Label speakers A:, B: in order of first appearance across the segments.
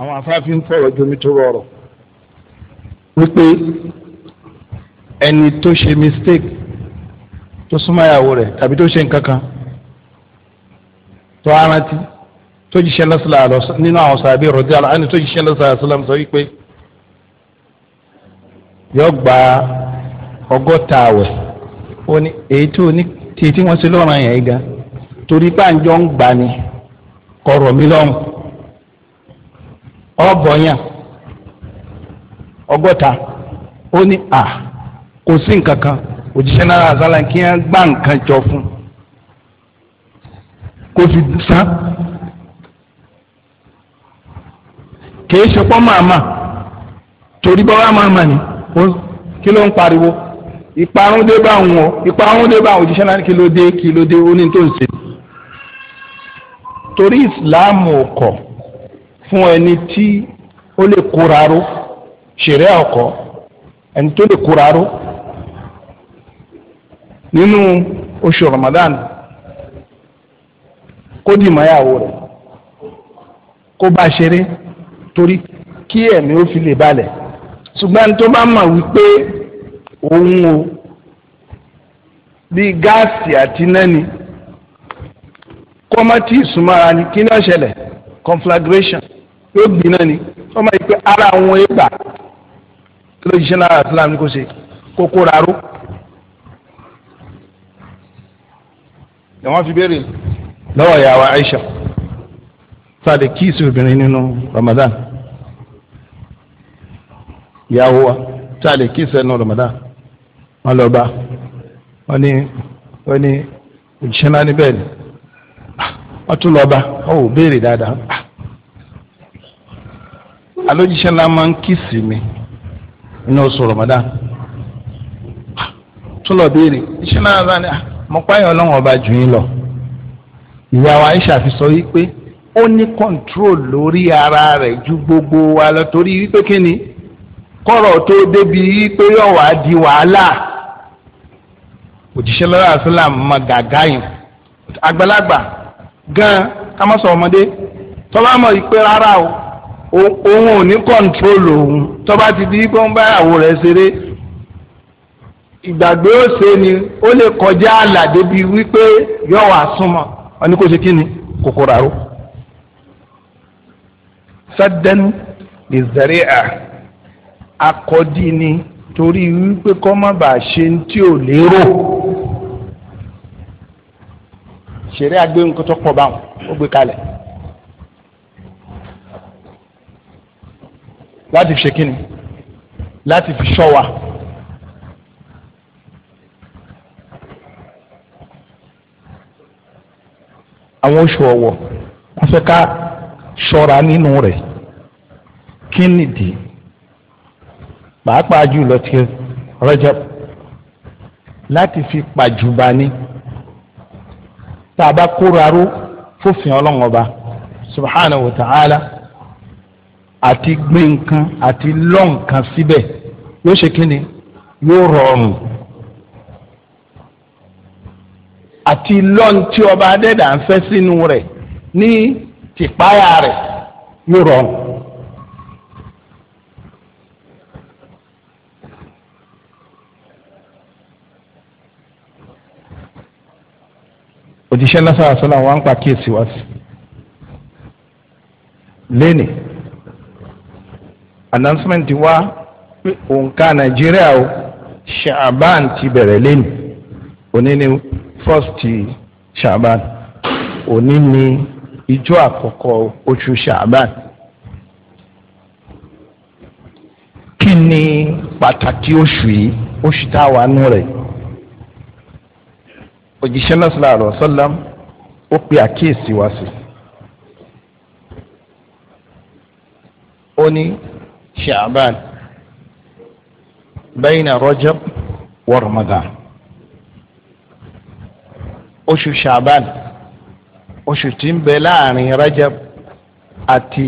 A: àwọn afáfin ń fọ̀rọ̀ jomi tó rọrọ̀ wípé ẹni tó ṣe mistake tó súnmọ́ ìyàwó rẹ̀ tàbí tó ṣe nǹkan kan tó arántí tó jíṣẹ́ lọ́sọ̀lá nínú àwọn sàbí rọ̀dí
B: àlọ́ àni tó jíṣẹ́ lọ́sọ̀lá sọ́lám sọ wípé
A: yóò gba ọgọ́ta àwẹ̀ ó ní èyí tó ní tí wọ́n ṣe lọ́ràn yẹn gan torí bá ń gbani kọ̀rọ̀ mi ọ̀bọ̀nyà ọgọta ó ní a kò sí nǹkan kan òjíṣẹ́ náà nke kí wọ́n gbá nǹkan jọ fún kó fi san kìí ṣe pọ́ màmá torí màmá ni kí ló ń pariwo ìparun dé bá wọn ìparun dé bá òjíṣẹ́ kí ló dé kí ló dé ó ní tó torí fún ẹni tí ó lè kóra ró ṣẹ̀rẹ́ ọkọ ẹni tó lè kóra nínú oṣù Ramadan kó dì mọ́yàwó rẹ̀ kó bá ṣeré torí kí ẹ̀mí ó fi lè balẹ̀ ṣùgbọ́n tó bá mọ̀ wípé òun o bíi gáàsì àti nẹ́ni kọ́mọ́tì ìsúnmọ́ra ni kí ni ó conflagration yóò di náà ni wọ́n máa yí pé ara àwọn ẹgbà tó lè jíṣẹ́ náà àti láàmì kò ṣe kókó rárú. làwọn fi béèrè lọ́wọ́ ìyàwó Aisha sáde kíìsì obìnrin nínú Ramadan ìyàwó wa sáde kíìsì ẹnu Ramadan wọ́n lọ bá wọ́n ní wọ́n ní òjíṣẹ́ náà níbẹ̀ ni ah, wọ́n tún lọ bá wọ́n ò béèrè dáadáa. Ah, alójíṣẹ́ ńlá máa ń mi inú oṣù Ramadan tún lọ béèrè iṣẹ́ náà ní ah, ọba jù yín lọ ìyá Aisha fi sọ wípé ó ní control lórí ara rẹ̀ ju gbogbo wa lọ torí wípé kí kọ́rọ̀ tó débi wípé yóò di wàhálà òjíṣẹ́ lọ́wọ́ àṣìlá mọ gàgá yìí sọ ọmọdé tọ́lá mọ̀ ìpè rárá o. òun ò ní kọ́ńtrólù òun tó ti di pé ń bá ìyàwó rẹ̀ ṣeré ìgbàgbé òsè ni ó lè kọjá àlà débi wípé yóò wá súnmọ́ ọ ní kó ṣe kí ni kòkòrò àrò sádẹ́nu lè zẹ̀rẹ̀ à akọ́dí ni torí wípé kọ́ má bàa ṣe ń tí ò lérò ṣeré agbé nǹkan tó pọ̀ báwọn ó gbé kalẹ̀. láti fi ṣe kíni láti fi ṣọ́ wa. àwọn oṣù ọ̀wọ̀ wọ́n fẹ́ ká ṣọ́ra nínú rẹ̀ kí nìdí pàápàá jùlọ ti Rajab láti fi pàjùbà ni tá a bá kóra ró fòfin ọlọ́run ọba subhanahu wa ta'ala àti gbé nǹkan àti lọ́ nǹkan síbẹ̀ yóò ṣe kí ni yóò rọrùn àti lọ́n tí ọba adẹ́dà ń fẹ́ sínú rẹ̀ ní tìpáyà rẹ̀ yóò rọrùn. òjíṣẹ́ lásán àṣọ làwọn ń pa kíyèsí wá sí lẹ́nìí announcement wa pé òǹkà nàìjíríà o ṣàbán ti bẹ̀rẹ̀ lẹ́nu òní ni first ṣàbán òní ni ijó àkọ́kọ́ oṣù ṣàbán. kí ni pàtàkì oṣù yìí oṣù tá a wà nù rẹ̀ òjíṣẹ́ náà sallallahu alaihi wasallam ó pe àkíyèsí wá sí i ó ní. شعبان بين رجب
C: ورمضان
A: oṣù ṣàbán oṣù tí ń bẹ láàrin rajab àti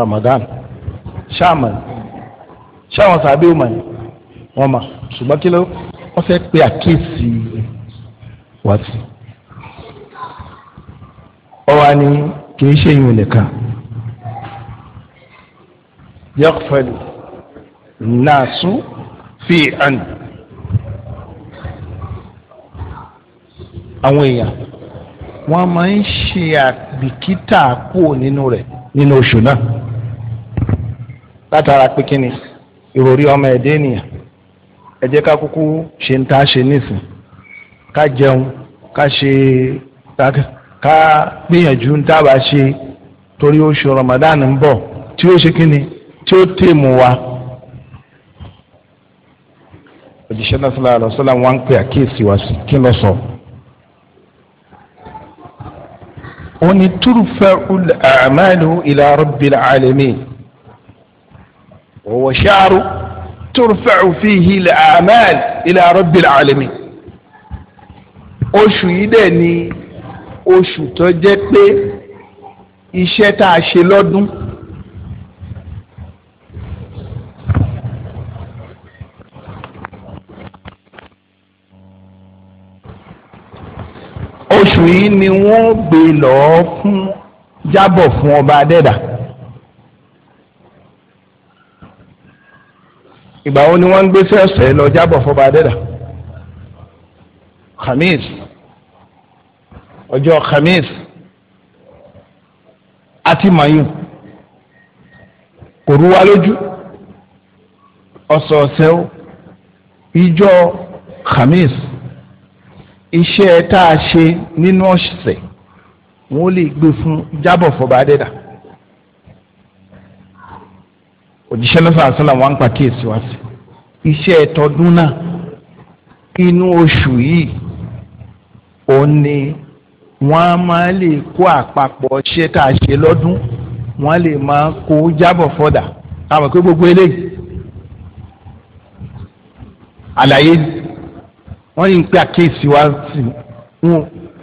A: ramadan ṣáàmà ṣáàmà sàbí ọmọ ni wọn mà ṣùgbọ́n kí ló wọ́n fẹ́ pe àkíyèsí wá sí. ọ̀wá ni kì í ṣe ìwé nìkan. يغفل الناس في عنه àwọn èèyàn wọn máa ń ṣe àbìkítà kúrò nínú ìròrí ọmọ ẹdẹ ènìyàn ẹ jẹ́ ká kúkú ṣe ń ta ṣe nísìn ká jẹun ká ṣe ká gbìyànjú ń tábà ṣe torí oṣù Ramadan ń tí ó tèmù wa òjíṣẹ́ náà sallallahu alaihi wasallam wá ń pè àkíyèsí wa sí kí ló sọ. ó ní turfa'ul a'malu ila rabbil alamin wa huwa sha'ru turfa'u fihi al-a'mal ila rabbil alamin. oṣù yìí dẹ̀ ni oṣù tó jẹ́ pé iṣẹ́ tá a ṣe lọ́dún. mùsùlùmí ni wọ́n gbé lọ́ọ́ fún jábọ̀ fún ọba adẹ́dà. ìgbà wo ni wọ́n ń gbé sẹ́sẹ̀ lọ jábọ̀ fún ọba adẹ́dà. khamis ọjọ́ khamis àti mayu, kò rú wa lójú ọ̀sọ̀ọ̀sẹ̀ ìjọ khamis iṣẹ́ tá a ṣe nínú ọ̀sẹ̀ wọ́n lè gbé fún jábọ̀ fọba adẹ́dà òjíṣẹ́ náà sàn sọ́la wọn pa kíyèsí wá sí iṣẹ́ tọdún náà inú oṣù yìí òun ni wọ́n máa lè kó àpapọ̀ iṣẹ́ tá a ṣe lọ́dún wọ́n lè máa kó jábọ̀ fọ́dà táwọn pé gbogbo eléyìí àlàyé wọ́n yìí ń pè àkéèsì wá sí wọn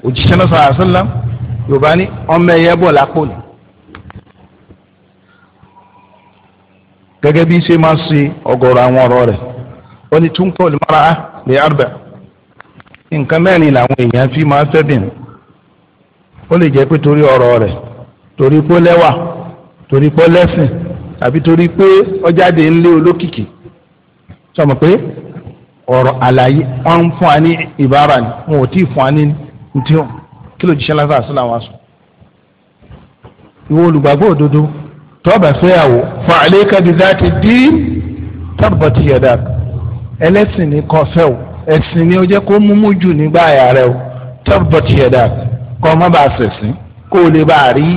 A: òjíṣẹ́ náà sọ̀rọ̀ àṣọ ńlá yorùbá ní ọmọ ẹ̀yẹ bọ̀ lápò ní. gẹ́gẹ́ bí ṣe máa ṣe ọ̀gọ̀rọ̀ àwọn ọ̀rọ̀ rẹ̀ ó ní mara lè àrùbà nǹkan mẹ́rin làwọn èèyàn fi máa fẹ́ bìnrin ó lè jẹ́ pé torí ọ̀rọ̀ àlàyé wọ́n fún wa ní ìbára ni wọn ò tí ì fún wa ní ntí wọn kí ló jíṣẹ́ lásán àṣìlá wa sùn. ìwọ olùgbàgbọ́ òdodo tọ́ọ̀bà fẹ́yàwó fún àlékà bí dáàtì dín tọ́ọ̀bà ti yẹ̀ dáa ẹlẹ́sìn ní kọ́ fẹ́ o ẹ̀sìn ni ó jẹ́ kó múmú jù nígbà àyà rẹ o tọ́ọ̀bà ti yẹ̀ kọ́ ọ má bàa sẹ̀sìn kó o lè bá a rí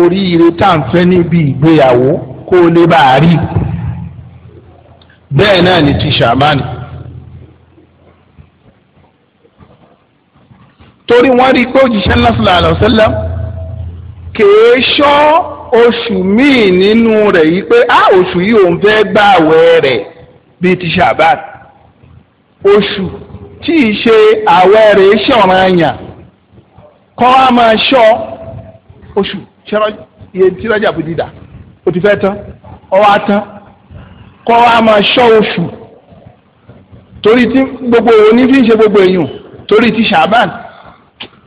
A: oríire tá níbi ìgbéyàwó kó o lè bá a rí bẹ́ẹ̀ náà ni ti ṣàmánì torí wọ́n rí i pé òjíṣẹ́ ńlá sallallahu alaihi wasallam kèé ṣọ́ oṣù míì nínú rẹ̀ yìí pé á oṣù yìí òun fẹ́ gbà àwẹ̀ rẹ̀ bíi ti ṣàbàt oṣù tí ì ṣe àwẹ̀ rẹ̀ ṣọ̀ranyàn kọ́ á máa ṣọ́ oṣù tí rọ́jà bù dídà ó ti fẹ́ tán ọwọ́ tán kọ́ á máa ṣọ́ oṣù torí tí gbogbo òun ní fi ń ṣe gbogbo èèyàn torí ti ṣàbàt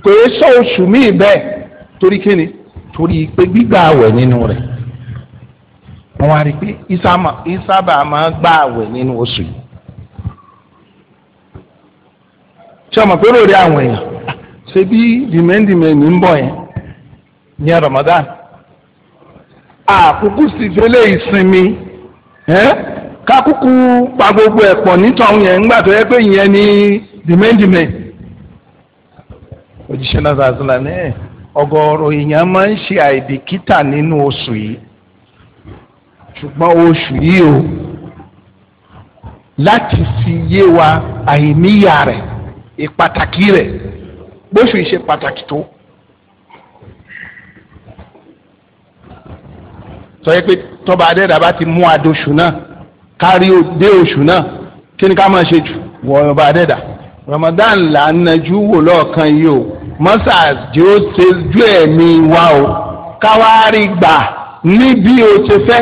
A: kò é sọ oṣù míì bẹ́ẹ̀ torí kíni torí pé gbígbà àwẹ̀ nínú rẹ̀ wọ́n wá rí i pé ìsábà máa gbà àwẹ̀ nínú oṣù yìí ṣé ọmọ pé lórí àwọn èèyàn ṣe bí dìmẹ́ndìmẹ́ ní bọ̀ yẹn ní Ramadan àkókò sì fẹ́lẹ́ ìsinmi kákókò pa gbogbo ẹ̀pọ̀ nítorí yẹn tó yẹ pé ìyẹn òjíṣẹ́ náà sàásùlà ní ẹ̀ ọ̀gọ̀ọ̀rọ̀ èèyàn máa ń ṣe àìbìkítà nínú oṣù yìí ṣùgbọ́n oṣù yìí o láti fi yé wa àìníyà rẹ̀ ìpàtàkì rẹ̀ gbóṣù yìí ṣe pàtàkì tó. sọ yẹ pé tọba adẹ́dà bá ti mú adóṣù náà kárí dé oṣù náà kí ni ká máa ṣe jù wọ ọba adẹ́dà Ramadan là ń najú wò lọ́ọ̀kan yìí o mọ́sà tí ó tẹ́jú ẹ̀mí wa o káwárí gbà ní bí o ṣe fẹ́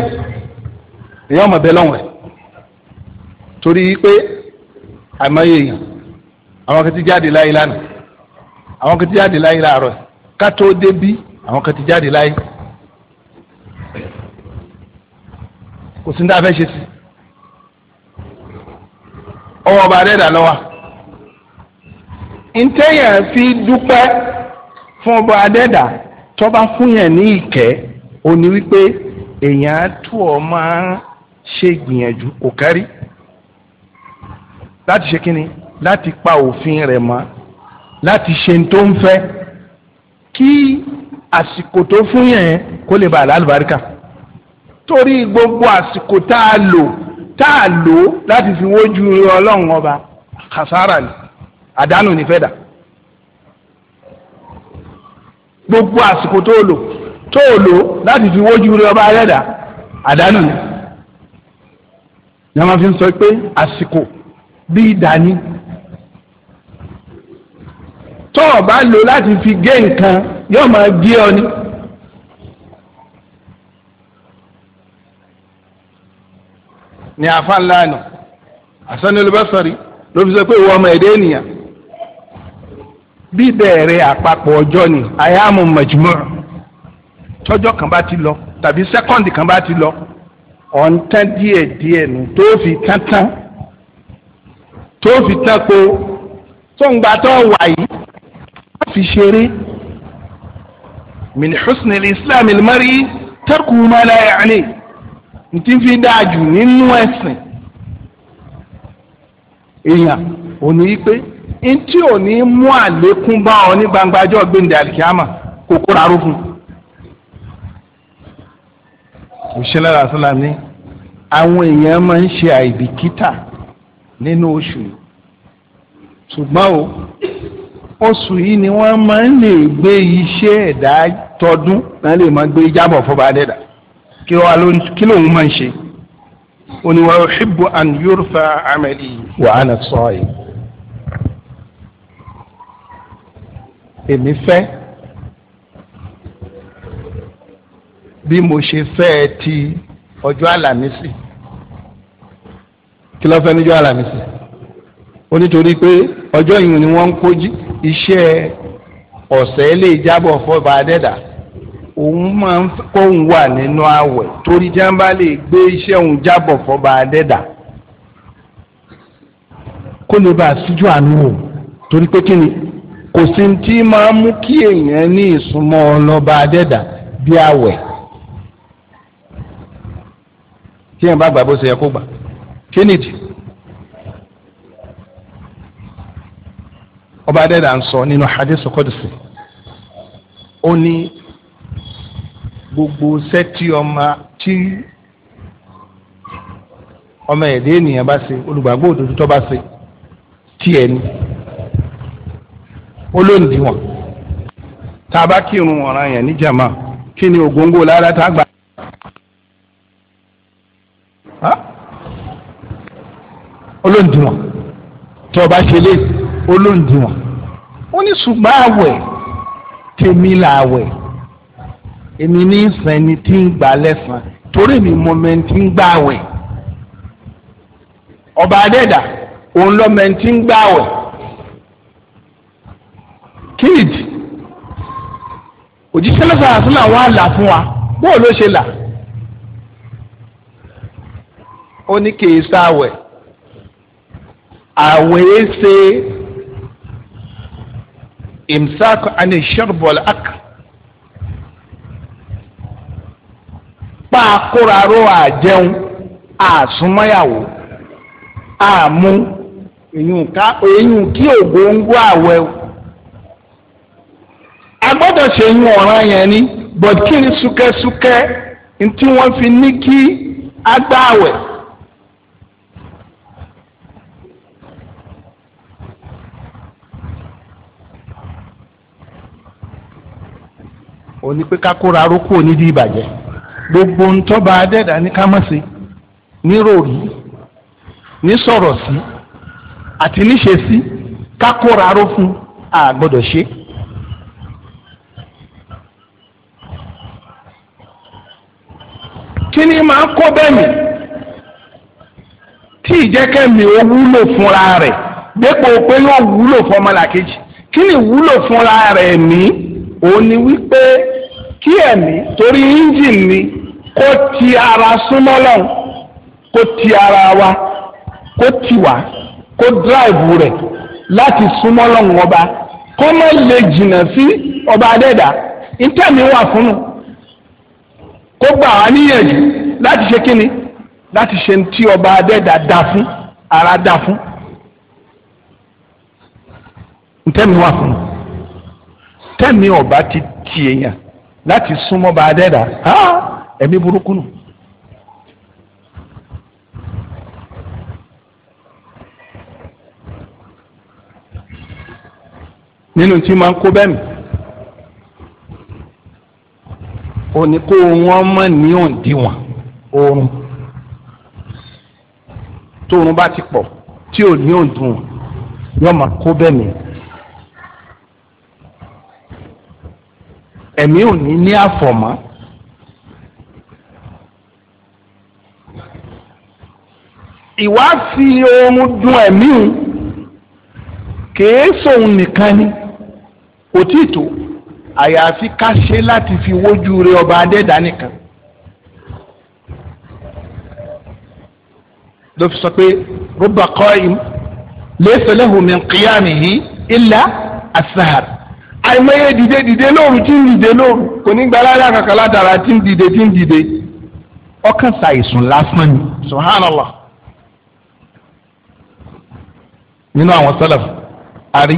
A: èèyàn ọmọ bẹ́ẹ̀ lọ́wọ́ ẹ̀ torí pé àìmọye èèyàn àwọn kan ti jáde láyé lánàá àwọn kan ti jáde láyé láàárọ̀ ká tó débí àwọn kan ti jáde láyé kò sí ní tá a fẹ́ ṣe sí ọwọ́ ọba adẹ́dà lọ́wọ́ ntẹ́yàn fi dúpẹ́ fún ọba adẹ́dà tọ́ba fún yẹn ní ìkẹ́ òní wípé èèyàn á tù ọ́ máa ṣe gbìyànjú kò kárí láti ṣe kínni láti pa òfin rẹ̀ mọ́ láti ṣe ní tó ń fẹ́ kí àsìkò tó fún yẹn kó lè bàa lálùbáríkà torí gbogbo àsìkò tá a lò tá a lò láti fi wójú ọlọ́run ọba kàsárà ni àdánù ní fẹ́dà gbogbo àsìkò tó lò tó lò láti fi wójú rẹ ọba rẹ̀dà àdánù ni ni wọ́n fi ń sọ pé àsìkò bíi dání tó o bá lò láti fi gé nǹkan yóò máa gé ọ ni. ni àfa ńlá nù àsanilubasari ló fi sọ pé ìwọ ọmọ ẹ̀dẹ́ ènìyàn bíbẹ̀rẹ̀ àpapọ̀ ọjọ́ ni ayamu majmu tọ́jọ́ kan bá ti lọ tàbí sẹ́kọ́ndì kan bá ti lọ ọ̀ǹtán díẹ̀ díẹ̀ nù tó fi tántán tó fi tánkó tóńgbà tó wà yìí wọ́n fi ṣeré min husni islam ilmari tarku ma la ya'ni ntí fi dáa jù nínú ẹ̀sìn èèyàn òní pé ntí ò ní mú àlékún bá ọ ní gbangba ọjọ́ gbẹ̀ndẹ̀ àlìkíyàmà kò kóra ró fún. òṣèlú àṣàlà ni àwọn èèyàn máa ń ṣe àìbìkítà nínú oṣù ṣùgbọ́n o oṣù yìí ni wọ́n máa ń lè gbé iṣẹ́ ẹ̀dá tọdún náà lè máa gbé jábọ̀ fọba dẹ́dà kí lóun máa ń ṣe. ó ní wa uhibbu an yurfa amali wa ana sa'im. èmi fẹ́ bí mo ṣe fẹ́ ẹ ti ọjọ́ àlàmísì kí ló fẹ́ níjọ́ àlàmísì ó nítorí pé ọjọ́ ìhun ni wọ́n ń kojú iṣẹ́ ọ̀sẹ̀ lè jábọ̀ fọba adẹ́dà òun máa ń kóun wà nínú àwẹ̀ torí jàǹbá lè gbé iṣẹ́ òun jábọ̀ fọba adẹ́dà kó lè bá a síjú àánú wò torí pé kí ni kò sí tí máa mú kí èèyàn ní ìsúnmọ́ ọlọ́ba adẹ́dà bí àwẹ̀ tí èèyàn bá gbà bó ṣe yẹ kó gbà kí nìdí ọba adẹ́dà ń sọ nínú hadith qudsi ó ní gbogbo sẹ́tì ọmọ tí ọmọ ẹ̀dẹ́ ènìyàn bá ṣe olùgbàgbọ́ òdodo tó bá ṣe tí ẹni olóńdìwọ̀n tá a bá kírun ọ̀ràn yẹn ní jàmá kí ni ògóńgó lára tá a gbà. olóńdìwọ̀n tó o bá ṣe lé olóńdìwọ̀n ó ní ṣùgbọ́n àwẹ̀ tèmi làwẹ̀ èmi ní sẹ́ni tí ń gbà lẹ́sàn torí mi mọ mẹ́ntì ń gbàwẹ̀ ọba adẹ́dà òun lọ mẹ́ntì ń gbàwẹ̀ kid òjíṣẹ́ lọ́sàn àti náà wọ́n á là fún wa bó ló ṣe là ó ní kì í sáwẹ̀ àwẹ̀ é ṣe imsak ani sharbol ak pàkóraró àjẹun àsúnmọ́yàwó àmú èyí kí ògóńgó àwẹ̀ o. a gbọ́dọ̀ ṣe yín ọ̀ràn yẹn ni but kí ni súkẹ́súkẹ́ tí wọn fi ní kí a gbá àwẹ̀. ó ní pé ká kóra ró kúrò nídìí ìbàjẹ́ gbogbo ntọ́ba adẹ́dà ní ká ní ṣe ní sọ̀rọ̀ sí àti níṣe sí ká kóra ró fún a ṣe kí ni máa kó bẹ́ẹ̀ mi tí ìjẹ́kẹ̀mí ó wúlò fúnra rẹ̀ dépò pé yóò wúlò fún ọmọlàkejì kí ni wúlò fúnra rẹ̀ ní òun ni wípé kí ẹ̀mí torí engine ni kó ti ara súnmọ́ lọ́hùn kó ti ara wa kó ti wá kó drive rẹ̀ láti súnmọ́ lọ́hùn ọba kó má lè jìnnà sí ọba adẹ́dà ìtẹ̀mí wà fún kó gbà wá níyànjú láti ṣe kíni láti ṣe tí ọba adẹ́dà dá fún ara dá fún ntẹ́mi wà fún tẹ́mi ọba ti ti èèyàn láti súnmọ́ ọba adẹ́dà ẹ̀mí burúkú nù. nínú tí máa ń kó bẹ́ẹ̀ mi. òní kó wọ́n mọ̀ ní òǹdíwọ̀n oorun tóorun bá ti pọ̀ tí ò ní òǹdíwọ̀n yóò máa kó bẹ́ẹ̀ mi. ẹ̀mí ò ní ní àfọ̀mọ́. ìwà fi oorun dun ẹ̀mí kèé sóun nìkan ni kò tí ì tó àyàfi ká ṣe láti fi wójú rẹ ọba adẹ́dá nìkan. ló fi sọ pé rubba qa'im laysa lahu min qiyamihi illa as-sahar. àìmọye dìde dìde lóru tí ń dìde lóru kò ní gbàlá rẹ àkàkà látara tí ń dìde tí ń dìde ọkàn ṣàìsùn lásán ni subhanallah. nínú àwọn sálàf àrí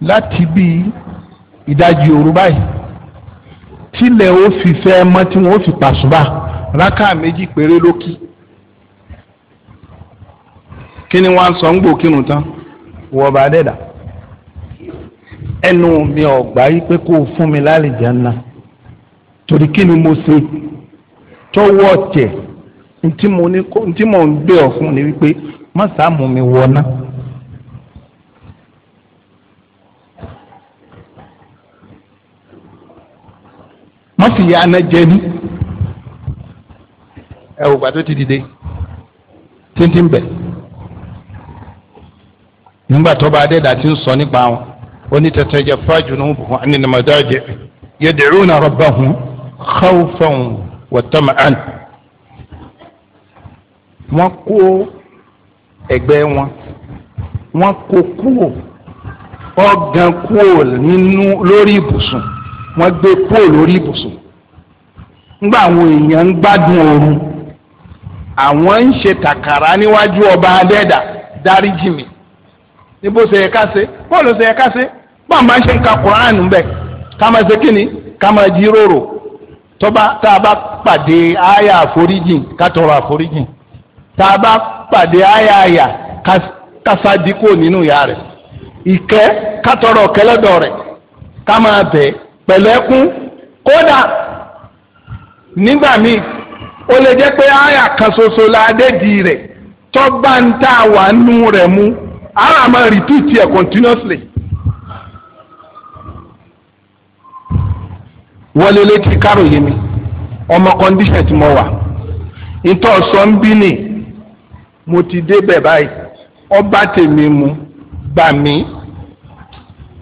A: láti bíi ìdajì òru báyìí tílẹ̀ ó fi fẹ́ mọ́ tí wọ́n fi pàṣùbà rákà méjì péré lókì kí ni wọ́n á sọ ń gbò kírun tán wọ́n bá dẹ̀dà ẹnu mi ọ̀gbá yìí pé kó o fún mi lálejò ńlá torí kí ni mo ṣe tọwọ́ tẹ̀ ntí mo ń gbé ọ̀ ni wípé má sàá mú mi wọ náà. má fìyà aná jẹ mí ẹ wò gbàtó ti dìde títí ń bẹ nígbà tó bá dé dàtí ń sọ nípa wọn onítẹ̀tẹ̀jẹ̀ fájùnú bùhún ẹnìnàmọ́dájẹ yad'una rabbahum khawfan wa tama'an. wọ́n kó ẹgbẹ́ wọn wọ́n kó kúrò ọ̀gàn kúrò nínú lórí ibùsùn. wọ́n gbé kúrò lórí ibùsùn ńgbà àwọn èèyàn ń gbádùn oorun àwọn ń ṣe tàkàrà níwájú ọba adẹ́dà dáríjì ní bó ṣe yẹ ká ṣe bóòlù ṣe yẹ ká ṣe ka Quran bẹ ká máa ṣe kíni ká máa jíròrò tọ́ba tá a bá pàdé àyà ká tọrọ tá a bá pàdé àyà àyà ká sá pẹ̀lẹ́kún kódà nígbà míì ó lè jẹ́ pé àyà kan ṣoṣo la dédi rẹ̀ tọ́gbà ń tà wà nù rẹ̀ mú àrà máa rìtúùtì ẹ̀ continuously. wọlé létí káròyé mi ọmọ kọ́ndíṣẹ̀ tí mo wà ìtọ́ sọ ń bí mo ti débẹ̀ báyìí ọba tèmi mu gbà mí.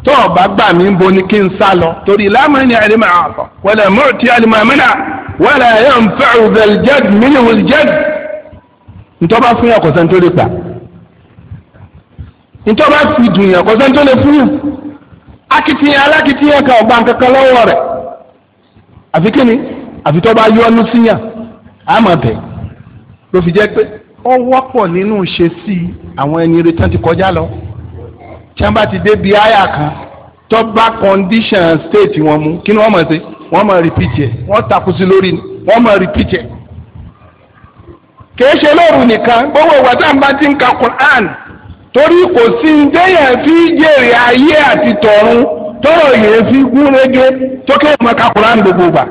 A: tó o bá gbà mí bo ni kí n sá lọ torí láàmú ni àlè máa àfọ wala mu'ti àlùmọ́mọ́nà wala yanfa'u dhal jadd minhu al-jadd ntọ́ba fún yàn kọ́sẹ́ nítorí gbà ntọ́ba fi dùn yàn kọ́sẹ́ nítorí fún yàn akitiyan alakitiyan kan ọgbà nkankan lọ́wọ́ rẹ̀ àfi kíni àfi tọ́ba yọ́nú sí yàn àmọ̀ bẹ́ẹ̀ ló fi jẹ́ pé ó wọ́pọ̀ nínú ṣe sí àwọn ẹni retán ti kọjá lọ tí wọ́n bá ti dé bi àyà kan tó bá condition state wọn mu kí ni wọ́n máa ṣe wọ́n máa repeat ẹ̀ wọ́n takú sí lórí ni wọ́n máa repeat ẹ̀. kìí ṣe lóru nìkan gbogbo ìwà tá à bá ti ń ka Quran torí kò sí déyàn fi jèrè ayé àti tọ̀run tọrọ yẹn fi gún régé tó kéwòn máa ka Quran gbogbo gbà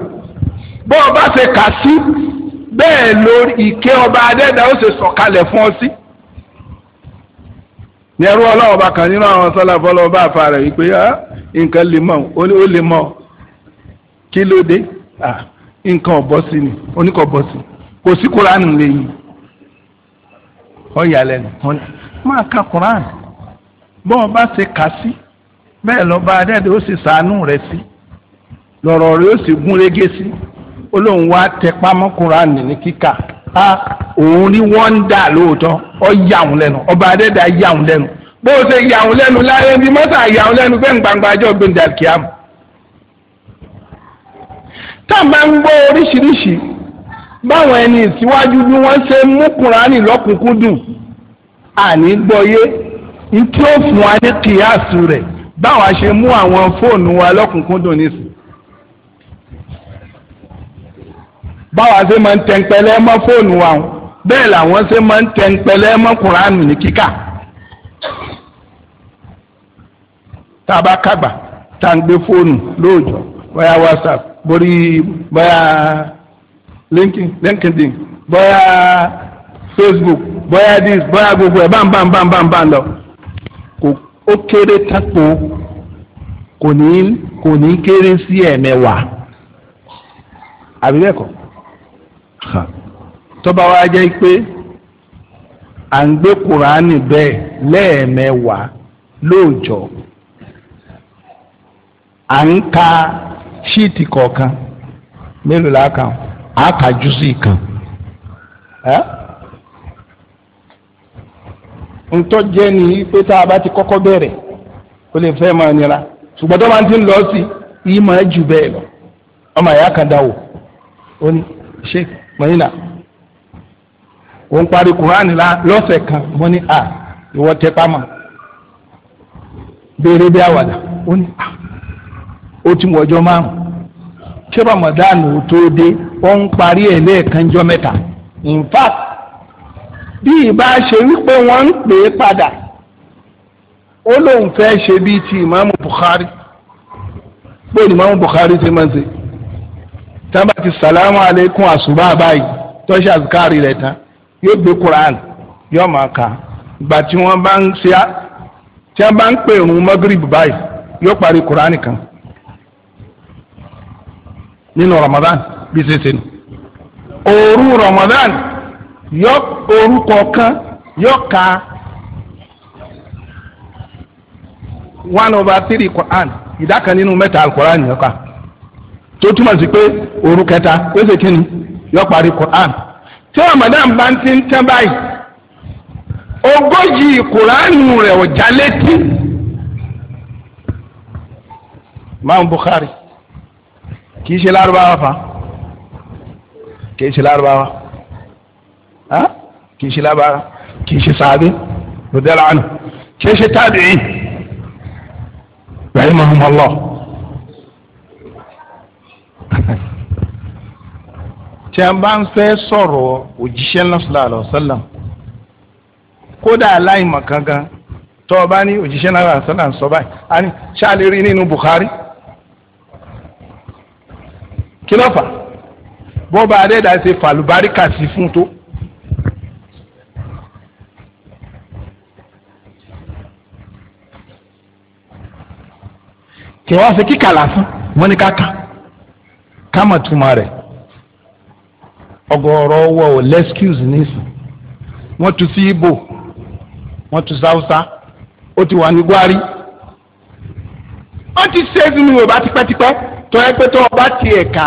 A: bó o bá ṣe kà sí bẹ́ẹ̀ lórí ìké ọba adẹ́dàá ó ṣe sọ̀kalẹ̀ fún ọ sí ní ẹrú ọlọ́wọ́ bá kan nínú àwọn sọ́lá fọlọ́ bá fa rẹ̀ wípé ah, nǹkan lè mọ̀ ó lè mọ̀ kí ló dé ah, nǹkan ọ̀bọ̀ sí ni oníkọ̀ bọ̀ sí kò sí kuraani lẹ́yìn ọ̀yà lẹ́nu máa ka kuraani bọ́ọ̀ bá ṣe kà sí bẹ́ẹ̀ lọ́ba adẹ́dẹ́ ó sì sàánú rẹ̀ sí lọ́rọ̀ rẹ̀ ó sì gúnrégé sí ó lóun wá tẹpá mọ́ ní kíkà. Ah, òun ni wọ́n ń dà lóòótọ́ ọ yà òun lẹ́nu ọba adẹ́dà yà òun lẹ́nu bó o ṣe yà òun lẹ́nu láyé bí mọ́tà yà òun lẹ́nu fẹ́ gbangba ajọ́ gbẹ̀ndà kíámù. táàmù ń gbọ́ oríṣiríṣi báwọn ẹni ìsíwájú bí wọ́n ṣe mú kùránì lọ́kùnkúndùn àní gbọ́yé ní tí ó fún wa ní kíyàsù rẹ̀ báwa ṣe mú àwọn fóònù wa lọ́kùnkúndùn nísìn báwa ṣe máa ń tẹnpẹlẹ mọ́ fóònù wa bẹ́ẹ̀ làwọn ṣe máa ń tẹnpẹlẹ mọ́ kùránù ní kíkà tá kàgbà tá a ń gbé fóònù lóòjọ́ bóyá whatsapp borí bóyá linkedin bóyá facebook bóyá dis, bóyá gbogbo ẹ̀ báńbáńbáńbáń lọ kò ó kéré tápò kò ní kéré sí ẹ̀mẹ́wàá àbí bẹ́ẹ̀ kọ́. tọ́ba wa jẹ́ pé à ń gbé kuraani bẹ́ẹ̀ lẹ́ẹ̀mẹ́wàá lóòjọ́ à ń ka ṣíìtì kọ̀ọ̀kan mélòó la kàn á kà jùsì kan ntọ́ jẹ́ ni pé tá a bá ti kọ́kọ́ bẹ̀rẹ̀ ó lè fẹ́ máa nira ṣùgbọ́n tó máa ti ń lọ sí i máa jù bẹ́ẹ̀ lọ ọmọ àyà kan dáwò ó ní mọyìnà òun parí kuraani la lọ́sẹ̀ kan mo ní a ìwọ tẹ pamọ́ béèrè bí àwàdà ó ní a ó ti mọ ọjọ́ márùn tí ramadan ò tó dé ó ń parí ẹ̀ lẹ́ẹ̀kan jọ mẹ́ta in fact bí ìbá ṣe wípé wọ́n ń pè é padà ó lóun fẹ́ ṣe bíi ti ìmáàmù Bukhari pé ìmáàmù Bukhari ti máa ń ṣe tábà ti sàlámù aleykum àṣùbà báyìí tọ́ṣà àzùkárì rẹ̀ tán yóò gbé quran yóò máa kà á ìgbà tí wọ́n bá ń ṣe á tí wọ́n bá ń pè òun mọ́gírìbì báyìí yóò parí quran kan nínú ramadan bí ṣe ṣe nù òru ramadan yọ òru kọ̀ọ̀kan yóò ka one over three quran ìdá kan nínú mẹ́ta quran yóò kà tó túmọ̀ sí pé òru kẹta ó sì kíni yọ parí Quran tí Ramadan bá ń ti ń tẹ́ báyìí ogójì Quranu rẹ̀ ò já létí Imam Bukhari kì í ṣe lárúbáwá fa kì í ṣe lárúbáwá kì í ṣe lárúbáwá kì í ṣe sàbí lùdẹ́lá àná kì í ṣe tábìlì rahimahumullah. tí a bá ń fẹ́ sọ̀rọ̀ òjíṣẹ́ náà sallallahu alaihi wasallam kódà aláìmọ̀ kankan tó o bá ní òjíṣẹ́ náà sallallahu alaihi wasallam sọ báyìí a ní ṣáàlì rí nínú Bukhari kí ló fà bọ́ba adẹ́dà ṣe fàlùbáríkà sí fún tó. kí wọ́n ṣe kíkà lásán wọ́n ní ká kà ká mọ̀ túmọ̀ rẹ̀ ọ̀gọ̀rọ̀ wọ ò lẹskúùsì nísìn wọ́n tu sí ibo wọ́n tu sáwùsá ó ti wà ní gwari wọ́n ti ṣe é sínú yorùbá tipẹ́tipẹ́ tó yẹ pé tó ọba tiẹ̀ ká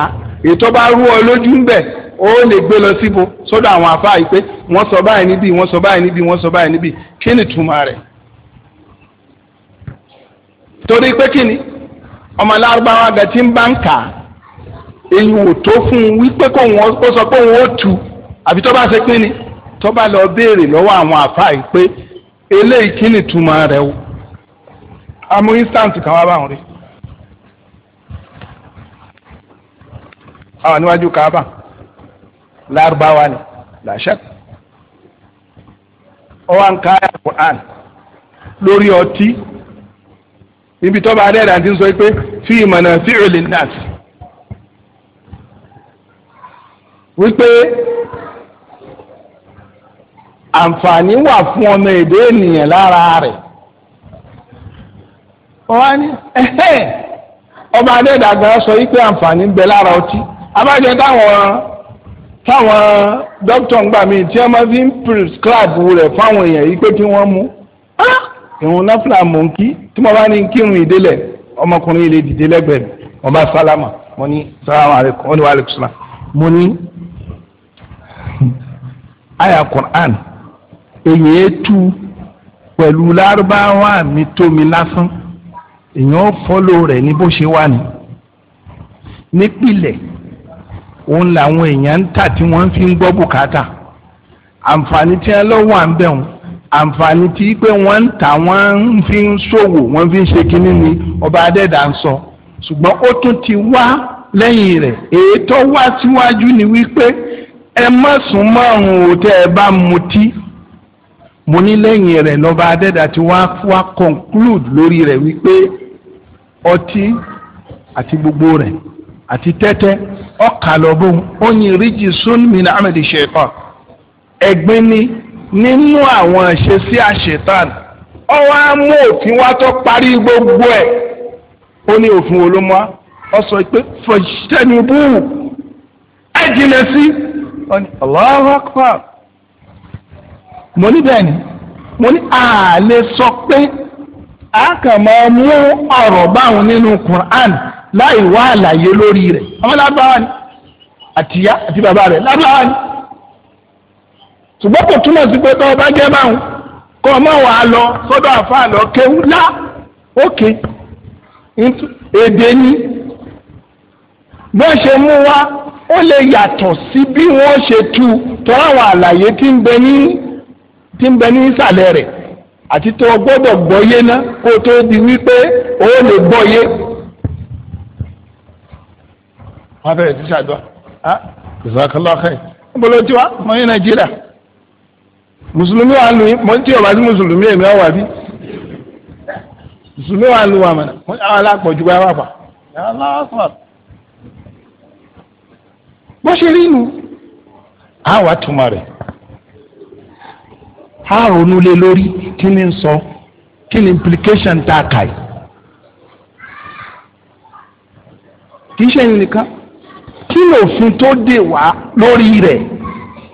A: ètò ọba rú ọ lójú ń bẹ̀ ó lè gbé lọ síbo sọ́dọ̀ àwọn àfáà yìí pé wọ́n sọ báyìí níbí wọ́n sọ báyìí níbí wọ́n sọ báyìí níbí kí ni túmọ̀ rẹ̀ torí pé kí ni ọmọ lárúbáwá gẹ̀ ń bá ń kà á èyí ò tó fún un wípé kó wọn ó sọ pé òun ó tu àbí tó bá ṣe kí ni tó bá lọ béèrè lọ́wọ́ àwọn àfáà yìí pé eléyìí kí ni túmọ̀ rẹ̀ o àmú instant kan wá báwọn rí àwọn níwájú kaaba lárúbáwá ni làṣẹ ọwọ́ ń ká quran lórí ọtí ibi tó bá dẹ́rẹ́ àti sọ pé fi ìmọ̀nà fi náà sí. wípé àǹfààní wà fún ọmọ èdè ènìyàn lára rẹ̀ wọ́n ní ọba adédàgbà sọ wípé àǹfààní ń bẹ lára ọtí abájọ táwọn táwọn dókítà ń gbà mí tí wọ́n máa fi ń prescribe rẹ̀ fáwọn èèyàn yìí pé kí wọ́n mú ah! ìrun náfìlà mò ń kí tí mo bá ní kírun ìdílẹ̀ ọmọkùnrin ilé dìde lẹ́gbẹ̀ẹ́ mi bá sálámà mo ní sálámà àlékún wọ́n ní wàhálà kùsùlà mo ní Aya Quran èyàn é tu pẹ̀lú lárúbáwá mi tómi lásán èyàn ó fọ́lọ́ rẹ̀ ní bó ṣe wà ní. nípìlẹ̀ òun làwọn èèyàn ń tà tí wọ́n fi ń gbọ́ bùkátà àǹfààní tí wọ́n lọ́wọ́ à ń bẹ̀ wọ́n àǹfààní tí pé wọ́n ń tà wọ́n fi ń ṣòwò wọ́n fi ń ṣe kínní ni ọba adẹ́dà ń sọ ṣùgbọ́n ó tún ti wá lẹ́yìn rẹ̀ èyí tó wá síwájú ni wípé. Si ẹ má sùn márùn ún tẹ́ ẹ bá mutí mo ní lẹ́yìn rẹ̀ lọ́ba adẹ́dà tí wọ́n wá conclude lórí rẹ̀ wípé ọtí àti gbogbo rẹ̀ àti tẹ́tẹ́ ọ̀kàlọ́bù oyin ríjì sunmin ahmed sheitan ẹ̀gbin ni nínú àwọn ìṣesí àṣetán ọwọ́ á mú òfin wá tó parí gbogbo ẹ̀ ó ní òfin olómọ́ ọ sọ pé fọ̀ṣẹ́nibú ẹ̀ jìnnà sí ó ní Allahu Akbar mo ní bẹ́ẹ̀ ni mo ní àlè sọ pé a kàn máa mú ọ̀rọ̀ báwọn nínú Quran láì wá àlàyé lórí rẹ̀ ọmọ lábáwá ni àtìyá àti bàbá rẹ̀ lábáwá ni ṣùgbọ́n kò túmọ̀ sí pé tó o bá jẹ́ báwọn kọ́ ọmọ wa lọ sọ́dọ̀ àfáà lọ kéwú lá òkè èdè ni bó ṣe mú wa ó lè yàtọ̀ sí bí wọ́n ṣe tú tọ́ra àwọn àlàyé tí ń bẹ ní ìsàlẹ̀ rẹ̀ àti tó o gbọ́dọ̀ gbọ́yé ná kó o tó di wípé o lè gbọ́yé. wọ́n fẹ́rẹ̀ ti ṣàdúrà ah jazakallah khair bolo tí wa mọ ní nàìjíríà mùsùlùmí wa lù yín mọ tí o bá sí mùsùlùmí èmi wà bí mùsùlùmí wa lù wà mọ̀nà àwọn alápọ̀jù wa wà pa bó ṣe rí nu á wàá túmọ̀ rẹ̀ á ronú lé lórí kí ni ń sọ kí ni implication tá a kà yìí kì í ṣe ẹ̀yin nìkan kí ni òfin tó dè wá lórí rẹ̀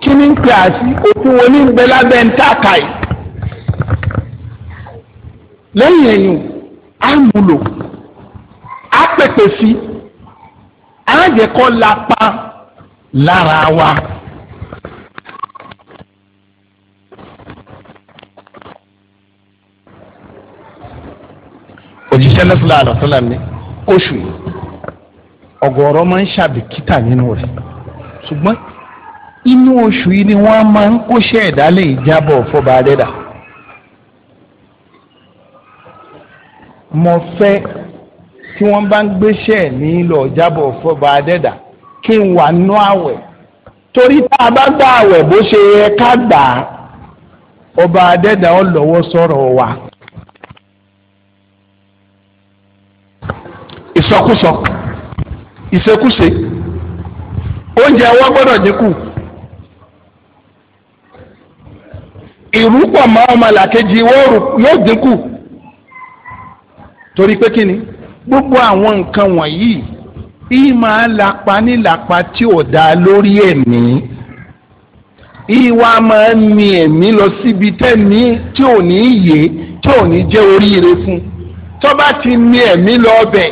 A: kí ni ń pè àti òfin wo ní ìgbẹ́ lábẹ́ ń tá a kà yìí lẹ́yìn ẹ̀yìn á múlò á pèpè sí á jẹ́ kó lapa.
C: lára
A: wa. òjíṣẹ́ lẹ́sùlá àlọ́sọ́lá ni oṣù yìí ọ̀gọ̀ọ̀rọ̀ máa ń ṣàbìkítà nínú rẹ̀ ṣùgbọ́n inú oṣù yìí ni wọ́n máa ń kóṣẹ́ ẹ̀dálẹ̀ ìjábọ̀ fọba adẹ́dà. mo fẹ́ tí wọ́n bá ń gbéṣẹ́ ní lọ jábọ̀ fọba adẹ́dà kí n wà nú àwẹ̀ torí tá a bá gbà àwẹ̀ bó ṣe yẹ ká gbà á ọba adẹ́dà ọlọ́wọ́ sọ̀rọ̀ wa. ìsọkúsọ ìṣekúṣe oúnjẹ ọwọ́ gbọ́dọ̀ dínkù ìrúpọ̀ mọ́ ọmọlàkejì wọ́ọ̀rù yóò dínkù torí pé kí gbogbo àwọn nǹkan wọ̀nyí ìyí máa lapa ní lapa tí ò dáa lórí ẹ̀mí ìyí wa máa ń mi ẹ̀mí lọ síbi tẹ́mi tí ò ní yé tí ò ní jẹ́ oríire fún tó ti mi ẹ̀mí lọ ọbẹ̀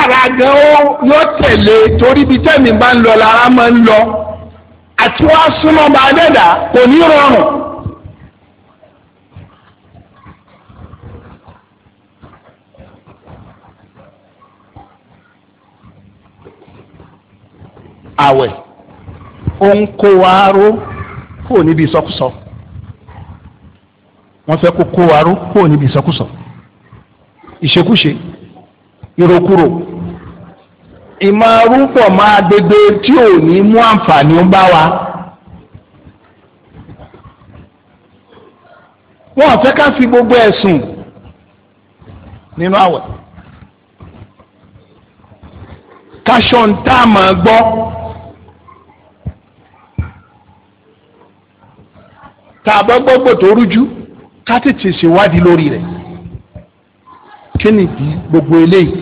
A: ara gan yóò tẹ̀lé torí ibi tẹ́mi bá ń lọ lára máa ń lọ àti wá súnmọ́ bá dẹ́dà kò ní rọrùn. àwẹ̀ ó ń kó wa ró níbi ìsọkúsọ wọ́n fẹ́ kó kó wa ró níbi ìsọkúsọ ìṣekúṣe ìrokúrò ìmọ̀rúpọ̀ máa tí ò ní mú àǹfààní ń bá wa. wọ́n fẹ́ ká fi gbogbo ẹ̀sùn nínú àwẹ̀ ká gbọ́. tá a bá gbọ́gbọ́ tó rújú ká tètè ṣèwádìí lórí rẹ̀ kí nìdí gbogbo eléyìí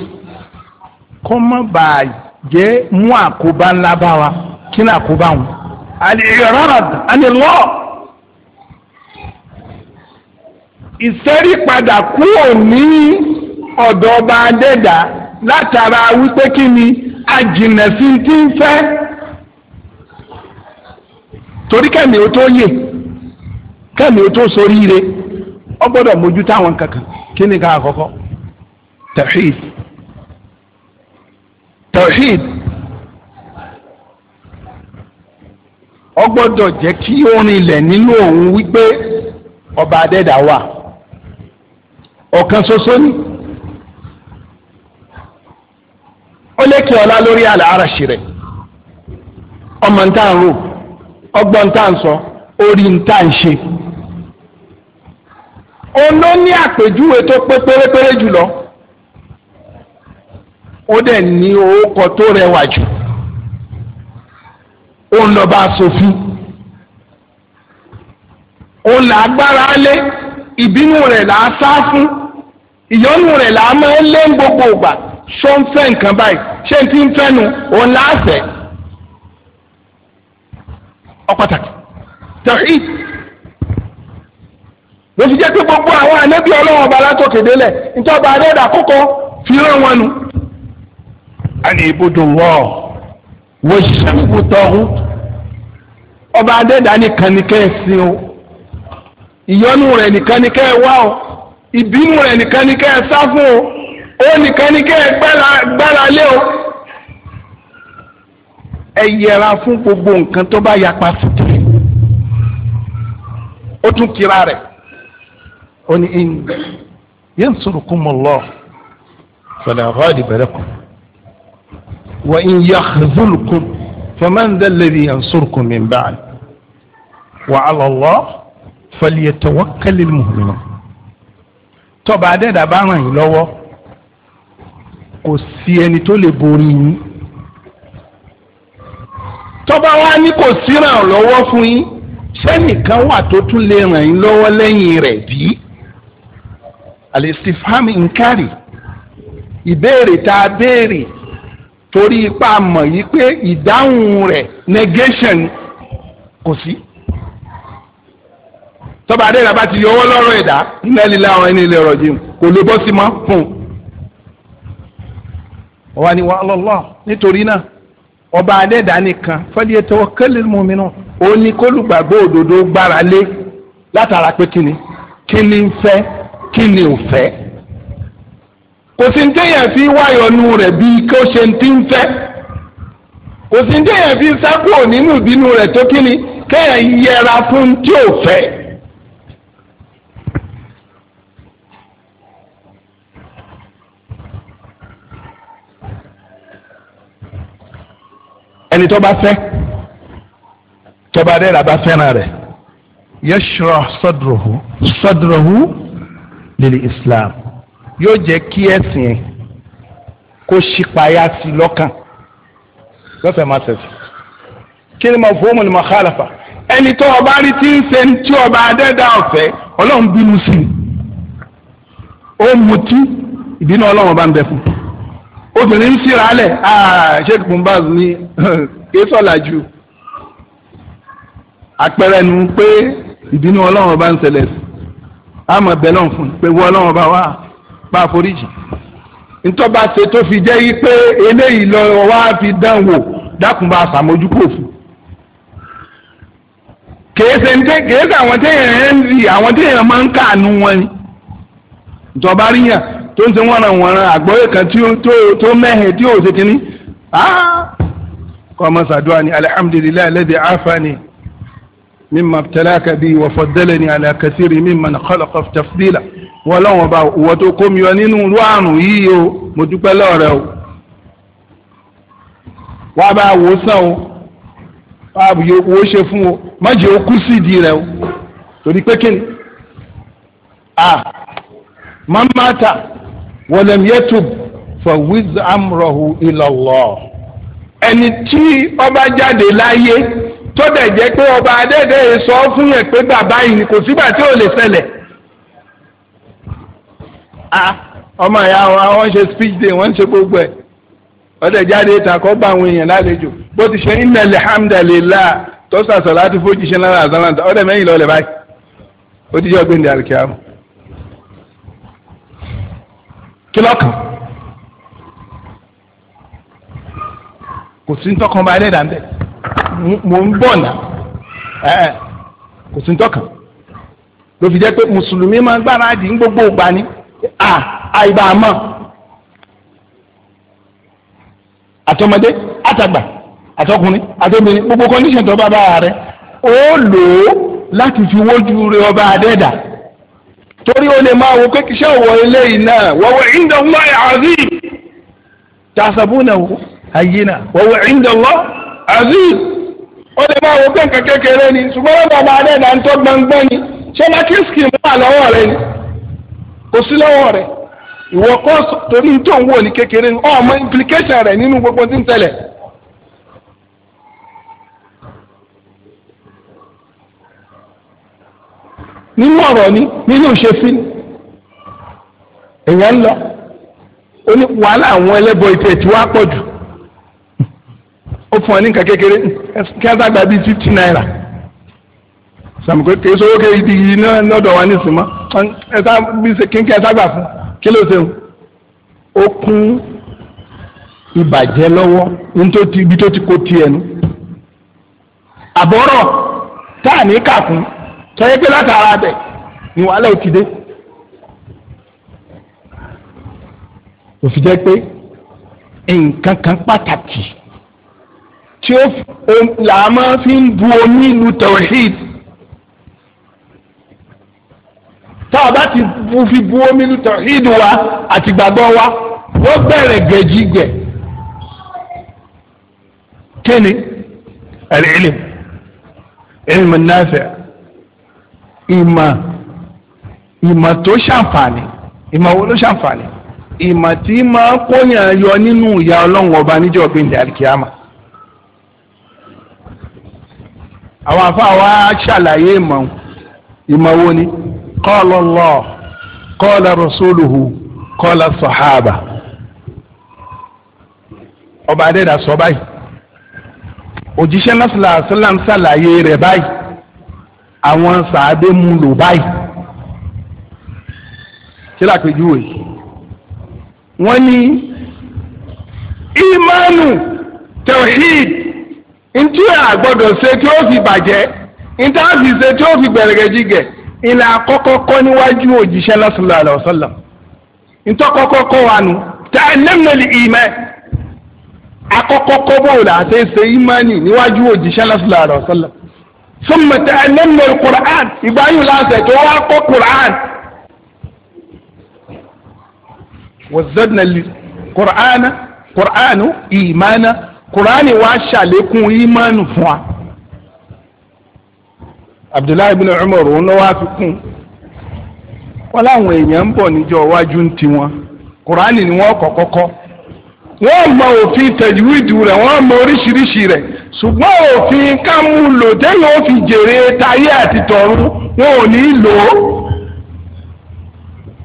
A: kó má bàa jẹ́ mú àkóbá ńlá bá wa kí ni àkóbá wọn. al-i'rad anil-law kúrò ní ọ̀dọ̀ ọba adẹ́dà látara wípé kí ni àjìnà sí ti ń fẹ́ torí kẹ́mi ó tó yè. kẹ́mi ó tó sórí ire ọ gbọ́dọ̀ mójútó àwọn kankan kí ni ká àkọ́kọ́ tawhid tawhid ọ gbọ́dọ̀ jẹ́ kí orin ilẹ̀ nínú òun wípé ọba adẹ́dà wà ọ̀kan ṣoṣo ni ó ọlá lórí àlà àràṣì rẹ̀ ọmọ ń tà ọgbọ rò ọgbọ́n ń sọ orí ń tà ṣe. olóní àpèjúwe tó pé pérépéré jùlọ ó dẹ̀ ní orúkọ tó rẹwà jù ó ń lọ bá aṣòfin ó ń là agbára lé ìbínú rẹ̀ là á sá fún ìyọ́nú rẹ̀ là á mọ́ ẹ lé gbogbo ìgbà ṣó ń fẹ́ nǹkan báyìí ṣé n ti ń fẹ́nu òun là ọ pàtàkì tẹ̀rí ló fi jẹ́ pé gbogbo àwọn ànábì ọlọ́run ọba látòkè délẹ̀ ọba adẹ́dà kọ́kọ́ fi rán wọn nu. àní ibùdó wọ wo ṣàkóso tọhún ọba adẹ́dà nìkan ni kẹ́ o ìyọ́nú rẹ̀ nìkan ni wá o ibi rẹ̀ nìkan o ó nìkan ni o ẹ yẹra fún gbogbo nǹkan tó bá yapa kira rẹ̀. ó ní in yansurukumullah fala ghaliba lakum wa in yakhzulkum faman dhal ladhi yansurukum min ba'd wa 'ala Allah falyatawakkalil mu'minun tọba adẹ́dà bá ràn yín lọ́wọ́ kò sí ẹni tó lè borí yín tọba wa ní kò sí ràn lọ́wọ́ fún yín sẹ́nìkan wà tó tún lè ràn yín lọ́wọ́ lẹ́yìn rẹ̀ bíi. alistifhami nkari ìbéèrè tá a béèrè torí ipa mọ̀ yìí pé ìdáhùn rẹ̀ negation kò sí tọ́ba adéra bá ti yọwọ́ lọ́rọ̀ ẹ̀dá nílẹ̀ lílẹ̀ àwọn ẹni ilẹ̀ ọ̀rọ̀ jẹun kò lè bọ́ sí mọ́ fún un. ọba ni wàá nítorí náà ọba adẹ́dá nìkan fọ́lẹ́ mú mi náà ó ní kólùgbàgbọ́ gbára lé kí ni ò fẹ́ kò sí ní téèyàn fi wáyọnu rẹ̀ bíi kó ṣe ti ń fẹ́ kò sí ní téèyàn fi sákúrò nínú ìbínú rẹ̀ tó kí ni kéèyàn yẹra fún tí ò fẹ́. ẹni tó bá fẹ́ tọba adẹ́rẹ́ bá fẹ́ràn rẹ̀ yashra sadruhu sadruhu lílì islam yóò jẹ́ kí ẹ̀sìn yẹn kó ṣípayá sí lọ́kàn lọ́fẹ̀ẹ́ máa ṣẹ̀sìn kí ni mo fún mi ni mo xaalafa ẹni tó ọba rí tí ń ṣe tí ọba adẹ́dá ọ̀fẹ́ ọlọ́run bínú sí i ó mutí ìbínú ọlọ́run ọba ń bẹ fún obìnrin ń síra alẹ̀ sheikh mumbaz ní kí sọ́la ju àpẹẹrẹ nu pé ìbínú ọlọ́run ọba ń ṣẹlẹ̀ sí àmọ́ bẹ́ẹ̀ lọ́n fún pé wọ́n lọ́wọ́ bá wà bá foríjì ntọ́ba ṣe tó fi jẹ́ yí pé eléyìí lọ wá fi dán wò dákun bá ṣàmójúkò fún kèése ntẹ kèése àwọn téèyàn ń rí àwọn téèyàn máa ń káànú wọn ni ntọ́ba ríyàn tó ń ṣe wọ́nranwọ̀nran àgbọ̀yé kan tó mẹ́hẹ̀ẹ́ tí yóò ṣe kínní kọ́ ọmọ sàdúrà ni alihamudulilayi alẹ́ bíi afáàní. مما ابتلاك بي وفضلني على كثير ممن خلق تفضيلا ولو با وتقوم ينين وانو يو مدوبا لورو وابا وسان وابو يو شي فún má jẹ́ ó kú sí di rẹ̀ o torí pé kíni ah man mata wa lam yatub ẹni tí ó jáde láyé tó dẹ̀ jẹ́ pé ọba adẹ́dẹ́ sọ fún yẹn pé bàbá yìí kò sígbà tí ò lè ṣẹlẹ̀. Ah, ọmọ ìyá wọn wọ́n ṣe speech day wọ́n ṣe gbogbo ẹ̀ ọdẹ jáde ìtàkọ́ bá àwọn èèyàn lálejò bó ti ṣe inna alhamdulillah tó sàṣọ láti fojìṣẹ́ lára àzọ́láńtà ọdẹ mẹ́yìn lọ́lẹ̀ báyìí ó ti jẹ́ ọgbẹ́ni àríkíámù. kílọ̀kàn kò sí ní tọkànba ẹlẹ́dàá ń bẹ̀. mo ń bọ̀ nà ẹ̀ kò sí ntọ́kàn ló fi jẹ́ pé mùsùlùmí máa ń gbáradì gbogbo ìgbà ni à àìbá àmọ́ àtọmọdé àtàgbà àtọkùnrin àtọmọbìnrin gbogbo kọ́ndíṣàn tó bá bá rẹ ó lò ó láti fi wójú rẹ ọba àdẹ́dà torí o lè máa wo pé kíṣẹ́ òwò eléyìí náà wọ́wọ́ ìndọ̀lọ́ àzíì tàṣàbùnà wọ́wọ́ ó lè máa wò pé nǹkan kékeré ni ṣùgbọ́n wọ́n bàbá adẹ́dà ń tọ́ gbọ́ngbọ́n ni ṣé lákìsìkì mú wà lọ́wọ́ rẹ ni kò sí lọ́wọ́ rẹ ìwọ kọ́ torí tó ń wò ní kékeré ni ọmọ implication rẹ nínú gbogbo tí ń tẹ̀lẹ̀. nínú ọ̀rọ̀ ó fún ọ ní nǹkan kékeré kí á sàgbà bíi fifty naira sàmùkú kì í sọ owó kékeré yìí náà lọ́dọ̀ wa nísìnyí mọ́ ẹ sá bí kí n kí ẹ sàgbà fún kí ló ṣe o ó kún ìbàjẹ́ lọ́wọ́ ibi tó ti kó tiẹ̀ nu àbọ̀rọ̀ tá à ní kà fún tọ́yẹ́ pé látara bẹ̀ ni wàhálà ti dé òfin jẹ́ pé nǹkan kan pàtàkì tí ó làámọ́ fi ń bu omi ìlú tawhid tá a bá ti fi bu omi ìlú tawhid wa àti gbàgbọ́ wa wọ́n bẹ̀rẹ̀ gẹ̀jígẹ̀ kíni al-ilm ilmu nafi' ìmọ̀ ìmọ̀ tó ṣàǹfààní ìmọ̀ wo ló ṣàǹfààní ìmọ̀ tí máa kóyàn yọ nínú ìyà ọlọ́run ọba níjọ́ gbẹ̀ǹdẹ̀ alikiyama àwọn àfáà wa ṣàlàyé ìmọ̀ ìmọ̀ wo ni qala Allah qala rasuluhu qala sahaba ọba adéda sọ báyìí òjíṣẹ́ nasala asalam ṣàlàyé rẹ̀ báyìí àwọn sàádé mu lò báyìí kí lápèjúwe wọ́n ní ìmánu tawhid ntí àgbọ́dọ̀ ṣe tí ó fi bàjẹ́ ntí a fi ṣe tí ó fi gbẹ̀rẹ̀gẹ̀ jígẹ̀ ilà àkọ́kọ́ kọ́ níwájú òjíṣẹ́ sallallahu alaihi wasallam ntí ọkọ́kọ́ kọ́ wa nu ta'allamna al-iman àkọ́kọ́ kọ́ bọ́ọ̀ là ṣe ṣe ìmánì níwájú òjíṣẹ́ sallallahu alaihi wasallam thumma ta'allamna al-Qur'an ìgbáyù láṣẹ tó wá kọ́ Qur'an wa zadna al-Qur'ana Qur'anu imana kùránì wa ṣàlékún ìmánu fún wa abdullahi bin umar òun ló wá fi kún wọn láwọn èèyàn ń bọ̀ níjọ́ iwájú ń tiwọn kùránì ni wọ́n kọ́ kọ́kọ́ wọ́n mọ òfin tẹ̀júwìdù rẹ̀ wọ́n mọ oríṣiríṣi rẹ̀ ṣùgbọ́n òfin kámúlò téèyàn ó fi jèrè tayé àti tọ̀run wọn ò ní lò ó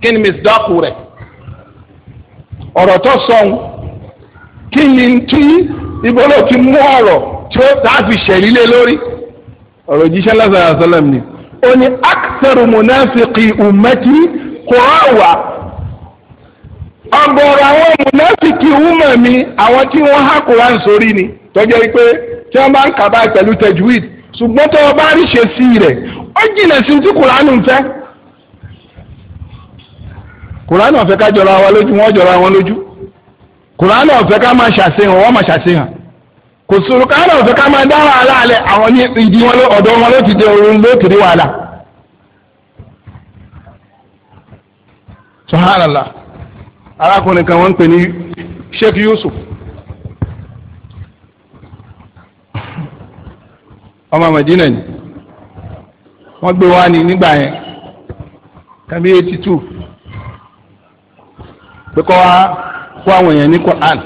A: kí ni mìsídọ́kù rẹ̀ ọ̀rọ̀ tó sọ̀hún kí ni tí ibo ló ti mú ọ̀rọ̀ tí ó tá a fi ṣẹ̀lí lórí ọ̀rọ̀ jíṣẹ́ lásán àṣọlẹ̀m ni ó ní akitẹ́rù mùnáfìkì ummati kùráwà
C: ọgọ́rọ̀ àwọn mùnáfìkì
A: umma mi àwọn tí wọ́n há Kùránì sórí ni tọ́jú pé tí wọ́n bá ń kàbá pẹ̀lú tajwid ṣùgbọ́n tó o bá rí ṣe sí rẹ̀ ó jìnà sí ti Kùránì fẹ́ Kùránì ọ̀fẹ́ ká jọra wọn lójú wọn jọra wọn lójú kùránì ọ̀fẹ́ ká máa ṣàṣehàn wọ́n máa ṣàṣehàn kò sùrù kùránì ọ̀fẹ́ ká máa dá wàhálà alẹ́ àwọn ní ìdí wọn ọ̀dọ́ wọn ló ti dé òun lókèrè wàhálà. subhanallah arákùnrin kan wọ́n ń pè ní Sheikh Yusuf ọmọ Madina ni wọ́n gbé wá ní nígbà yẹn kàmí kọ́ àwọn èèyàn ní Quran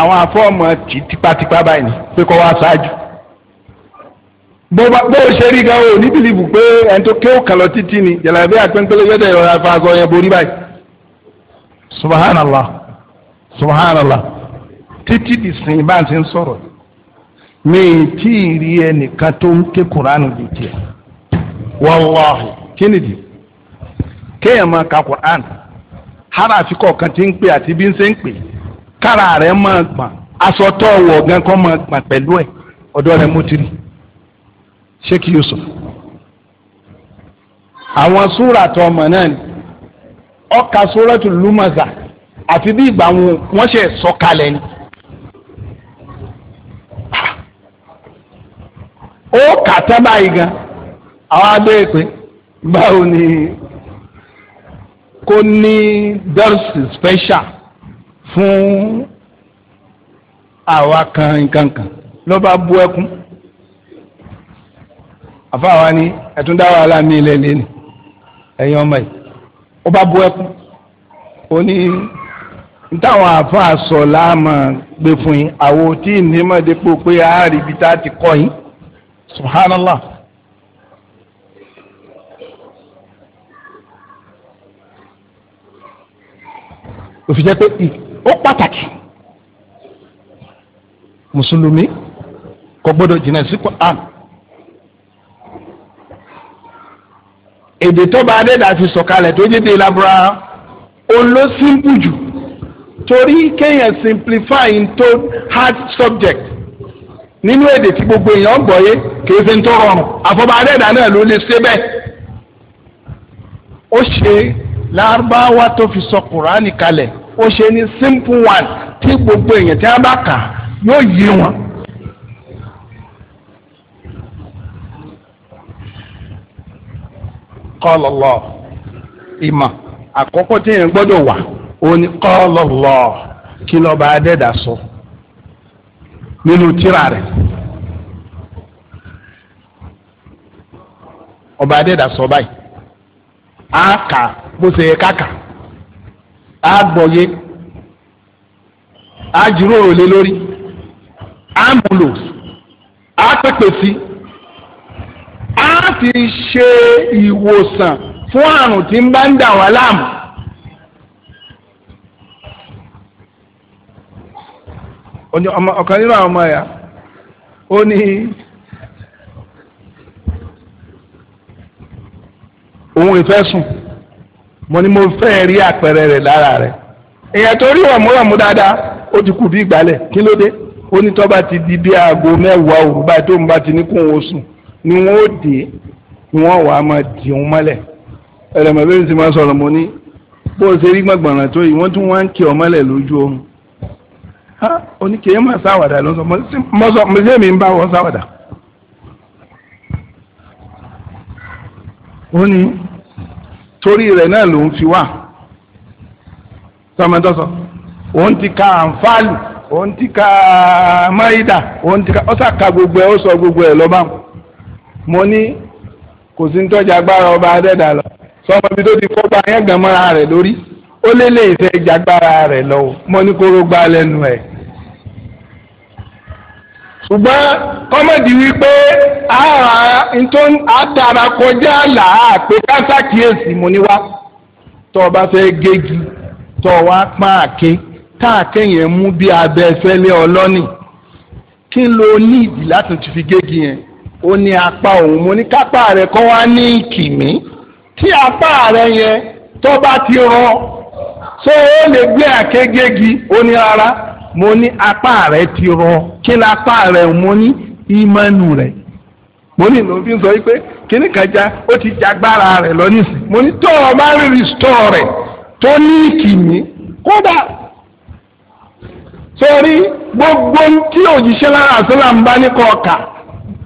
A: àwọn afọ́ọ̀mù ti tipátipá báyìí ni pé kọ́ wá ṣáájú bó o ṣe rí gan o ní bìlìfù pé ẹni tó kéwò kàn lọ títí ni jàlábí àpẹ́ńpẹ́lẹ́ gbẹ́dẹ̀ ìrora fagọ yẹn borí báyìí. subhanallah subhanallah títí di sin bá ń ti ń sọ̀rọ̀ mi tí ì rí ẹnìkan tó ń ké kuranu di tiẹ̀ wàláhi kí ni di kéèyàn máa ka kuranu. hara àti kọ̀ọ̀kan ti ń pè àti bí ń ṣe ń pè kára rẹ̀ máa gbọ̀n aṣọ tó wọ̀ gan kọ́ máa gbọ̀n pẹ̀lú ẹ̀ ọ̀dọ́ rẹ̀ mo ti rí Sheikh Yusuf. àwọn súrà tó ọmọ náà ni ọkà súràtù lùmọ̀zà àfi bí ìgbà wọn ṣe sọ̀kalẹ̀ ni. ó kà tán gan àwọn abẹ́ pé báwo ni kó ní dọ́rọ̀sì special fún àwa kan nǹkan kan ló bá bú ẹkún àfáwa ni ẹ̀tún dá wàhálà mi ilé ilé ni ẹ̀yin ọmọ yìí ó bá bú ẹkún ó ní ntáwọn àfáà sọ láàmà gbé fún yín àwo tí ìnímọ̀ dépò pé a ibi tá a ti kọ́ yín subhanallah òfin jẹ́ pé ó pàtàkì mùsùlùmí kò gbọ́dọ̀ jìnnà sí Quran èdè tọ́ba adẹ́dà fi sọ̀kalẹ̀ tó jẹ́ dé labura olóṣìǹpù jù torí kéèyàn simplify into hard subject nínú èdè tí gbogbo èèyàn gbọ́yé kì í fi ń tó rọrùn àfọ̀bá adẹ́dà náà ló lè ṣe bẹ́ẹ̀ ó ṣe lárúbáwá tó fi sọ kùránì kalẹ̀ ó ṣe ní simple one tí gbogbo èèyàn tí a bá kà yóò yé wọn. kọlọlọ Allah ìmọ̀ àkọ́kọ́ tí èèyàn gbọdọ wà ó ní kọlọlọ kí kí lọ́ba adẹ́dà sọ nínú tíra rẹ ọba adẹ́dà sọ báyìí. A ka bó ṣe kaka káka á gbọ́yé á jíròrò lé a ṣe ìwòsàn fún àrùn tí ń bá dà wá láàmú. nínú àwọn ọmọ òun ìfẹ́ sùn mo ní mo fẹ́ rí àpẹẹrẹ rẹ̀ lára rẹ̀ èèyàn tó rí wàmúwàmú dáadáa ó ti kú bí ìgbálẹ̀ kí ló dé ó ní tọ́ bá ti di bí aago mẹ́wàá òru báyìí tó ń bá ti ní kó wọn sùn ni wọ́n ó dé ni wọ́n wàá máa dì wọ́n mọ́lẹ̀ ẹlẹ́mọ̀ bẹ́ẹ̀ sì máa sọ̀rọ̀ mo ní bó o ṣe rí gbọ̀ngbọ̀nràn tó yìí wọ́n tún wá ń kí ọ mọ́lẹ̀ lójú oorun oníkèé máa sáwàdà ló ń sọ mọ́sẹ́ ó ní torí rẹ̀ náà ló fi wá tọmọdọ́sọ òun ti ka àǹfààlù òun ti ka máyídà òun ti ka ọ́sà ka gbogbo ẹ̀ ó sọ gbogbo mo ní kò sí agbára ọba ti mọ́ra rẹ̀ lórí ó lé lè fẹ́ jagbára rẹ̀ lọ mo ní gba lẹ́nu ṣùgbọ́n kọ́mọ̀dì wípé ara tó ń àtàrà kọjá là á pé káńtà kíyèsí mo ní wá tó o bá fẹ́ gégi tó o wá pọ́n àké tá àké yẹn mú bí abẹ fẹ́lẹ́ ọlọ́nì kí ló ní ìdí láti ti fi gégi yẹn ó ní apá òun mo ní kápá rẹ̀ kọ́ wá ní kìmí tí apá rẹ̀ yẹn tó bá ti rọ ṣé ó lè gbé àké gégi ó ní rárá mo ní apá rẹ ti rọ kí lápá rẹ mo ní ìmọ̀nù rẹ mo ní ló fi ń sọ wípé kíní kan já ó ti jagbára rẹ lọ nísìnyí mo ní tó o bá rí rìstọ́ rẹ tó ní ìkìmí kódà sórí gbogbo tí òjíṣẹ́ lára àṣọlá ń bá ní kọ̀ọ̀kà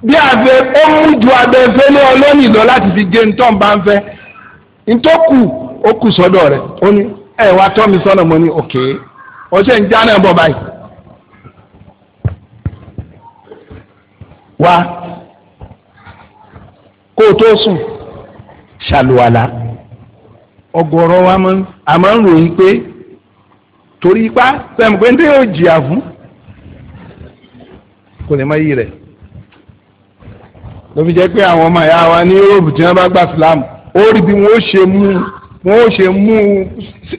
A: bí abẹ ó mú ju abẹ fẹ́ ní ọlọ́nìí lọ láti fi gé ntọ́ bá ń fẹ́ ntọ́kù ó kù sọ́dọ̀ rẹ̀ ó ní ẹ̀ wá tọ́ mi sọ́nà mo ní òkè. Okay ọṣẹ ń já náà bọ̀ báyìí. wá kó o tó sùn ṣàlùwàlà ọ̀gọ̀rọ̀ wa a máa ń ròyìn pé torí ipá sẹ́mi pé ń dé òjìyà fún kò ní má yí rẹ̀ ló fi jẹ́ pé àwọn ọmọ ìyá wa ní Europe tí wọ́n bá gba Islam ó rí bí wọ́n ó ṣe mú wọ́n ó ṣe mú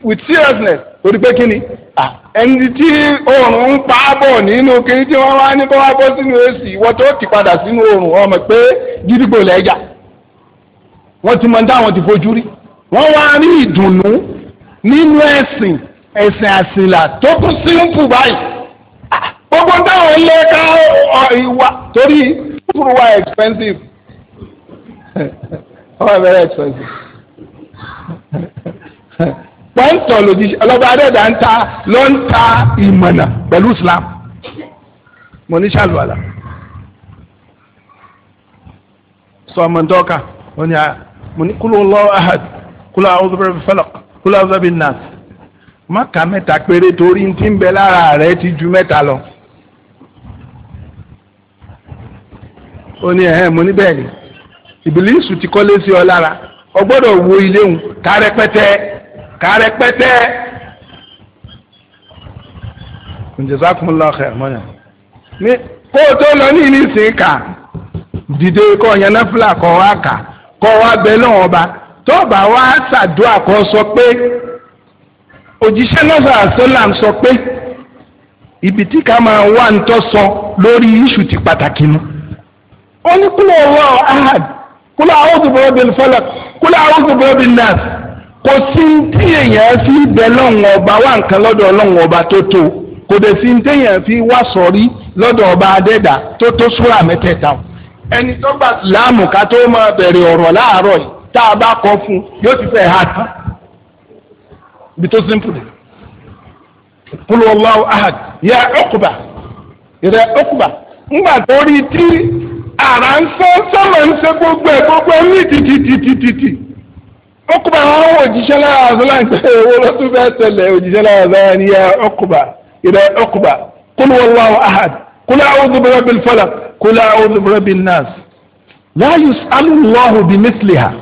A: with seriousness torí pé kí ni ẹni tí oòrùn ń pa á bọ̀ nínú kiri tí wọ́n wá ní kó wá bọ́ sínú èsì ìwọ tó ti padà sínú oòrùn ọmọ pé gídígbò lẹ́jà wọ́n ti mọ táwọn ti fojú rí wọ́n wá rí ìdùnnú nínú ẹ̀sìn ẹ̀sìn àsìlà tó kún sí báyìí gbogbo táwọn lé ká ìwà torí fúru wa expensive ọmọ ìbẹ̀rẹ̀ expensive. pọ́ńtọ̀ lòdìṣẹ́ ọlọ́ba adẹ́dà ń ta ló ń ta ìmọ̀nà pẹ̀lú Islam mo ní ṣàlùwàlà sọ ọmọ ntọ́ka ó ní a mo ní kúlò lọ́wọ́ ahad kúlò àwọn ọ̀dọ́bẹ̀rẹ̀ fẹlẹ̀ kúlò àwọn ọ̀dọ́bẹ̀rẹ̀ nàá má ka mẹ́ta péré torí ti ń bẹ lára rẹ̀ ti ju mẹ́ta lọ. ó ní ẹ̀hẹ́ mo ní bẹ́ẹ̀ ni ìbílísù ti kọ́lé sí ọ lára ọ gbọ́dọ̀ wo ilé òun ká kárẹ pẹtẹ. ǹjẹ́sà kún lọ ọ̀hẹ́ mọ́nà ní kó o tó lọ ní ìlú ìsìn kà dìde kọ́ ọ̀yàn náà fúlà kọ́ wa kà kọ́ wa bẹ lọ́wọ́ ọba tó bá wa ṣàdúrà kọ́ sọ pé òjíṣẹ́ náà sọ̀rọ̀ sọ́là sọ pé ibi tí ká máa wá ń sọ lórí iṣu ti pàtàkì nu. ó ní kúlọ̀ wọ́ ahad kúlọ̀ àwọn òṣùpọ̀ bíi fọlọ̀ kúlọ̀ àwọn òṣùpọ̀ bíi nọ́ọ̀sì. kò sí tí èèyàn fi bẹ ọba wá nǹkan lọ́dọ̀ ọba tó tó kò dẹ̀ sí tí èèyàn fi wá sọ̀rí lọ́dọ̀ ọba adẹ́dà tó tó súrà mẹ́tẹ̀ẹ̀ta ẹni tó gbà láàmù ká tó máa bẹ̀rẹ̀ ọ̀rọ̀ láàárọ̀ yìí tá a bá kọ fún yóò ti fẹ́ ha tán bí tó simple kúlù Allahu ahad yẹ ọkùbà yẹ ọkùbà ńgbà tó tí àrà ń sọ sọ́mọ̀ ń ṣe gbogbo gbogbo ní عقبة هو جيشلا أزلان ولا تبات وجيشلا أزلان يا عقبة إلى عقبة قل والله أحد قل أعوذ برب الفلق قل أعوذ برب الناس لا يسأل الله بمثلها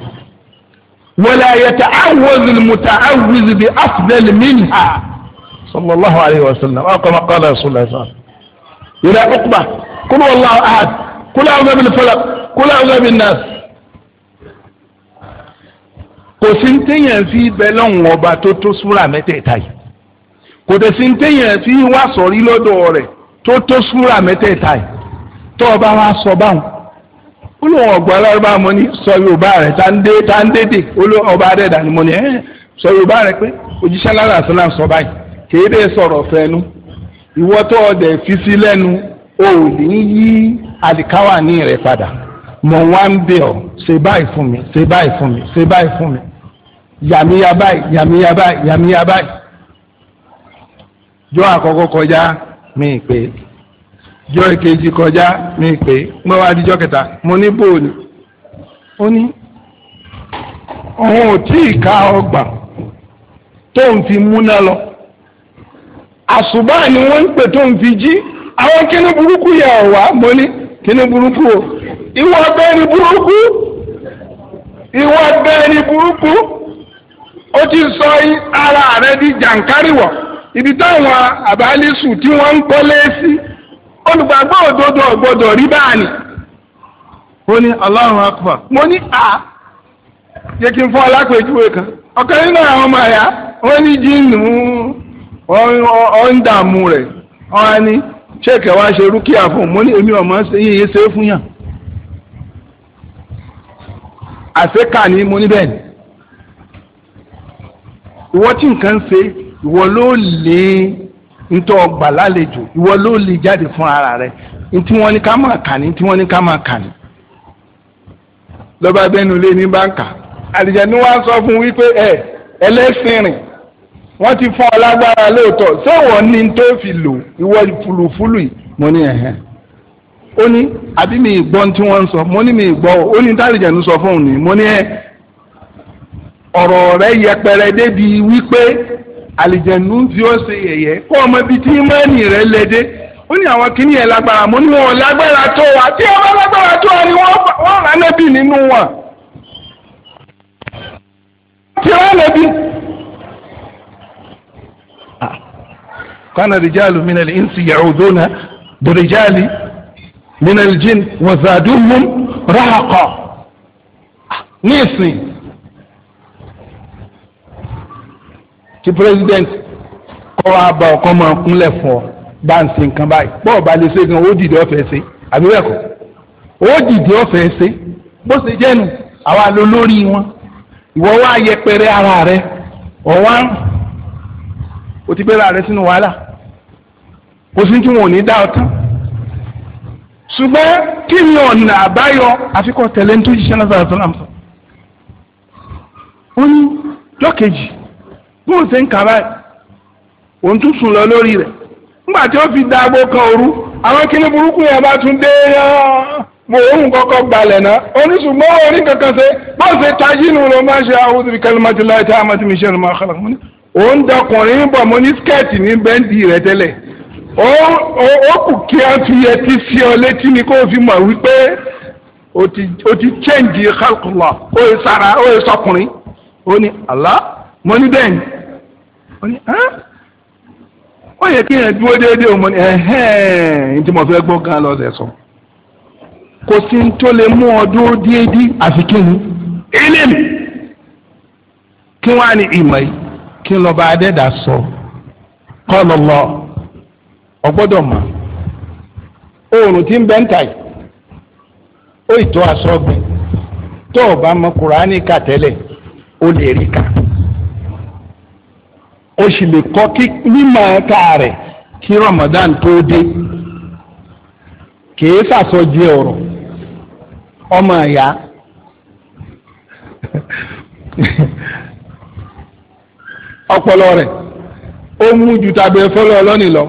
A: ولا يتعوذ المتعوذ بأفضل
C: منها
A: صلى الله عليه وسلم أو آه، كما قال رسول الله صلى الله عليه وسلم إلى عقبة قل والله أحد قل أعوذ برب الفلق قل أعوذ برب الناس kò sí ní téèyàn fi bẹ lọ́hùn ọba tó tó súra mẹ́tẹ̀ẹ̀ta yìí kò dẹ̀ sí ní téèyàn fi wá sọ̀rí lọ́dọ̀ rẹ̀ tó tó súra mẹ́tẹ̀ẹ̀ta yìí tó ọba wa sọ báwọn olóhùn ọgbà lọ́ba mo ní sọ yorùbá rẹ̀ tá ń dé tá ọba adẹ́dà ni mo ní ẹ́ sọ yorùbá rẹ̀ pé òjíṣẹ́ lára àti náà sọ báyìí kéde sọ̀rọ̀ fẹ́nu ìwọ tó ọdẹ fi sí lẹ́nu o ò ní yí àlìkáwà ní rẹ̀ padà mọ̀ wá ń bẹ̀ ọ́ ṣe báyìí fún mi ṣe báyìí fún mi ṣe báyìí fún mi yàmíyá báyìí yàmíyá báyìí yàmíyá báyìí jọ́ àkọ́kọ́ kọjá mi pé jọ́ ìkejì kọjá mi pé mo wá díjọ́ kẹta mo ní bòónì ó ní òun ò tí ì ka ọgbà tóun fi múná lọ àṣùbá ni wọ́n ń pè tóun fi jí àwọn kíní burúkú yẹ ọ̀wá mo ní kíní burúkú o ìwọ bẹ́ẹ̀ ni burúkú ìwọ bẹ́ẹ̀ ni burúkú. ó ti sọ ara rẹ di jàǹkáríwọ̀ ibi táwọn àbálẹ́sù tí wọ́n ń gbọ́lé sí olùgbàgbọ́ òdodo ọ̀gbọ́dọ̀ rí báàlì. ó ní Allahu akbar. mo ní a jẹ́ kí n fọ́ alápèjúwe kan ọ̀kan nínú àwọn ọmọ ọma ó ní jíìnù ọ̀ǹdààmú rẹ̀ ọ̀hán ni ṣéèkẹ́ wá ṣe rúkìá fún un mo ní èmi ọ̀mọ́ yíyí ṣe é fún yàn. àṣekà ni mo ní bẹ́ẹ̀ ni. ìwọ tí nǹkan ń ṣe ìwọ ló lè ntọ́ gbà lálejò ìwọ ló lè jáde fún ara rẹ ntí wọ́n ní ká máa kà ní ntí wọ́n ní ká máa kà ní. lọ́ba abẹ́nu lé ní báńkà àlìjẹ̀nu wá sọ fún wípé ẹ
B: ẹlẹ́sìn rìn
A: wọ́n ti fún ọ lágbára lóòótọ́ ṣé ìwọ ní tó fi lò ìwọ fúlùfúlù yìí mo ní ẹ̀hẹ́n ó ní àbí mi ìgbọ́n tí wọ́n ń sọ mo ní mi ìgbọ́ ó ní tálìjẹ̀nu sọ fún òun ní mo ní ẹ̀ ọ̀rọ̀ rẹ̀ yẹpẹrẹ débi wípé àlìjẹ̀nu tí ó ṣe yẹ̀yẹ́ kó ọmọ ibi tí ìmọ̀ọ́nì rẹ̀ lè dé ó ní àwọn kìíní yẹn lágbára mo ní wọn lágbára tó wa tí ọmọ lágbára tó wa ni wọ́n rà nẹ́bì nínú wọn. tí wọ́n nẹ́bì. Ah. kana rijalu min al-insi ya'uduna bi rijali min al-jinn wa zaduhum rahaqa. Ah. ní ìsìn tí president kọ́ wa bá ọkọ máa kúnlẹ̀ fún ọ bá ń ṣe nǹkan báyìí bọ́ọ̀ bá lè ṣe gan ó dìde ọ̀fẹ́ ṣe àbí bẹ́ẹ̀ kọ́ ó dìde ọ̀fẹ́ ṣe bó ṣe jẹ́ àwa ló lórí wọn ìwọ wá yẹpẹrẹ ara rẹ ọ̀wá o ti bẹ̀rẹ̀ rẹ sínú wàhálà kò sí tí wọn ò ní dá ọ tán ṣùgbọ́n kí ni ọ̀nà àbáyọ àfikọ́ tẹ̀lé ń tó jíṣẹ́ náà sọ̀rọ̀ tó náà ó ní lọ́kejì bó ṣe ń kà báyìí òun tún sùn lọ lórí rẹ̀ nígbà tí ó fi da agbo kan òru àwọn kíní burúkú yẹn bá tún dé mo òun kọ́kọ́ gbalẹ̀ náà oníṣùgbọ́n orí kankan ṣe bó ṣe tají nù ló máa ṣe a'udhu bi kalimati llahi tammati min sharri ma khalaq mo ní òun dọkùnrin bọ̀ mo ní skẹ́ẹ̀tì ní bẹ́ńdì rẹ̀ tẹ́lẹ̀ ó kù kí á fi ẹtí sí ọ létí ni kó fi mọ̀ wípé o ti o ti change o ye sara o ye sọkùnrin o ní Allah mo ní bẹ́ẹ̀ ó yẹ kí yẹn dúró déédéé òun ni ẹ̀hẹ́n tí mo fẹ́ gbọ́ gan lọ́sẹ̀ sọ kò sí tó lè mú ọ dúró déédéé àfi kí ni ilé kí wọ́n á ní ìmọ̀ yìí kí n lọ́ba adẹ́dà sọ kọ́ lọ lọ ọgbọ́dọ̀ mọ̀ oòrùn tí ń o bá mọ o sì lè kọ́ kí kí Ramadan tó dé kìí sàsọjí ọ̀rọ̀ ọmọ ẹ̀yà ọpọlọ rẹ ó mú ju tàbí ẹfọlọ ọlọ́nì lọ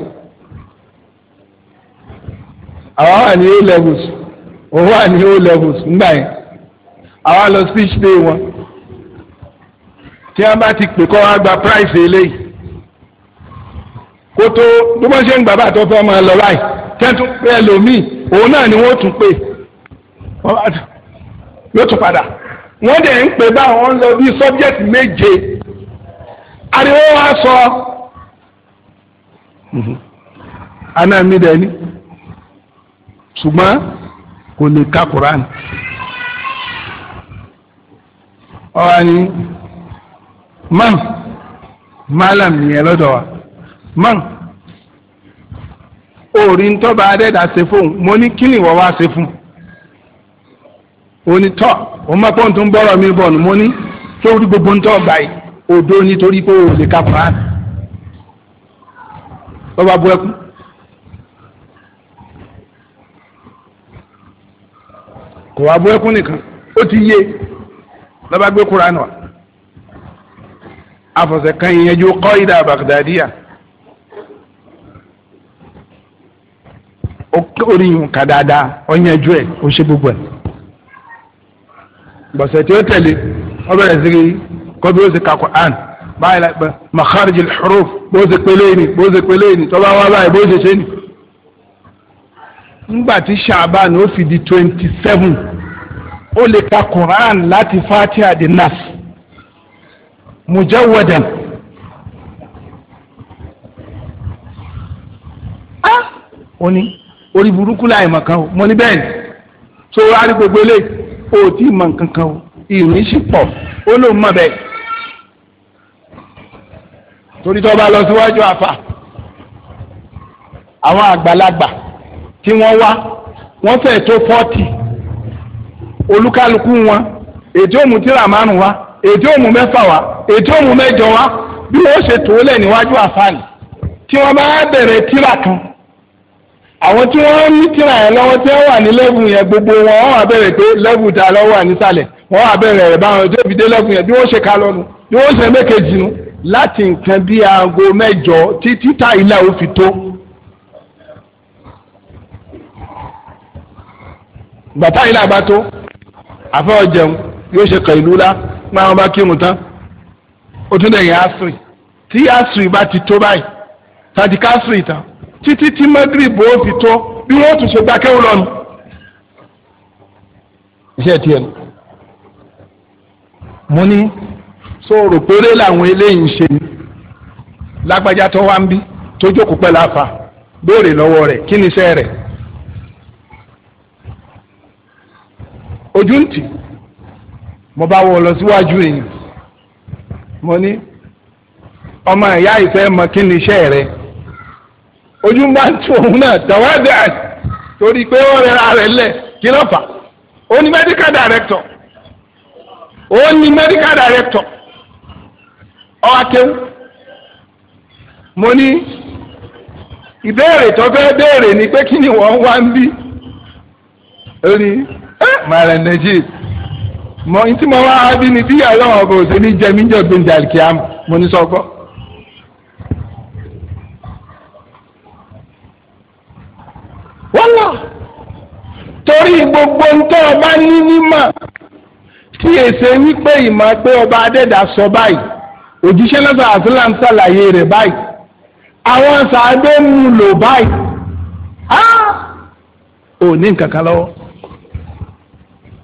A: àwa wà ní levels òun wà ní O levels ńgbà yẹn àwa speech day tí a bá ti pè kọ́ wá gba price eléyìí kótó bí wọ́n ṣe ń gbà bá àtọ́ fẹ́ máa lọ láì tẹ́tún pé ẹlòmíì òun náà ni wọ́n tún pè yóò tún padà wọ́n dẹ̀ ń pè báwọn lọ bí subject méje ariwo wa sọ aná mhm. mi dẹ̀ ni ṣùgbọ́n kò lè ka Quran ọ̀hání man malam nìyẹn lọ́dọ̀ wa man orí ntọ́ba adẹ́dà ṣe fóun mo ní kíni wọ́n wá ṣe fún onítọ́ òun máa pọ́n tó ń bọ́rọ̀ mi bọ̀ mo ní sórí gbogbo ntọ́ ọgbà yìí odo nítorí pé o lè ka Quran lọ́ba bu ẹkún. kò wá bu ẹkún nìkan ó ti yé lọ́ba gbé Quran wá afọ̀sẹ̀kan ìyẹnjú kọ́ìdà baghdadiya ó kórìí nǹkan dáadáa ó yẹnjú ẹ̀ ó ṣe gbogbo ẹ̀ gbọ̀sẹ̀ tí ó tẹ̀lé ó bẹ̀rẹ̀ sí kọ́ bí ó ṣe ka Qur'an báyìí la gbẹ makharij al-huruf bó ṣe pélé ni bó ṣe pélé ni tọ́ba wá báyìí bó ṣe ṣe ni. ńgbà tí Sha'ban ó fi di twenty seven ó lè ka Qur'an láti Fatiha di Nas mùjẹ́wọ̀dà. Ah? Oni, ní orí burúkú láì mọ̀ kan o mo ní bẹ́ẹ̀ ni tó rárí gbogbo ilé o ò tí ì mọ̀ nǹkan kan o ìrìn sì pọ̀ ó lóun mọ̀ bẹ́ẹ̀ torí tó bá lọ síwájú àfà àwọn àgbàlagbà tí wọ́n wá wọ́n fẹ́ tó fọ́ọ̀tì olúkálukú wọn ètò òmùtírà márùn wá ètí òmù mẹ́fà wá ètí òmù mẹ́jọ wá bí wọ́n ṣe tó lẹ̀ níwájú àfáàní tí wọ́n bá bẹ̀rẹ̀ tíra kan àwọn tí wọ́n ní tíra yẹn lọ́wọ́ tí wọ́n wà ní lẹ́bù yẹn gbogbo wọn wọ́n wà bẹ̀rẹ̀ pé lẹ́bù tá a lọ́wọ́ wà nísàlẹ̀ wọ́n wà bẹ̀rẹ̀ rẹ̀ báwọn tó fi dé lẹ́bù yẹn bí wọ́n ṣe ká lọ́nu bí wọ́n ṣe mékejì nu láti nǹkan bí aago mẹ́jọ tí títà ilẹ̀ ò fi tó. bàtà ilẹ̀ àbátó àfẹ́ ọ̀jẹun yóò ṣe kàn ìlú lá gba àwọn bá kírun tán ó tún lẹ́yìn asiri tí asiri bá ti tó báyìí tàbí kásìrì tán títí tí magrib ó fi tó bí wọ́n tún ṣe gba kéwù lọ́nu. iṣẹ́ tiẹ̀ ni mo ní sóòrò péré làwọn eléyìí ń ṣe ni lágbájá tó wá ń bí tó jókòó pẹ́ láfa béèrè lọ́wọ́ rẹ̀ kí ni iṣẹ́ rẹ̀ ojú ń tì í mo bá wọ lọ síwájú èèyàn mo ní ọmọ ìyá ìfẹ́ mọ kí ni iṣẹ́ rẹ ojú ń bá tú òun náà tẹ̀wádìí àti torí pé ó rẹra rẹ̀ lẹ̀ kí ló fà ó ní medical director ó ní medical director ó wá kéwú mo ní ìbéèrè tó béèrè ni pé kí ni wọ́n wá ń bí ó ní ẹ́ màrẹ̀ nàìjíríà mọ ntí mo wá bí ni tíyà lọ́wọ́ bò ṣe ní jẹ́mi ń jẹ́ gbẹ̀ǹdà àlìkíyàmù mo ní sọ́kọ́. wọ́lá torí gbogbo ntọ́ ọba ní nímọ̀ tí èsè wípé ìmọ̀ pé ọba adẹ́dà sọ báyìí òjíṣẹ́ náà sàásìlà ń ṣàlàyé rẹ̀ báyìí àwọn sàádé mú lò báyìí ò ní nǹkan kan lọ́wọ́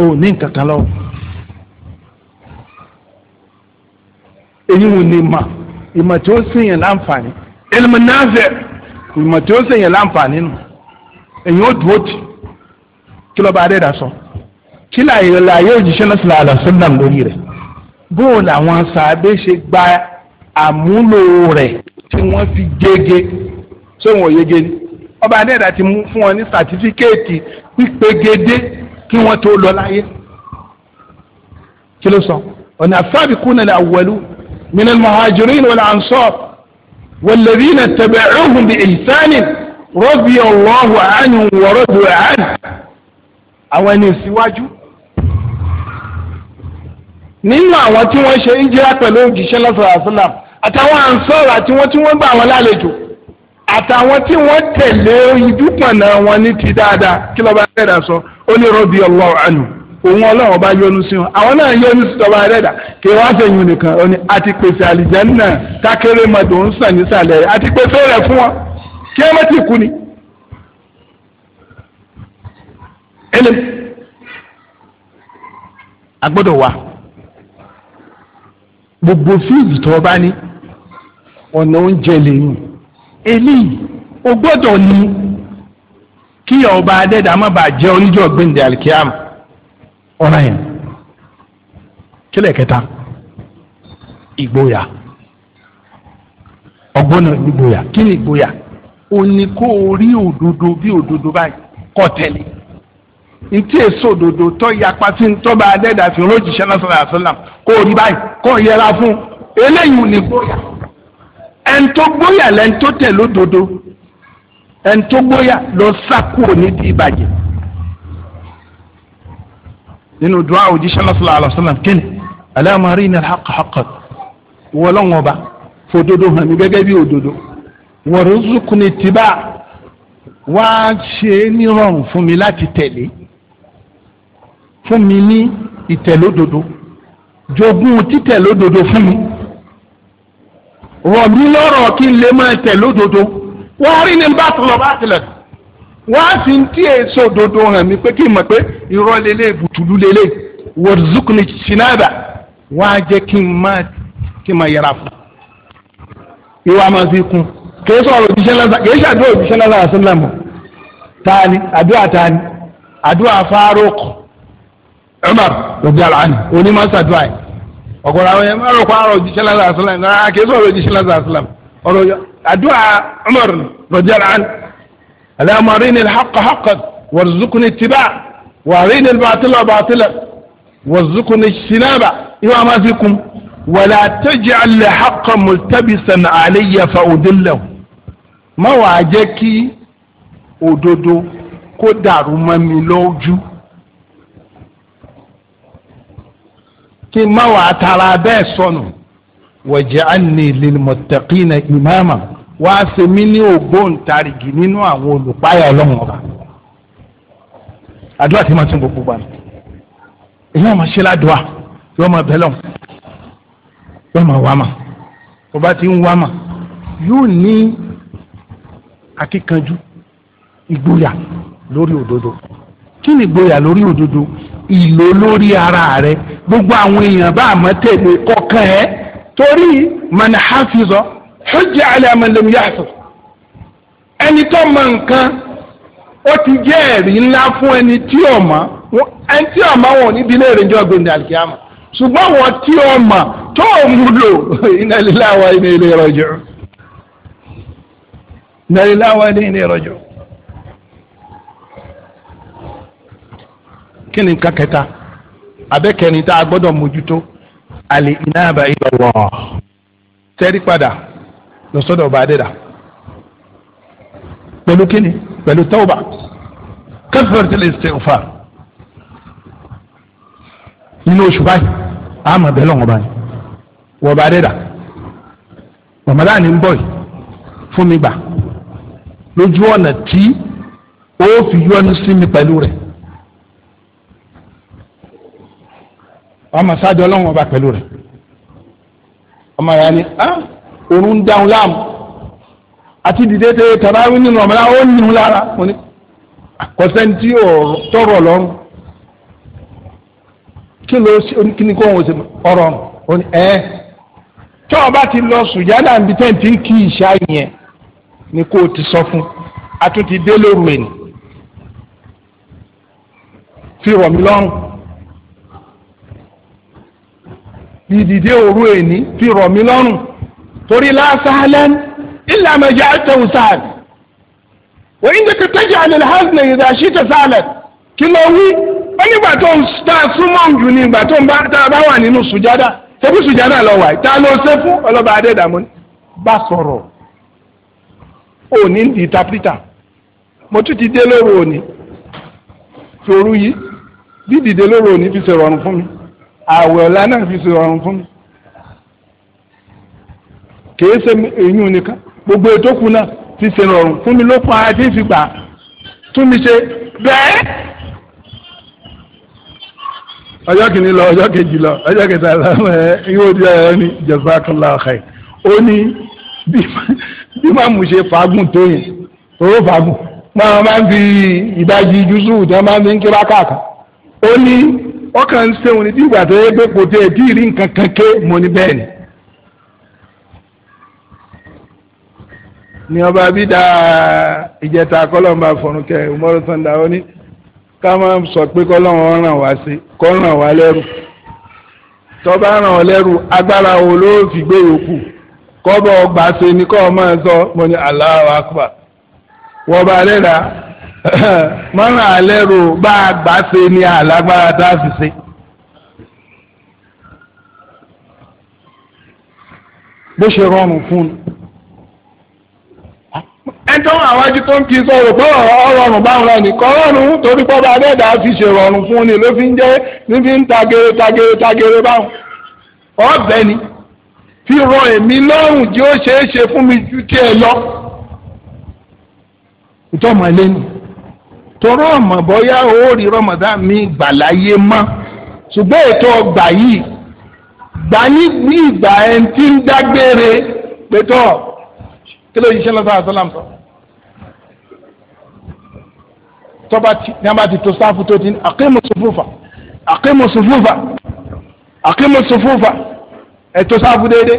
A: ò ní nǹkan kan lọ́wọ́. èyí wò ní ma ìmọ̀ tí ó sèyàn láǹfààní ilmu nafi ìmọ̀ tí ó sèyàn láǹfààní nù èyí ó dúró tì kí lọ́ba adé dà sọ kí láyé láyé òjíṣẹ́ náà sílẹ̀ àlàsán náà lórí rẹ̀ bóun làwọn sàbẹ̀ ṣe gba àmúlò rẹ̀ tí wọ́n fi gégé sóhun òyege ni ọba adé ti mú fún wọn ní sàtífíkẹ́ẹ̀tì pípégedé kí wọ́n tó lọ láyé kí ló sọ ọ̀nà àfáàbí kúnlẹ̀ làwọ̀lú من المهاجرين والأنصار والذين اتبعوهم بإحسان رضي الله عنهم ورضوا عنه أو ẹni ìsíwájú nínú àwọn tí wọ́n ṣe ìjírá pẹ̀lú òjíṣẹ́ lọ́sọ̀rọ̀ àṣọlá àtàwọn ànsọ́ọ̀rọ̀ àti wọ́n tí wọ́n gbà wọn lálejò àtàwọn tí wọ́n tẹ̀lé ìdúpọ̀nà wọn ní ti dáadáa kí lọ́ba ẹ̀dá sọ ó ní rọ́bì ọlọ́ọ̀ánù. òun ọlọ́run bá yọ́nú sí wọn àwọn náà yọ́nú sí tọba ẹ̀dá kí wọ́n fẹ̀yìn nìkan ọ ní àti pèsè àlìjẹ́nà kákéré mọ̀tò ń sàn nísàlẹ̀ rẹ̀ àti pèsè rẹ̀ fún wọn kí ti kú ni. ẹlẹ́m agbọ́dọ̀ wa gbogbo fíìsì tó bá ní ọ̀nà oúnjẹ lẹ́yìn eléyìí o gbọ́dọ̀ ní kí ọba adẹ́dàá má bàa jẹ́ oníjọ́ gbẹ̀ǹdẹ̀ ọ̀ràn yẹn kílẹ̀ kẹta ìgboyà ọgbọ́n náà ìgboyà kí ni ìgboyà ó ní kó o rí òdodo bí òdodo báyìí kọ́ tẹ̀lé ntí èso òdodo tó yapa sí ntọ́ba adẹ́dà fi rọ́jìṣẹ́ shana sọ̀rọ̀ àṣọlá kó o rí báyìí kó ele yẹra fún eléyìí ní gboyà ẹni tó gboyà lẹ́ni tó tẹ̀ lódodo ẹni tó gboyà lọ sá kúrò nídìí ìbàjẹ́. nínú dua òjíṣẹ́ lọ́sọ̀lá àlọ́sọ̀lá kíni Allahumma arina al-haqqa haqqan wọlọ́wọ́n ọba fòdodo hàn mí gẹ́gẹ́ bí òdodo warzuqni ittiba'a wá ṣe nírọ̀rùn fún mi láti tẹ̀lé fún mi ní ìtẹ̀lódodo jogún títẹ̀lódodo fún mi rọ̀ mí lọ́rọ̀ kí n lè máa tẹ̀lódodo wọ́n rí ní bá tọ̀lọ̀ bá tilẹ̀ wọ́n á fi tí èso òdodo hàn mí pé kí n mọ̀ pé irọ́ lélẹ̀ bùtùlù lélẹ̀ wọ̀dùzùkùnì sinaba wọ́n á jẹ́ kí n máa kí n máa yẹra fún ìwà máa fi kún kì í sọ̀rọ̀ òjíṣẹ́ lọ́sà kì í ṣàdúrà òjíṣẹ́ lọ́sà àṣìlẹ̀ mọ̀ tani àdúrà tani àdúrà Faruk Umar rọ̀bíàlá ni onímọ̀ ṣàdúrà yìí ọ̀gọ̀rọ̀ àwọn yẹn máa rò pa ọ̀rọ̀ òjíṣẹ́ lọ́sà àṣìlẹ̀ náà kì í sọ̀rọ̀ òjíṣẹ́ lọ́sà àṣìlẹ̀ ọ̀rọ̀ àdúrà Umar rọ̀bíàlá ni. اللهم أريني الحق حقا وارزقني اتباع وأريني الباطل باطلا وارزقني اجتنابه إمام فيكم ولا تجعل حقا ملتبسا علي فأدله ما wàá jẹ́ kí òdodo لوجو كي ما mi lójú وجعلني للمتقين إماما wàá ṣe mí ní ògbóǹtarìgì nínú àwọn olùpáyà ọlọ́run ọba àdúrà tí ma tún gbogbo gbà èyí wọn máa ṣe ládùúà yóò máa bẹ lọ́hùn yóò máa wá mà tó bá ti ń wá mà yóò ní akíkanjú ìgboyà lórí òdodo kí ni ìgboyà lórí òdodo ìlò lórí ara rẹ gbogbo àwọn èèyàn bá àmọ́ tèlé kọ̀ọ̀kan ẹ̀ torí mọ̀nà hàfíìsọ. hujja ala man lam yahfaz ẹni tó mọ nǹkan ó ti jẹ́ ẹ̀rí ńlá fún ẹni tí ò mọ̀ ẹni tí ò mọ̀ wọn ò ní bí léèrè jọ ṣùgbọ́n wọn tí tó o mú lò inna lillahi wa inna ilayhi raji'un inna lillahi wa inna ilayhi raji'un. kí ni nǹkan kẹta abẹ́kẹ́ni tá a gbọ́dọ̀ mójútó inaba tẹ́rí padà lọ sọ́dọ̀ ọba adẹ́dà pẹ̀lú kíni pẹ̀lú tọ́ọ̀bà kafaratul istighfar nínú oṣù báyìí àmọ̀ bẹ́ẹ̀ lọ́wọ́ báyìí wọ́n ọba adẹ́dà Ramadan ń bọ̀ yìí fún mi gbà lójú ọ̀nà tí ó fi yọ́nú sí mi pẹ̀lú rẹ̀ ọmọ sáájú ọlọ́wọ́n ọba pẹ̀lú rẹ̀ ọmọ yẹn ni ah, òun ń dáhùn láàmú àti dìde tẹ tàbáwí nínú ọ̀mọ́lá ó nínú lára mo ní kọ́sẹ́ni tí tọrọ lọ́rùn kí ló kí ni kó wọn ṣe ọ̀rọ̀ ọ ní ẹ tí ọba ti lọ sùjádà níbi tẹ́ ti ń kí ìṣá yẹn ni kó o ti sọ fún a tún ti dé lóru ẹ̀ fi rọ̀ mí lọ́rùn ìdìde òru ẹ̀ fi rọ̀ mí lọ́rùn torí lásáhálẹ́n ilà mẹjọ àtẹwò sáàlì wọ́n yín dẹ́kun tẹ́jú àlèlè hàzìnà yìí dàṣí tẹ sáàlẹ̀ kí ló wí ó nígbà tó ń tá a súnmọ́ jù ní ìgbà tó ń bá tá a bá wà nínú sùjádà ṣebí sùjádà lọ wà tá a lọ ṣe fún ọlọ́ba adédàmú bá sọ̀rọ̀ ò ní ìtàpítà mo tún ti dé lóru òní toru yìí bí dìde lóru òní fi ṣe rọrùn fún mi àwẹ̀ ọ̀la náà fi ṣe rọrùn fún mi kìí ṣe èyí nìkan gbogbo ètò kù náà ti ṣe rọrùn fún mi ló fún ara tí ń fi gbà tún mi ṣe bẹ́ẹ̀. ọjọ́ kìíní lọ ọjọ́ kejì lọ ọjọ́ kẹta lọ yóò di ọ̀rọ̀ ni jazakallah khair ó ní bí máa mú ṣe fagùn tó yẹn owó fagùn máa máa ń fi ìdajì jùsùn tí wọ́n máa ń fi ń kí bákàkà ó ní ọkàn ń ṣe òun ní bí ìgbà tó yẹ pé kò tẹ́ ẹ̀ tí ì rí nǹkan kan ké mo ní bẹ́ẹ̀ ni. ni ọba bídà ìjẹta kọlọmba fọrùnkẹ umaru sanda ó ní ká máa sọ pé kọlọmọ ràn wá sí kọ ràn wá lẹ́rù tọba ràn ọ lẹ́rù agbára wo ló fi gbé yòókù kọbọ ọgbà ṣe ni kọ máa sọ mo ní Allahu akbar wọba rẹra mọ́ràn àlẹ́rù bá gbà ṣe ni àlágbára tá a fi ṣe. bó ṣe rọrùn fún un ẹjọ́ àwájú tó ń fi sọ̀rọ̀ pé ọ̀rọ̀rùn bá ń rọ nìkan rọrùn torí pọ́ bá dẹ́ẹ̀dá fi ṣèrọ̀rùn fún ni ló fi ń jẹ́ níbi ń tagere tagere tagere báwọn. ọ̀bẹ ni fi rọ èmi lọ́rùn tí ó ṣeé ṣe fún mi ju tiẹ̀ lọ. ìtọ́mọ ilé ni torọ́ ọ̀mọ̀ bọ́yá ó rí rọmọdá mi gbà láyé mọ́ ṣùgbọ́n ètò ọgbà yìí gbà ní ìgbà ẹni tí ń dágbére pẹ̀tọ́ kí ló yìí ṣe lọ́sàá àṣọ làǹfọ̀. tọ́ba tí ní a bá ti tó sáfù tó ti ní àkímù àkímù àkímù ẹ tó sáfù déédéé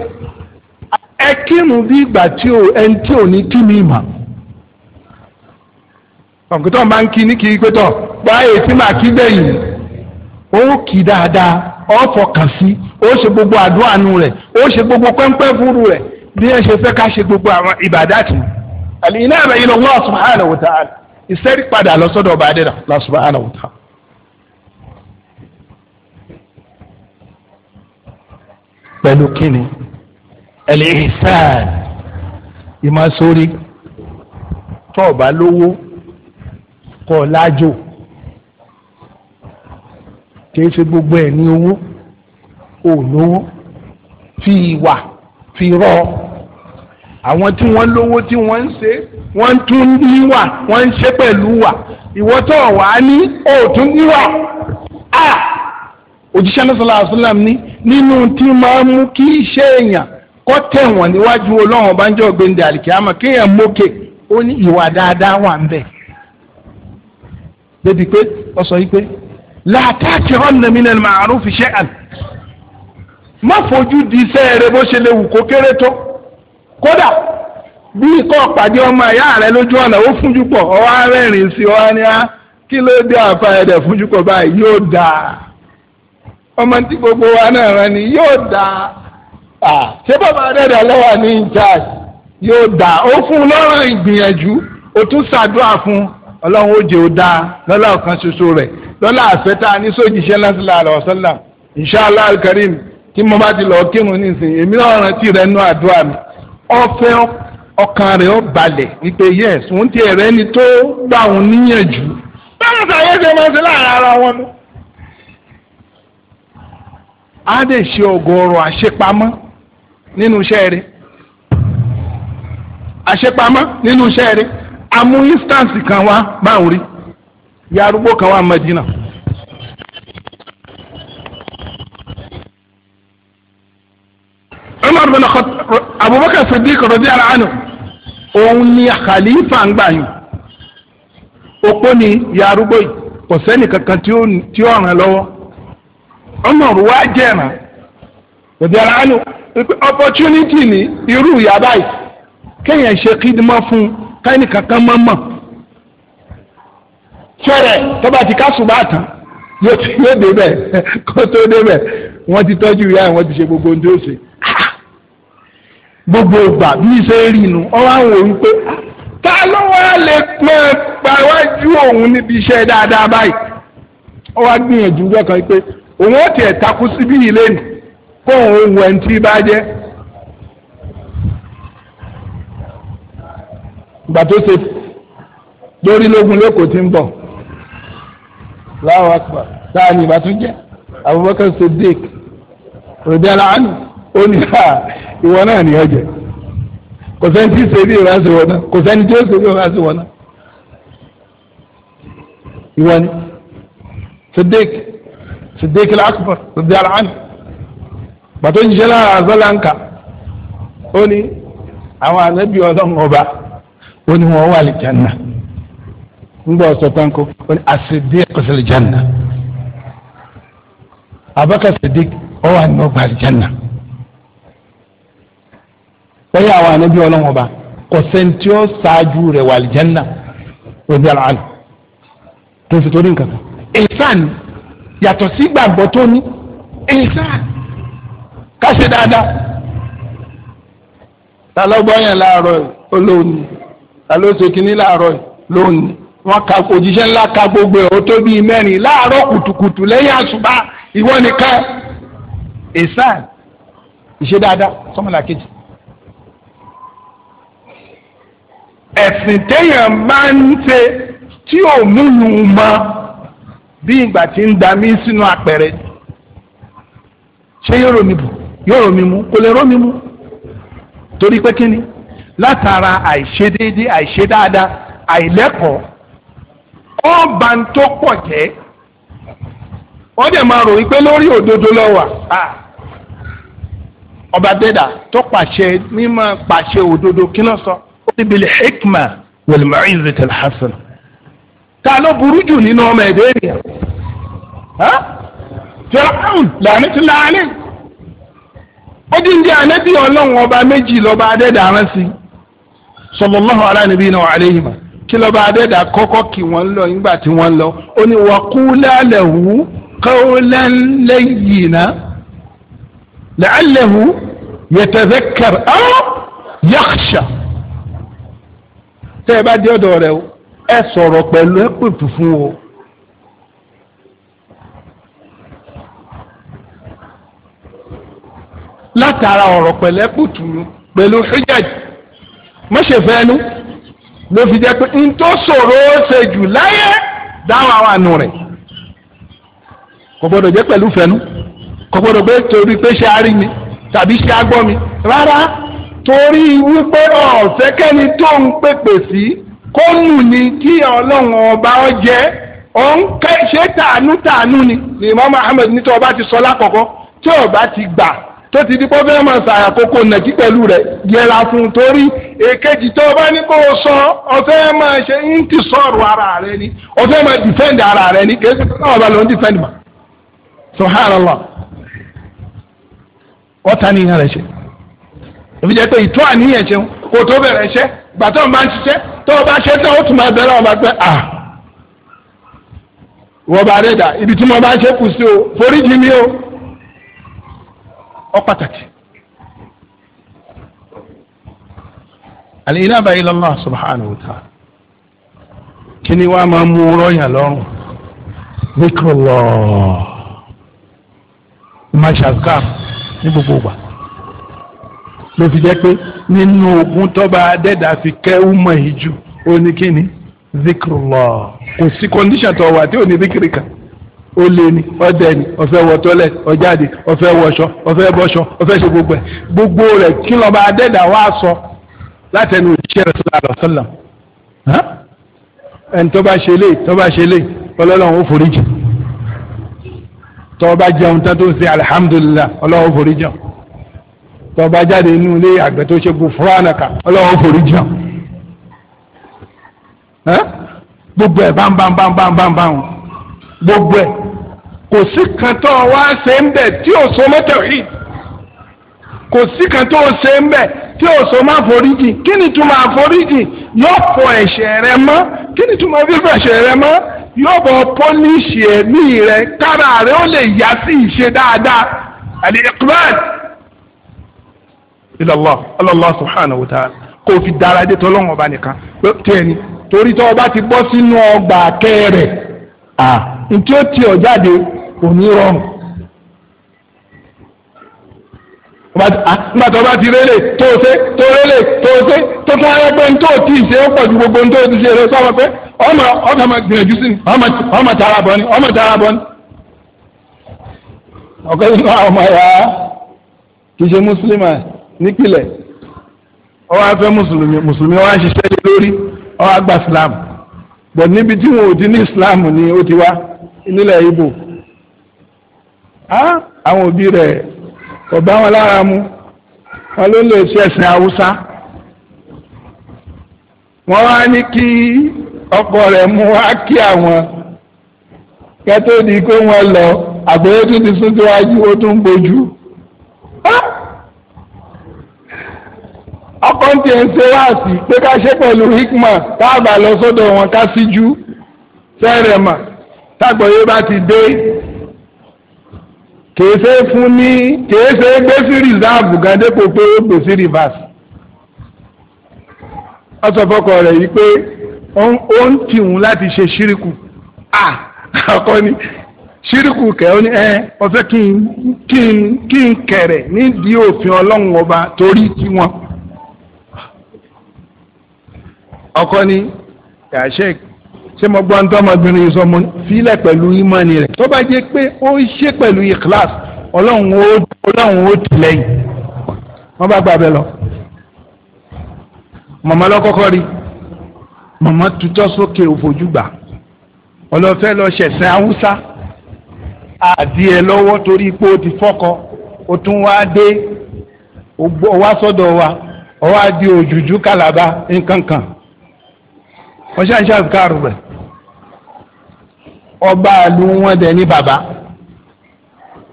A: ẹ kírun bí ìgbà tí o ẹni tí o ní kí máa ń kí ní kí pétọ̀ gba èsì kí gbẹ̀yìn ó kì dáadáa ó fọkàn sí ó ṣe gbogbo àdúrànù rẹ̀ ó ṣe gbogbo pẹ́ńpẹ́ fúru rẹ̀ bí ẹ ìsẹ́rí padà lọ sọ́dọ̀ ọba adẹ́dà lọ́sùbà ànàwùtà. pẹ̀lú kíni ẹlẹ́hìsàn ìmọ̀sórí tọ́ọ̀bá lówó kọ́ lájò kìí ṣe gbogbo ẹ̀ ní owó òlówó fi ìwà fi rọ àwọn tí wọ́n lówó tí wọ́n ń ṣe é wọ́n tún níwà wọ́n ń ṣe pẹ̀lú wà ìwọ́tọ̀ wà á ní òòtún níwà á òjíṣẹ́ lọ́sọ̀lá àṣọlám ní nínú tí máa mú kí iṣẹ́ èèyàn kọ́ tẹ̀wọ̀n níwájú ọlọ́run ọbànjọ́ gbẹ̀ndẹ̀ àlìkíyàmá kéèyàn mókè ó ní ìwà dáadáa wà ń bẹ̀. débi pé ó sọ yí pé làtàkì ọ̀nà mi nàìjíríà àrùn fi ṣe àn má fojú di iṣẹ́ rẹ bó ṣe lè wù kó kéré tó kódà bí ikọ̀ pàdé ọmọ ẹ̀yà rẹ lójú ọ̀nà ó fúnjú pọ̀ ọwọ́ arẹ́rìn sí ọ ní á ah, kí ló dé àfa ẹ̀dẹ̀ fúnjú pọ̀ báyìí yóò dáa ọmọ tí gbogbo wa náà rán ni yóò dáa ṣé bàbá dẹ́dà lọ́wọ́ ní charge yóò dáa ó fún un lọ́rùn ìgbìyànjú ó tún ṣàdúrà fún ọlọ́run ó jẹ́ ó dáa lọ́lá ọ̀kan ṣoṣo rẹ̀ lọ́lá àfẹ́tà ní sójìṣẹ́ lásìlá àlọ́ alkarim tí mo bá ti lọ kírun nísìnyí èmi náà rántí rẹ̀ ọkàn rẹ̀ ọ balẹ̀ wípé yes wọ́n ti ẹ̀rẹ́ ẹni tó gbà wọ́n níyànjú
C: báwọn sàyẹ́ ṣe
A: máa ṣe ara wọn ṣe ọgọrọ nínú nínú amú kan wá rí kan Umar bin Abubakar Siddiq radiyallahu anhu òun ni khalifa ń gbà yín òpó ni yarúgbó yìí kò sẹ́ni kankan tí ó ràn lọ́wọ́ Umar wá jẹ̀ràn radiyallahu anhu opportunity ni irú ìyá báyìí kéèyàn ṣe kídìmọ́ fún káyìn kankan mọ́ mọ́ fẹ́rẹ̀ tó ti kásùn bá tán yóò débẹ̀ kó tó débẹ̀ wọ́n ti tọ́jú ìyá ẹ̀ ti ṣe gbogbo ohun gbogbo ìgbà bí ṣe rí inú ọwọ́ àwọn òun pé ta ló wá lè pọn pàwájú òun níbi iṣẹ́ dáadáa báyìí ọwọ́ gbìyànjú lọ́kàn pé òun ó tiẹ̀ takú síbí ilé nì kó òun wẹ̀ ń tí bá jẹ́ ìgbà tó ṣe lórí lógun lẹ́kọ̀ọ́ ti ń bọ̀ láwọn àpá táà ní ìbátújẹ́ Abubakar Siddiq rẹ̀dí aláàánú ó ní à ìwọ náà ní ọjẹ kò sẹ́ni tí ṣe bí ìránṣẹ́ wọn náà kò sẹ́ni tí ó ṣe bí ìránṣẹ́ wọn náà ìwọ ni Siddiq Siddiq al-Akbar Siddiq al-Ani bàtó ń ṣe lára àzọ́lànkà ó ní àwọn ànábì ọlọ́run ọba ó ní wọn wà lè jẹun náà ngbọ ọsọ tanko wọn asiddiq kọsẹlẹ janna abaka siddiq ọwọ anọ gba aljanna lẹ́yìn àwọn ànábì ọlọ́run ọba kò sẹ́ńtì ó ṣáájú rẹ̀ wà àlìjẹ́nà òbí àlàánù tó fi torí nǹkan kan. ìsàn yàtọ̀ sí gbàgbọ́ tó ní ìsàn ká ṣe dáadáa. ta ló gbọ́ yẹn láàárọ̀ olóòní ta ló ṣe kínní láàárọ̀ lóòní wọn ka òjíṣẹ́ ńlá ka gbogbo ẹ̀ ó tó bíi mẹ́rin láàárọ̀ kùtùkùtù lẹ́yìn àṣùbà ìwọ nìkan ìsàn ìṣe dáadáa sọmọlá kejì. ẹ̀sìn téèyàn bá ń ṣe tí ò múlù mọ bí ìgbà tí ń da mí sínú apẹ̀rẹ̀ ṣé yóò romi bù yóò romi mu kò lè romi mu torí pé kíni látara àìṣedéédé àìṣedáadáa àìlẹ́kọ̀ọ́ ó bá ń tó pọ̀ jẹ́ ó dẹ̀ máa ròyìn pé lórí òdodo ọba dẹ́dà tó pàṣẹ mímọ́ pàṣẹ òdodo kí ló sọ. So bil hikma wal ma'izati al hasana ta ló burú jù nínú ọmọ ẹ̀dẹ́ ènìyàn fẹ́ràn làánú ti láàánú ó dín dín ànábì ọlọ́run ọba méjì lọ́ba adẹ́dà rán sí sallallahu ala nabina wa alayhima kí lọ́ba adẹ́dà kọ́kọ́ kí wọ́n lọ nígbà tí wọ́n lọ ó ní wa qula lahu qawlan layyina la'allahu yatadhakkar aw yakhsha tẹ́ ẹ bá dé ọ̀dọ̀ rẹ o ẹ sọ̀rọ̀ pẹ̀lú ẹ pè fún o. látara ọ̀rọ̀ pẹ̀lẹ́ pùtùrù pẹ̀lú hujjaj mọ́ṣẹ̀fẹ́nu ló fi jẹ́ pé n tó ṣòro ṣe jù láyé dáhùn àwọn àánú rẹ̀ kò gbọ́dọ̀ jẹ́ pẹ̀lú fẹ́nu kò gbọ́dọ̀ pé torí pé ṣe arí mi tàbí ṣe agbọ́ mi rárá torí wípé ọ̀sẹ́kẹ́ni tó ń pèpè sí kó nù ní kí ọlọ́run ọba ọ jẹ́ ọ ń kẹ́ ṣe tàánú tàánú ni ni Imam Ahmed ní tó ọba ti sọ lákọ̀ọ́kọ́ tí ọba ti gbà tó ti di pọ́fẹ́ máa ṣàyà kókó nàjí pẹ̀lú rẹ̀ yẹra fún torí èkejì tó bá ní kó o sọ ọ̀fẹ́ máa ṣe ń ti sọ̀rọ̀ ara rẹ ni ọ̀fẹ́ máa dìfẹ́ǹdì ara rẹ ni kèé sọ́kọ́ ọba ló ń dìfẹ́ǹdì mà subhanallah wọ́n ta ni ìyá rẹ̀ ṣe. èmi jẹ́ pé ìtọ́ àníyàn ṣeun kò tó bẹ̀rẹ̀ iṣẹ́ ìgbà tó ń bá ń ṣiṣẹ́ tó o bá ṣe tán ó tún máa bẹ̀rẹ̀ ọba pé à ibi tí mo bá ṣe kù o foríjì mi o ọ pàtàkì. àlìyíná bá yìí Allah subhanahu kí ni wàá máa mú lọ́rùn ló fi jẹ́ pé nínú ogun tọ́ba adẹ́dà fi kẹ́ ọmọ yìí jù ó ní kíni zikrullah kò sí condition tó wà tí ò ní zikiri kan ó lé ní ọdẹ ní ọfẹ wọ tọlẹ ọjáde ọfẹ wọṣọ ọfẹ bọṣọ ọfẹ ṣe gbogbo ẹ gbogbo rẹ̀ kí lọba adẹ́dà wá sọ látẹnu òṣìṣẹ́ rẹ̀ sọlá rẹ̀ sọlá ẹni tó bá ṣe lé tó ṣe lé ọlọ́run ó foríjì tó bá jẹun tán tó ń ṣe alihamudulilayi ọlọ́run ó foríjì tọba jáde inú ilé àgbẹ̀ tó ṣe kú fúránàkà ọlọ́run forí jàn gbogbo ẹ̀ bámbámbámbámbám gbogbo ẹ̀ kò sí kan tó wá ṣe ń bẹ̀ tí ò so mọ́tò yìí kò sí kan tó ṣe ń bẹ̀ tí ò so má foríjì kí ni túmọ̀ àforíjì yóò fọ ẹ̀ṣẹ̀ rẹ mọ́ kí ni túmọ̀ fífọ ẹ̀ṣẹ̀ rẹ mọ́ yóò bọ̀ pọ́líṣì ẹ̀mí rẹ kára rẹ ó lè yá sí ìṣe dáadáa àlè ìkúrẹ́ẹ̀tì. ilallah Allah subhanahu wa ta'ala kò fi dára dé tọ́lọ́run ọba nìkan tiẹ̀ torí tọ́ ọba ti bọ́ sínú ọgbà kẹrẹ̀ ntí ó ti jáde rọrùn nígbà ti rélè tó ṣe tó rélè tó ṣe tó tún ayé pé ntó tí ó pọ̀ ju ti ṣe sọ́wọ́ pé ọmọ gbìyànjú sí ni ọmọ tààrà bọ́ ni ọmọ tààrà bọ́ ni. ọ̀kẹ́ nínú nípìlẹ̀ ó wá fẹ́ mùsùlùmí mùsùlùmí ó wá ṣiṣẹ́ lé lórí ó wá gba islam bọ̀ níbi tí wọn ò ti ní islam ni ó ti wá nílẹ̀ ibo àwọn òbí rẹ̀ kò wọn lára mu wọn ló lè ṣe ẹ̀sìn haúsá wọn wá ní kí ọkọ rẹ̀ mú wá kí àwọn kẹtó di pé wọn lọ àgbẹ̀yẹ́ tó ti sún síwájú ó tún bójú ọkọ ń tiẹ̀ ń ṣe wáàsí pé ká ṣe pẹ̀lú hikma káàbà lọ sọ́dọ̀ wọn ká síjú sẹ́rẹ̀ mà tágbọ̀yé bá ti dé kìí ṣe fún ní kìí ṣe gbé sí rìsáàbù gan dépò pé ó gbé sí rìvásì. wọ́n sọ yìí pé ó ń tì wọ́n láti ṣe ṣíríkù àkọ́ ni ṣíríkù kẹ́ ó ní ẹ ọ̀fẹ́ kí n kí n kẹ̀rẹ̀ nídìí òfin ọlọ́run ọba torí tiwọn. ọkọ ni yàṣẹ ṣé mo gbọ́ ntọ́ ọmọbìnrin yìí sọ mo filẹ̀ pẹ̀lú ìmọ̀ni rẹ̀ tó bá jẹ́ pé ó ṣe pẹ̀lú ikhlas ọlọ́run ó ọlọ́run ó tìlẹ́yìn wọ́n bá gbà bẹ́ẹ̀ lọ. màmá lọ́kọ́kọ́ rí màmá tutọ́ sókè òfojú gbà ọlọ́fẹ́ lọ ṣẹ̀ṣẹ̀ haúsá adìẹ lọ́wọ́ torí pé ó ti fọ́kọ ó tún wá dé ó wá sọ́dọ̀ wa ó wá di òjùjú kàlàbà nǹkan kan wọ́n ṣáà ṣáà káàrù rẹ̀ ọba àlù wọn dẹ̀ ní bàbá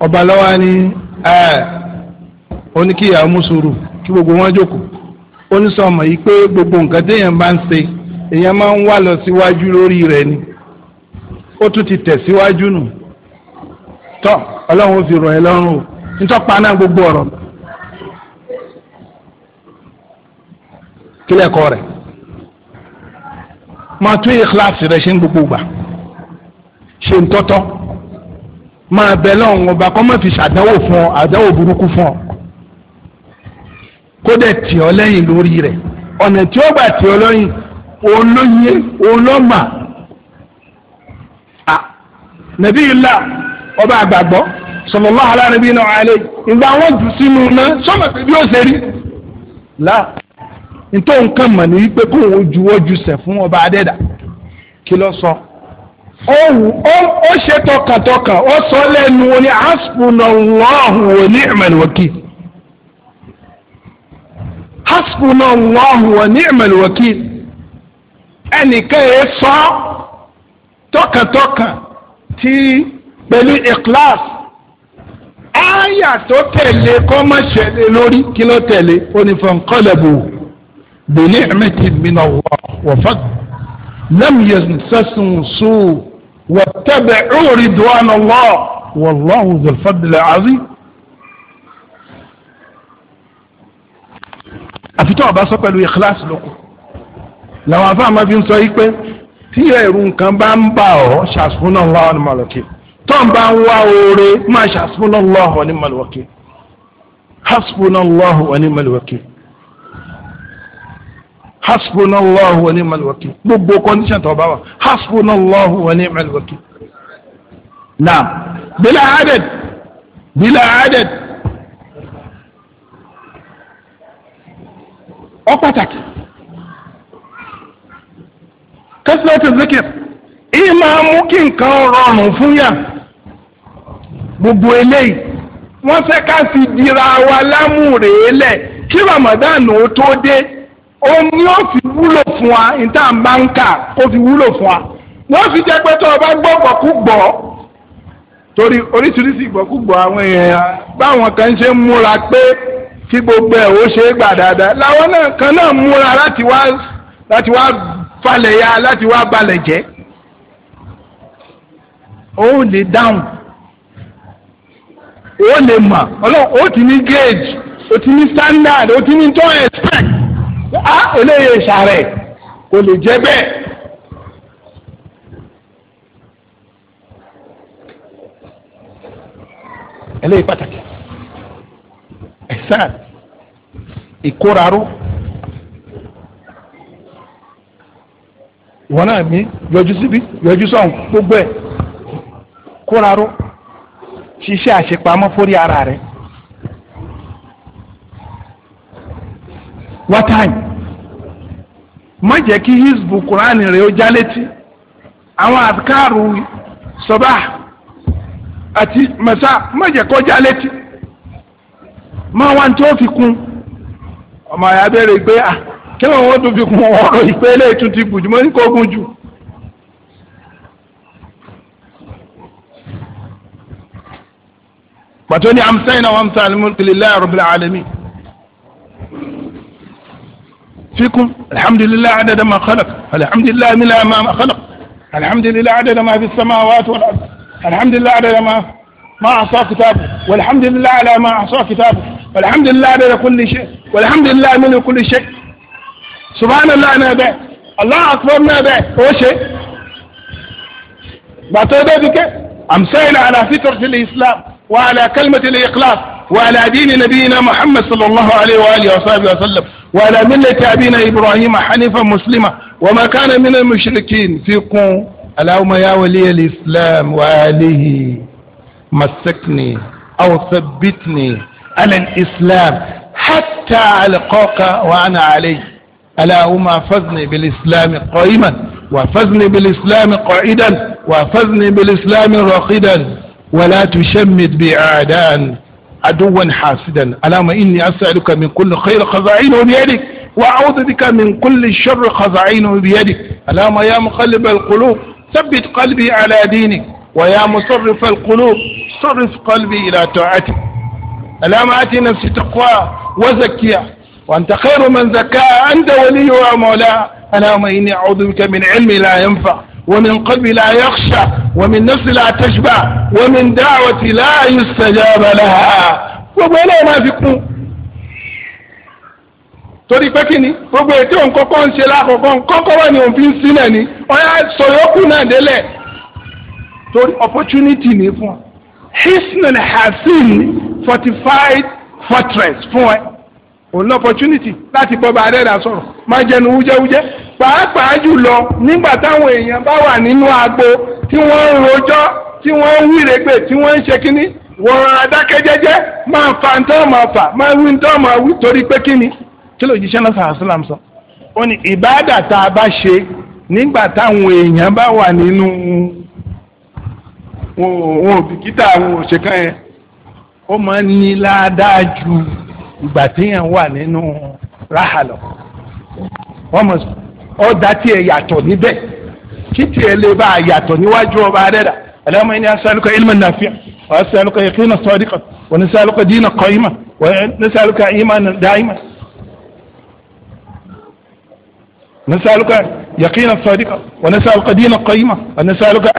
A: ọba lọ́wọ́ ni oníkìyà mùsùlùmí kí gbogbo wọn jókòó ó ní sọmọ yìí pé gbogbo nǹkan téèyàn bá ń ṣe èèyàn máa ń wá lọ síwájú lórí rẹ̀ ni ó tún ti tẹ̀síwájú nù tọ́ ọlọ́run ó fi rọ̀ ẹ́ lọ́rùn o nítọ́pa náà gbogbo ọ̀rọ̀ kílẹ̀ kọ́ rẹ̀ máa tún ìkíláàsì rẹ ṣe ń gbogbo gbà ṣe ń tọ́tọ́ máa bẹ lọ́hùn ọba kọ́ má fi ṣàdánwò fún ọ àdánwò burúkú fún ọ kó dẹ̀ tì ọ lẹ́yìn lórí rẹ̀ ọ̀nà tí ó gbà tì ọ lọ́yìn òun ló yẹ nàbí ilà ọba àgbàgbọ́ sallallahu ala nabiyina alayhi ìgbà wọn sínú náà sọ́mọ̀ pé bí ṣe rí là nítorí nǹkan mọ̀ ní wípé kó òun juwọ́jú sẹ̀ fún ọba adẹ́dà kí ló sọ. ó ṣe tọkàntọkàn ó sọ lẹ́nu oní hasbunallahu wa ni'mal wakil hasbunallahu wa ni'mal wakil ẹnìkan yẹn sọ tọkàntọkàn tí pẹ̀lú ikhlas ááyà tó tẹ̀lé kọ́ mọ̀ ṣẹlẹ̀ lórí kí ló tẹ̀lé onífọ̀nkọ́lẹ̀bù. بنعمة من الله وفضل لم ينسسهم سوء واتبعوا رضوان الله والله ذو الفضل العظيم àfitọ́ ọba sọ pẹ̀lú ìkíláàsì lóko làwọn afáà máa fi ń sọ yìí pé tí ẹ̀rù nǹkan bá ń bà ọ́ ṣàṣùfúnà lọ́wọ́ ní màlúkì tó ń bá ń wá oore máa ṣàṣùfúnà lọ́wọ́ ní màlúkì ṣàṣùfúnà lọ́wọ́ ní màlúkì hasbunallahu wa ni'mal wakil gbogbo condition tó bá wà hasbunallahu wa ni'mal wakil naam bila adad bila adad ó pataki. kẹsìlẹ́tì zikir ìyí máa mú kí nǹkan rọrùn gbogbo eléyìí wọ́n fẹ́ ká fi dira wa lámúrèélẹ̀ kí ramadan ó tó dé. ó ní ó fi wúlò fún wa níta bá ń kà ó fi wúlò fún wa ní ó fi jẹ́ pé tó o bá gbọ́ gbọ́kúgbọ́ torí oríṣiríṣi gbọ́kúgbọ́ àwọn èèyàn báwọn kan ṣe ń múra pé kí gbogbo ẹ̀ ó ṣe é gbà dáadáa làwọn náà kan náà múra láti wá láti wá falẹ̀ ya láti wá balẹ̀ jẹ́ ó lè dáhùn ó lè mọ̀ ọlọ́run ó ti ní gauge ó ti ní standard ó ti ní tó expect á eléyè ìsàrẹ̀ kò lè jẹ́ bẹ́ẹ̀. eléyìí pàtàkì ẹ̀sán ìkóraró ìwọ náà mi yọjú síbi yọjú sọ̀hún gbogbo ẹ̀ kóraró ṣiṣẹ́ àṣepamọ́ fórí ara rẹ̀. What time? má jẹ́ kí hizbu kuraani rẹ̀ ó já létí àwọn àtikáàrù sọba àti mẹsà má jẹ́ kó já létí má wá ní tó fi kún ọmọ àyà bẹ̀rẹ̀ pé à ah, kí wọn wọ́n tó fi kún ọ̀rọ̀ ìpele ètùtù ìbùjú mọ́ ní kó gùn jù. pàtó ni amsayna wa amsa alimulki lillahi rabbil alamin. فيكم الحمد لله عدد ما خلق الحمد لله من ما خلق الحمد لله عدد ما في السماوات والأرض الحمد لله عدد ما ما أعصى كتابه والحمد لله على ما أعصى كتابه والحمد لله عدد كل شيء والحمد لله من كل شيء سبحان الله أنا بعت الله أكبر بعت هو شيء بعد ذلك أمسينا على فكرة الإسلام وعلى كلمة الإخلاص وعلى دين نبينا محمد صلى الله عليه وآله وصحبه وسلم وعلى ملة أبينا إبراهيم حنيفا مسلما وما كان من المشركين في قوم اللهم يا ولي الإسلام وآله مسكني أو ثبتني على الإسلام حتى ألقاك وأنا عليه اللهم فزني بالإسلام قائما وأفزني بالإسلام قائدا وأفزني بالإسلام راقدا ولا تشمت بأعدان عدوا حاسدا اللهم إني أسألك من كل خير خزائنه بيدك وأعوذ بك من كل شر خزائنه بيدك اللهم يا مقلب القلوب ثبت قلبي على دينك ويا مصرف القلوب صرف قلبي إلى طاعتك اللهم آتي نفسي تقوى وزكيها وأنت خير من زكاها أنت وليها ومولاها اللهم إني أعوذ بك من علم لا ينفع ومن قلب لا يخشى ومن نفس لا تشبع ومن دعوة لا يستجاب لها gbogbo eléyìí máa fi kún torí pé kí ni gbogbo ètò òǹkọ́kọ́ ń ṣe lákọ̀ọ́kọ́ kọ́kọ́rọ́ ni òun fi ń sílẹ̀ ni ọ̀yà sọ̀yọ́kù náà délẹ̀ torí opportunity ni fún ọ hisnan hasin fortified fortress fún ẹ òun lọ opportunity láti bọ́ bá adẹ́dà sọ̀rọ̀ máa jẹnu wújẹ́wújẹ́ pàápàá jùlọ nígbà táwọn èèyàn bá wà nínú agbo tí wọ́n ń rojọ́ tí wọ́n ń wíregbè tí wọ́n ń ṣe kínní wọ́n adákẹ́ jẹ́jẹ́ máa fa ntọ́ máa fà máa wí ntọ́ máa wí torí pé kínní kí ló jíṣẹ́ náà sàásùlám sọ. ó ní ìbáàdà tá a bá ṣe nígbà táwọn èèyàn bá wà nínú wọn ò bìkítà wọn ò ṣèkàn yẹn ó máa ń ìgbà téèyàn wà nínú ráhàlọ wọn mọ ọdà tiẹ̀ yàtọ̀ níbẹ̀ kí tiẹ̀ lè bá a yàtọ̀ níwájú ọba adẹ́dà alama ini asaluka ilman nafi'a wa asaluka yaqina sadiqan wa nasaluka dina qayma wa nasaluka imanan da'iman nasaluka يقينا صادقا ونسأل قديما قيما ونسألك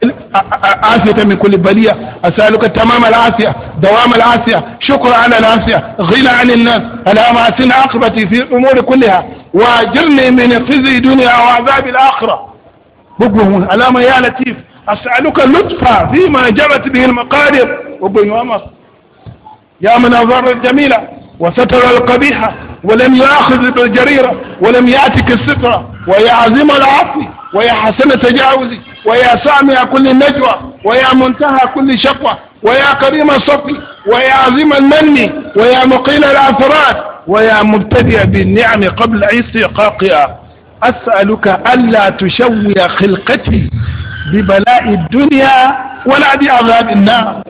A: عافية من كل بلية أسألك تمام العافية دوام العافية شكر على العافية غنى عن الناس اللهم أحسن عاقبتي في الأمور كلها وأجرني من خزي دنيا وعذاب الآخرة بقهم اللهم يا لطيف أسألك
C: لطفا
A: فيما جرت به المقارب وبن يا من الجميلة وستر القبيحة ولم يأخذ بالجريرة ولم يأتك السفرة ويا عظيم العفو ويا حسن تجاوزي ويا سامع كل نجوى ويا منتهى كل شقوى ويا كريم الصف ويا عظيم المن ويا مقيل الأفراد ويا مبتدئ بالنعم قبل استحقاقها أسألك ألا تشوي خلقتي ببلاء الدنيا ولا بعذاب النار.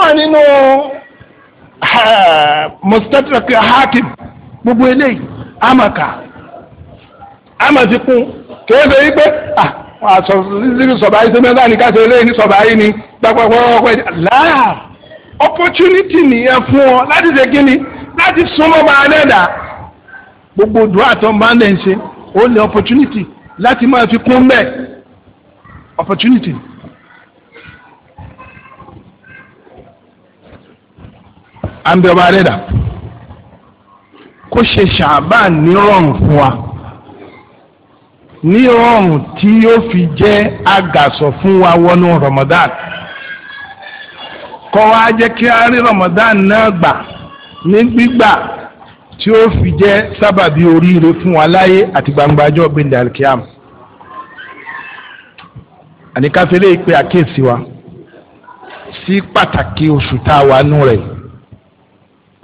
A: اعلنوا mustadrak hakim gbogbo eléyìí amaka amafikun kéèfé yìí pé sọ̀bà yìí sẹ́mi ẹ̀dá eléyìí ní sọ̀bà ni gbàgbọ́gbọ́gbọ́ láà opportunity nìyẹn fún ọ láti ṣe kí ni láti súnmọ́ bá a lẹ́dà gbogbo dùn ń ṣe ó lè opportunity láti máa fi kún opportunity. àǹbẹ̀ ọba rẹ̀ dà kó ṣe ṣàbàn ní rọrùn fún wa ní rọrùn tí fi jẹ́ àgàsọ̀ fún wa wọnú Ramadan kọ́ wa jẹ́ kí a rí Ramadan náà gbà ní gbígbà tí ó fi jẹ́ sábàbí oríire fún wa láyé àti gbangbajọ́ gbẹ̀ndẹ̀ alikiam àníkàfẹ́lẹ́ ìpè àkíyèsí wa sí pàtàkì oṣù tá a wà nù rẹ̀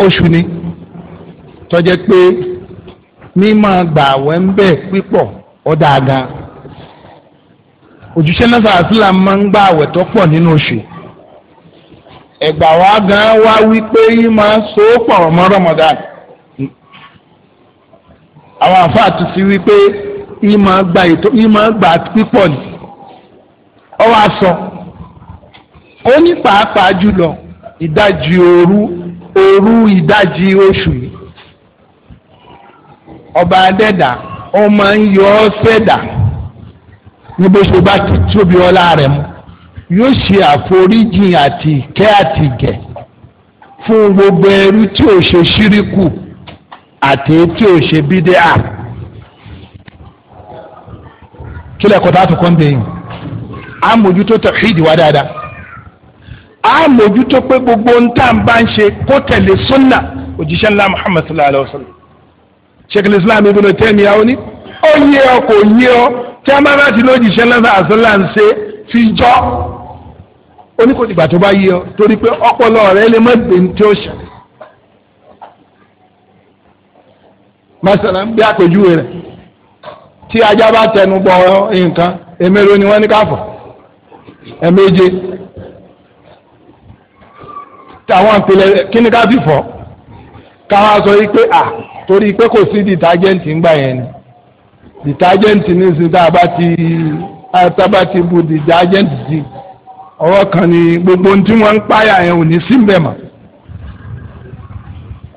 A: oṣù ni tọ́jẹ́ pé mímọ gbààwẹ̀ ń bẹ̀ pípọ̀ ọ̀dà gan òjúṣe náà sàásìlà máa ń gbààwẹ̀ tó pọ̀ nínú oṣù ẹ̀gbà wa gan wá wípé yín máa so pọ̀ mọ́ Ramadan àwọn àfáà tún fi wípé yín máa gba ètò yín máa gba pípọ̀ ni ọ wá ó ní pàápàá jùlọ ìdajì òru Oru ìdajì oṣù yìí ọba adẹ́dà ó máa ń yọ ọ́ sẹ́dà ní bó ṣe bá tóbi ọlá rẹ̀ mu yóò ṣe àforíjì àti ìkẹ́ àti ìgẹ̀ fún gbogbo ẹrú tí ò ṣe ṣíríkù àti tí ò ṣe bídẹ́à kílẹ̀ kọ́tà tó kọ́ ń dẹ̀yìn àmójútó tẹ̀hídìí wá dáadáa a mójútó pé gbogbo ohun tá à ń bá ń ṣe kó tẹ̀lé sunna òjíṣẹ́ ńlá muhammad sallallahu alayhi wa sallam sheikh islam ibn taymiya ó ní ó yé ọ kò yé ọ tí a máa bá ti lójíṣẹ́ ńlá àṣọlá ń ṣe fi jọ́ ó ní kò dìgbà tó bá yé ọ torí pé ọpọlọ rẹ lè má gbé tí ó ṣẹlẹ̀ masala bí àpèjúwe rẹ tí ajá bá tẹnu bọ nǹkan èmèrò ni wọ́n ní káfọ̀ ẹ̀mẹ́je tàwọn ìpìlẹ̀ kíní ká sì fọ́ káwọn sọ yìí pé à torí pé kò sí dìtájẹ́ǹtì ń gbà yẹn ni dìtájẹ́ǹtì ní sin tá a bá ti tá a bá ti bu dìtájẹ́ǹtì sí ọwọ́ kan ni gbogbo ohun tí wọ́n ń páyà yẹn ò ní sí mbẹ̀ mọ́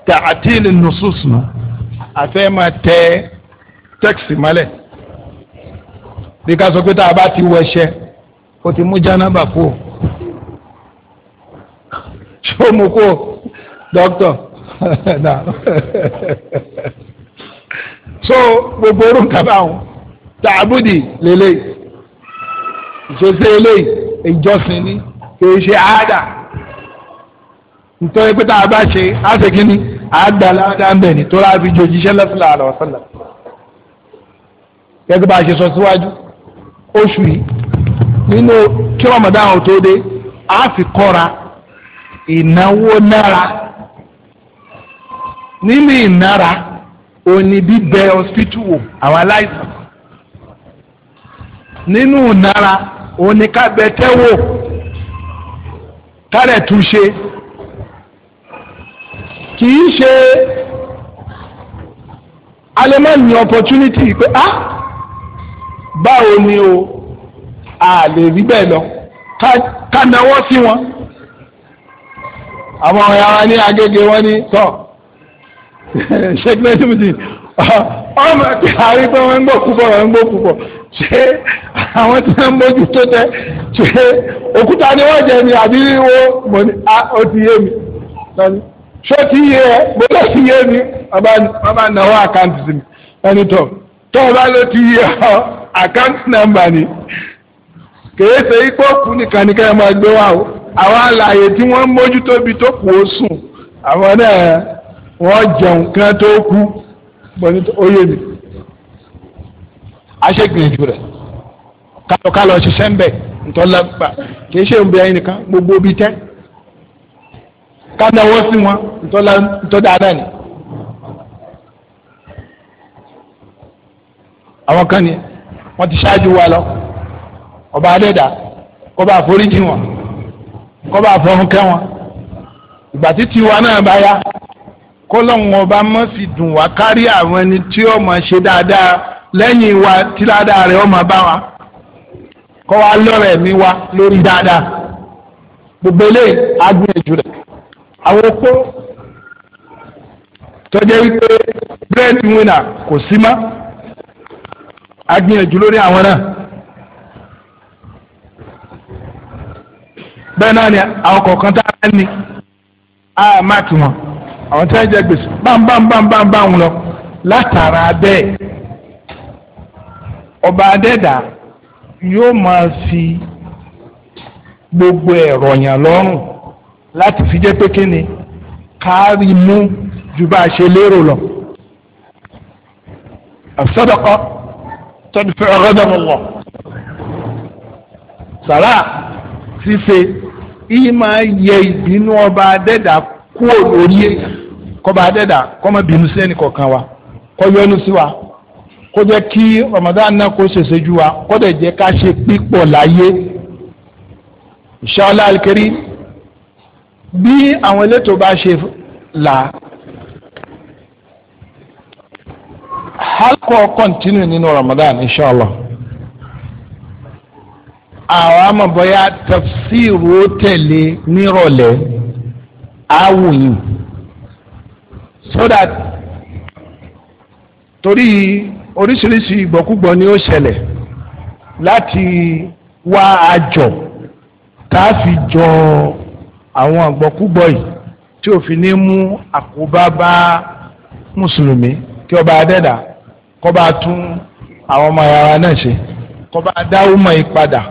A: tà àti ìlú nùsùs nù àfẹ́ máa tẹ tẹ́kìsì mọ́lẹ̀ bí ká sọ pé tá a bá ti wọ ẹṣẹ́ o ti mú jánábà kú o ṣó mu kó
C: dókítà náà
A: so gbogbo orun kaba wọn tààbùdì lélẹ̀ ìṣesẹ eléyìí ìjọsìn ni kì í ṣe àádà nítorí pé tá a bá ṣe á ṣe kí ni àádà láàdá ń bẹ̀ ni tó láàbí ju òjíṣẹ́ lọ́sọ̀lá àlọ́ sọ̀lá gẹ́gẹ́ bá a ṣe sọ síwájú oṣù yìí nínú kí Ramadan tó dé a fi kọ́ra ìnáwó nára nínú ìnára òní bíbẹ hospital wò àwọn aláìsàn nínú ìnára òní kábẹ́tẹ́ wò kárẹ̀ tún ṣe kì í ṣe alemani opportunity pé ah báwo ni o a lè rí bẹ́ẹ̀ lọ ká náwó sí wọn àwọn ọmọ yàrá ní agége wọn ní tọ ṣẹgbẹ́ tìmùtì ọmọ tí àárín tó wọn ń gbọ́ púpọ̀ wọn ń gbọ́ púpọ̀ ṣé àwọn tí wọn ń mójú tó tẹ ṣé òkúta ni wọn jẹ ni àbí wo mo ní a ó ti yé mi lọ́ni ṣé ti yé ẹ mo lọ sí yé mi bàbá náwó àkáǹtì sí mi ẹni tọ tó bá lọ ti yé ọ àkáǹtì nàmbà ni kèé ikú òkú nìkan nìkan ẹ máa gbé wá o àwọn alààyè tí wọ́n ń mójútó bi tó kù ó sùn àwọn náà wọ́n jẹun kán tó kú bọ́ni ó yé mi aṣègbìyànjú rẹ̀ kálọ̀ kálọ̀ ṣiṣẹ́ ń bẹ̀ ntọ́lágbà kì í ṣe ń bẹ ẹyin nìkan gbogbo bíi tẹ́ ká sí wọn ntọ́lá ntọ́dá náà ni. àwọn kan ni wọ́n ti ṣáájú wa lọ ọba adẹ́dà kó àforíjì wọn kọ́ bá fọ́n kẹ́ wọn ìgbà tí tiwa náà bá yá kọ́lọ́hún ọba mọ́ fi dùn wá kárí àwọn ẹni tí ó mọ̀ ṣe dáadáa lẹ́yìn wa tí dáadáa rẹ̀ ó mọ̀ bá wa kọ́ wa lọ́rẹ̀ mi wa lórí dáadáa gbogbo eléyìí á gbìyànjú rẹ̀ àwọn opó tọ́jẹ́ wípé bread winner kò sí mọ́ á gbìyànjú lórí àwọn náà. bẹ́ẹ̀ náà ni àwọn kọ̀ọ̀kan tá a ní a máa tì wọ́n àwọn tí wọ́n jẹ gbèsè bámbámbámbámbám lọ látara bẹ́ẹ̀ ọba adẹ́dà yóò máa fi gbogbo ẹ̀rọ yàn lọ́rùn láti fi jẹ́ pé kíni kárí mú ju bá a ṣe lérò lọ. àfisọ́dọ̀kọ́ tọ́jú fẹ́ ọ̀rọ̀ dàmú wọ̀ sàrà. ṣíṣe yìí máa yẹ ìbínú ọba adẹ́dà kúrò lórí èèyàn kọba adẹ́dà kó bínú sí ẹnì kọ̀ọ̀kan wa kó yọ́nú sí wa kó jẹ́ kí Ramadan náà kó ṣèṣe ju wa kó dẹ̀ jẹ́ ká ṣe pípọ̀ láyé inshallah alikiri bí àwọn elétò bá ṣe là halkọ continue nínú Ramadan ala. àwọn amọ̀bọ̀yà tafsiru tẹ̀lé nírọ̀lẹ́ àwòyìn so that torí oríṣiríṣi ìgbọ́kúgbọ́ ni ó ṣẹlẹ̀ láti wá àjọ tá a fi jọ àwọn ìgbọ́kúgbọ́ yìí tí ò fi ní mú àkóbá bá mùsùlùmí kí ọba adẹ́dà kọ́ba tún àwọn ọmọ ara náà ṣe kọ́ba dáwọ́ mọ́ ẹ padà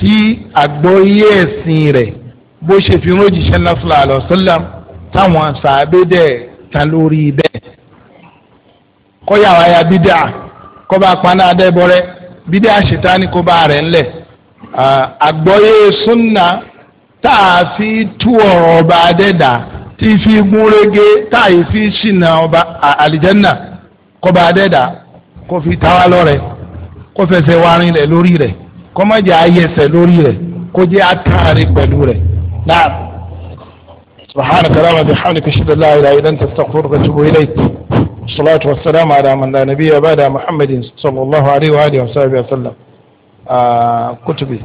A: sí àgbọ́yé ẹ̀sìn rẹ̀ bó ṣe fi rójìṣẹ́ lọ́sọ̀lá àlọ́sọ́lá táwọn sàábédẹ̀ tán lórí bẹ́ẹ̀ kọ́yà wáyà bídà kọ́ba paná adẹ́bọ̀rẹ́ bídà ṣètánì kọ́ba rẹ̀ ńlẹ̀ àgbọ́yé súnà tá a fi tú ọ̀rọ̀ ọba adẹ́dà tí fi gúnrégé tá a fi ṣìnà ọba àlìjẹ́nà kọ́ba adẹ́dà kó fi táwa lọ́rẹ̀ kó fẹsẹ̀ wá rinlẹ̀ lórí rẹ̀ kọ́mọ̀jà ayẹsẹ̀ lórí rẹ̀ kó jẹ́ àtàrí pẹ̀lú rẹ̀ náà. سبحانك اللهم وبحمدك اشهد ان لا اله الا انت استغفرك واتوب اليك والصلاه والسلام على من لا نبي بعد محمد صلى الله عليه واله وصحبه وسلم آه كتبي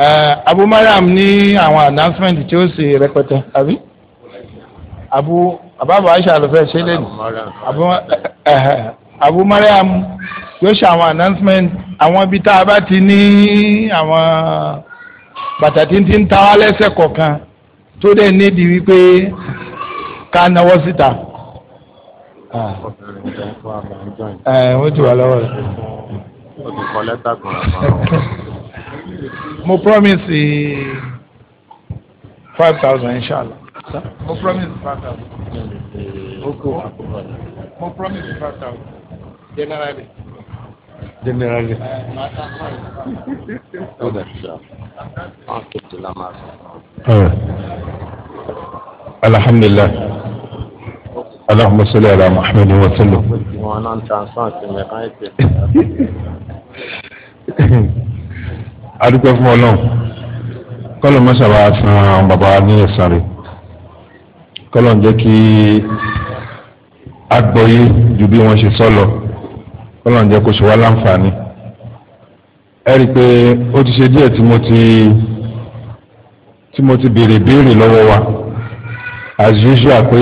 A: آه mariam ní àwọn announcement tí ó sì rẹpẹtẹ àbí abu ababu aisha alufẹ ṣe lẹni abu abu mariam yóò ṣe àwọn announcement àwọn ibi tá a bá ti ní àwọn bàtà tí ń ti ń ta wá lẹ́sẹ̀ kọ̀ọ̀kan tó dẹ̀ nídìí wípé ká náwó síta. ẹ
C: ah. wọ́n eh, ti wà lọ́wọ́ mo promise
A: five thousand inshallah.
C: mo promise five thousand.
A: mo promise five thousand generally.
B: generally.
C: ó eh, dà sí ọ wọn ah, tó tó la máa sọ.
B: Ah. alhamdulilah
A: alahumma salli ala muhammed wa sallam.
C: wọn náà transfer sí mẹkáníkì.
A: adúgbò fún ọlọ́run kọlọ mọṣàlá san bàbá ní ẹsàn rẹ kọlọ ń jẹ kí agbọyé ju bí wọn ṣe sọ lọ kọ́lọ́n jẹ́ kó ṣe wá láǹfààní ẹ rí i pé ó ti ṣe díẹ̀ tí mo ti tí mo ti béèrè béèrè lọ́wọ́ wa as usual pé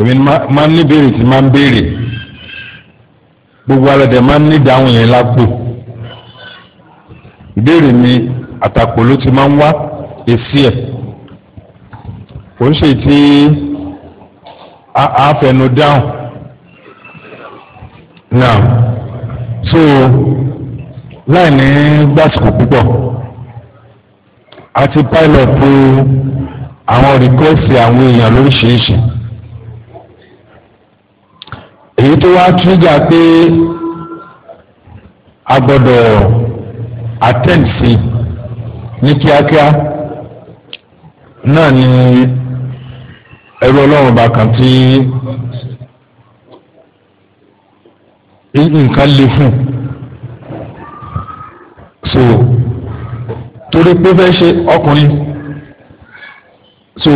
A: èmi máa ń ní béèrè tí máa ń béèrè gbogbo alẹ́dẹ̀ máa ń ní ìdáhùn yẹn lápò ìbéèrè mi àtàpò ló ti máa ń wá èsì ẹ̀ kò ń ṣe tí a fẹnu dáhùn now so láì ní gbàsìkò púpọ̀ àti pilot àwọn rìkọ́ọ̀sì àwọn èèyàn lóríṣiríṣi
C: èyí tó wá tírígà pé a gbọ́dọ̀ attend sí ní kíákíá náà ni ẹrú ọlọ́run bá kan tí nǹkan le fún so torí
A: pé fẹ́ ṣe ọkùnrin so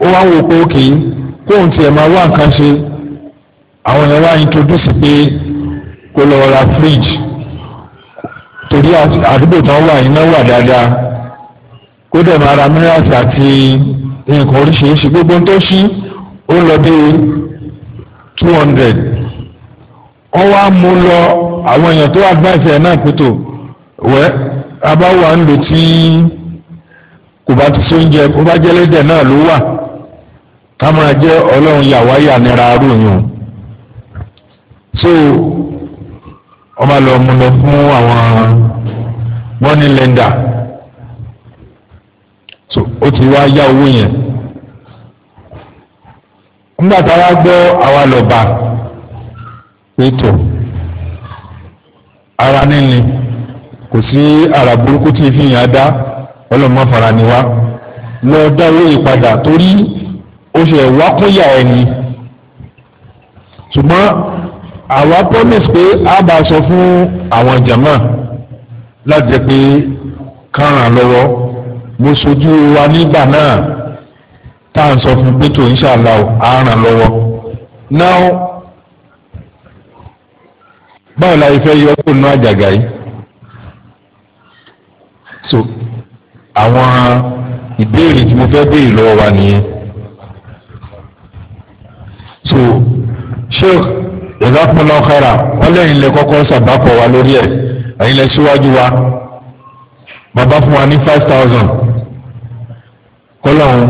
A: ó wá wò pé òkè yìí kóun tiẹ̀ máa wá nǹkan ṣe àwọn yẹn wá introduce pé kó lọ ra fridge torí àdúgbò tán wà iná wà dáadáa kó dẹ̀ máa ra minerals àti nǹkan oríṣiríṣi gbogbo tó ṣí ó lọ dé two hundred. wọ́n wá mú lọ àwọn èèyàn tó wá gbáǹsì ẹ̀ náà pétò wẹ́ abáwà ń lò tí kò bá ti oúnjẹ kó bá jẹ́ náà ló wà ká máa jẹ́ ọlọ́run yàwá yà nira ròyìn o so wọ́n máa lọ mú lọ fún àwọn money lender so ó ti wá yá owó yẹn nígbà tá a wá gbọ́ àwa lọ́ba. ètò ara níní kò sí ara burúkú tí fi yàn á dá ọlọ́mọ fara ni wá lọ dáwó ìpadà torí ó ṣe wá kúnyà ẹni ṣùgbọ́n àwa promise pé a bá sọ fún àwọn jama láti jẹ́ pé káràn lọ́wọ́ mo sojú wa nígbà náà tá à ń sọ fún pé tó ṣàlàó
B: àáràn lọ́wọ́ náà báwo la ìfẹ́ yọ kó nu àjàgà yìí so àwọn ìbéèrè tí mo fẹ́ béèrè lọ́wọ́ wa nìyẹn
A: so sheikh ìzákùnlá ọ̀kẹ́ra wọ́n lẹ́yìn lẹ kọ́kọ́ sàbápọ̀ wa lórí ẹ̀ ẹ̀yin lẹ síwájú wa bàbá fún wa ní five thousand kọ́lọ́hún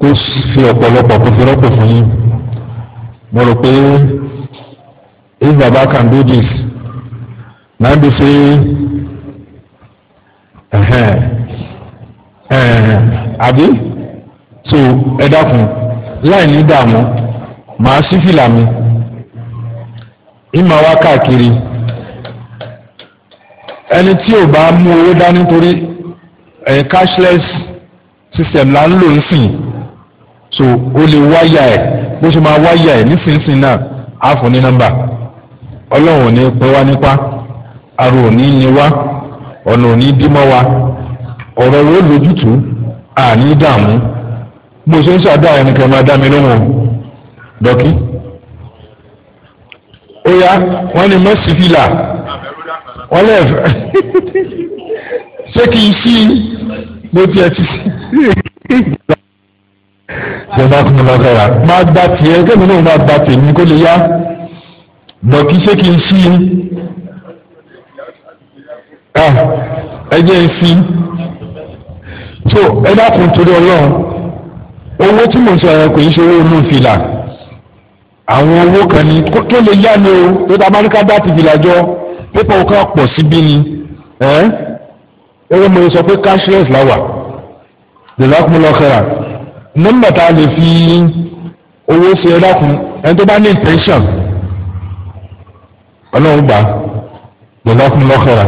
A: kó fi ọ̀pọ̀lọpọ̀ kó fi rọ́pò fún yín mo rò pé if baba can do this na be say "Uh-huh, uh-huh." ẹhẹn àbí so ẹ dákun láì ní dààmú màá sí fìlà mi ìmọ̀ wá káàkiri ẹni tí ò bá mú owó dání torí ẹ̀ cashless system là ń lò ń sìn so ó lè wáyà ẹ̀ bó ṣe máa wáyà ẹ̀ nísinsìnyí náà á fún ní nọ́mbà ọlọ́run ò ní pín wá nípa ara ò ní ní wá ọ̀nà ò dímọ́ wa ọ̀rọ̀ wo lójútùú àní dààmú bó ṣe ń ṣàdúrà ẹnìkan máa dá mi lóhùn dọ́kí. ó yá wọ́n ní mọ́sí fìlà
C: wọ́n lẹ́ẹ̀fẹ́ ṣé kí n sí bó tiẹ̀ ti sí ìjọba kún un lọ́kọ̀ọ́ra máa gba tiẹ̀ kẹ́mi náà máa gba tèmi kó lè yá bọ̀kí ṣé kí n sí i ah, ẹ jẹ́ n sí i tó ẹ dákun torí ọlọ́run owó tí mo sọ ẹ kò ń ṣe owó inú fìlà
A: àwọn owó kan ní tó lè yá ni o tó ta amẹ́ríkà dá ti fìlà jọ pépà òkà pọ̀ síbí ni ẹ ẹ mo sọ pé cashless la wà dèlọ́kùnmọ́lọ́kẹ́ra nọ́mbà tá a lè fi owó ṣe ẹ dákun ẹni tó bá ní intention ọlọ́run gbà
D: lọ́lọ́kùn lọ́kọ̀ọ̀rà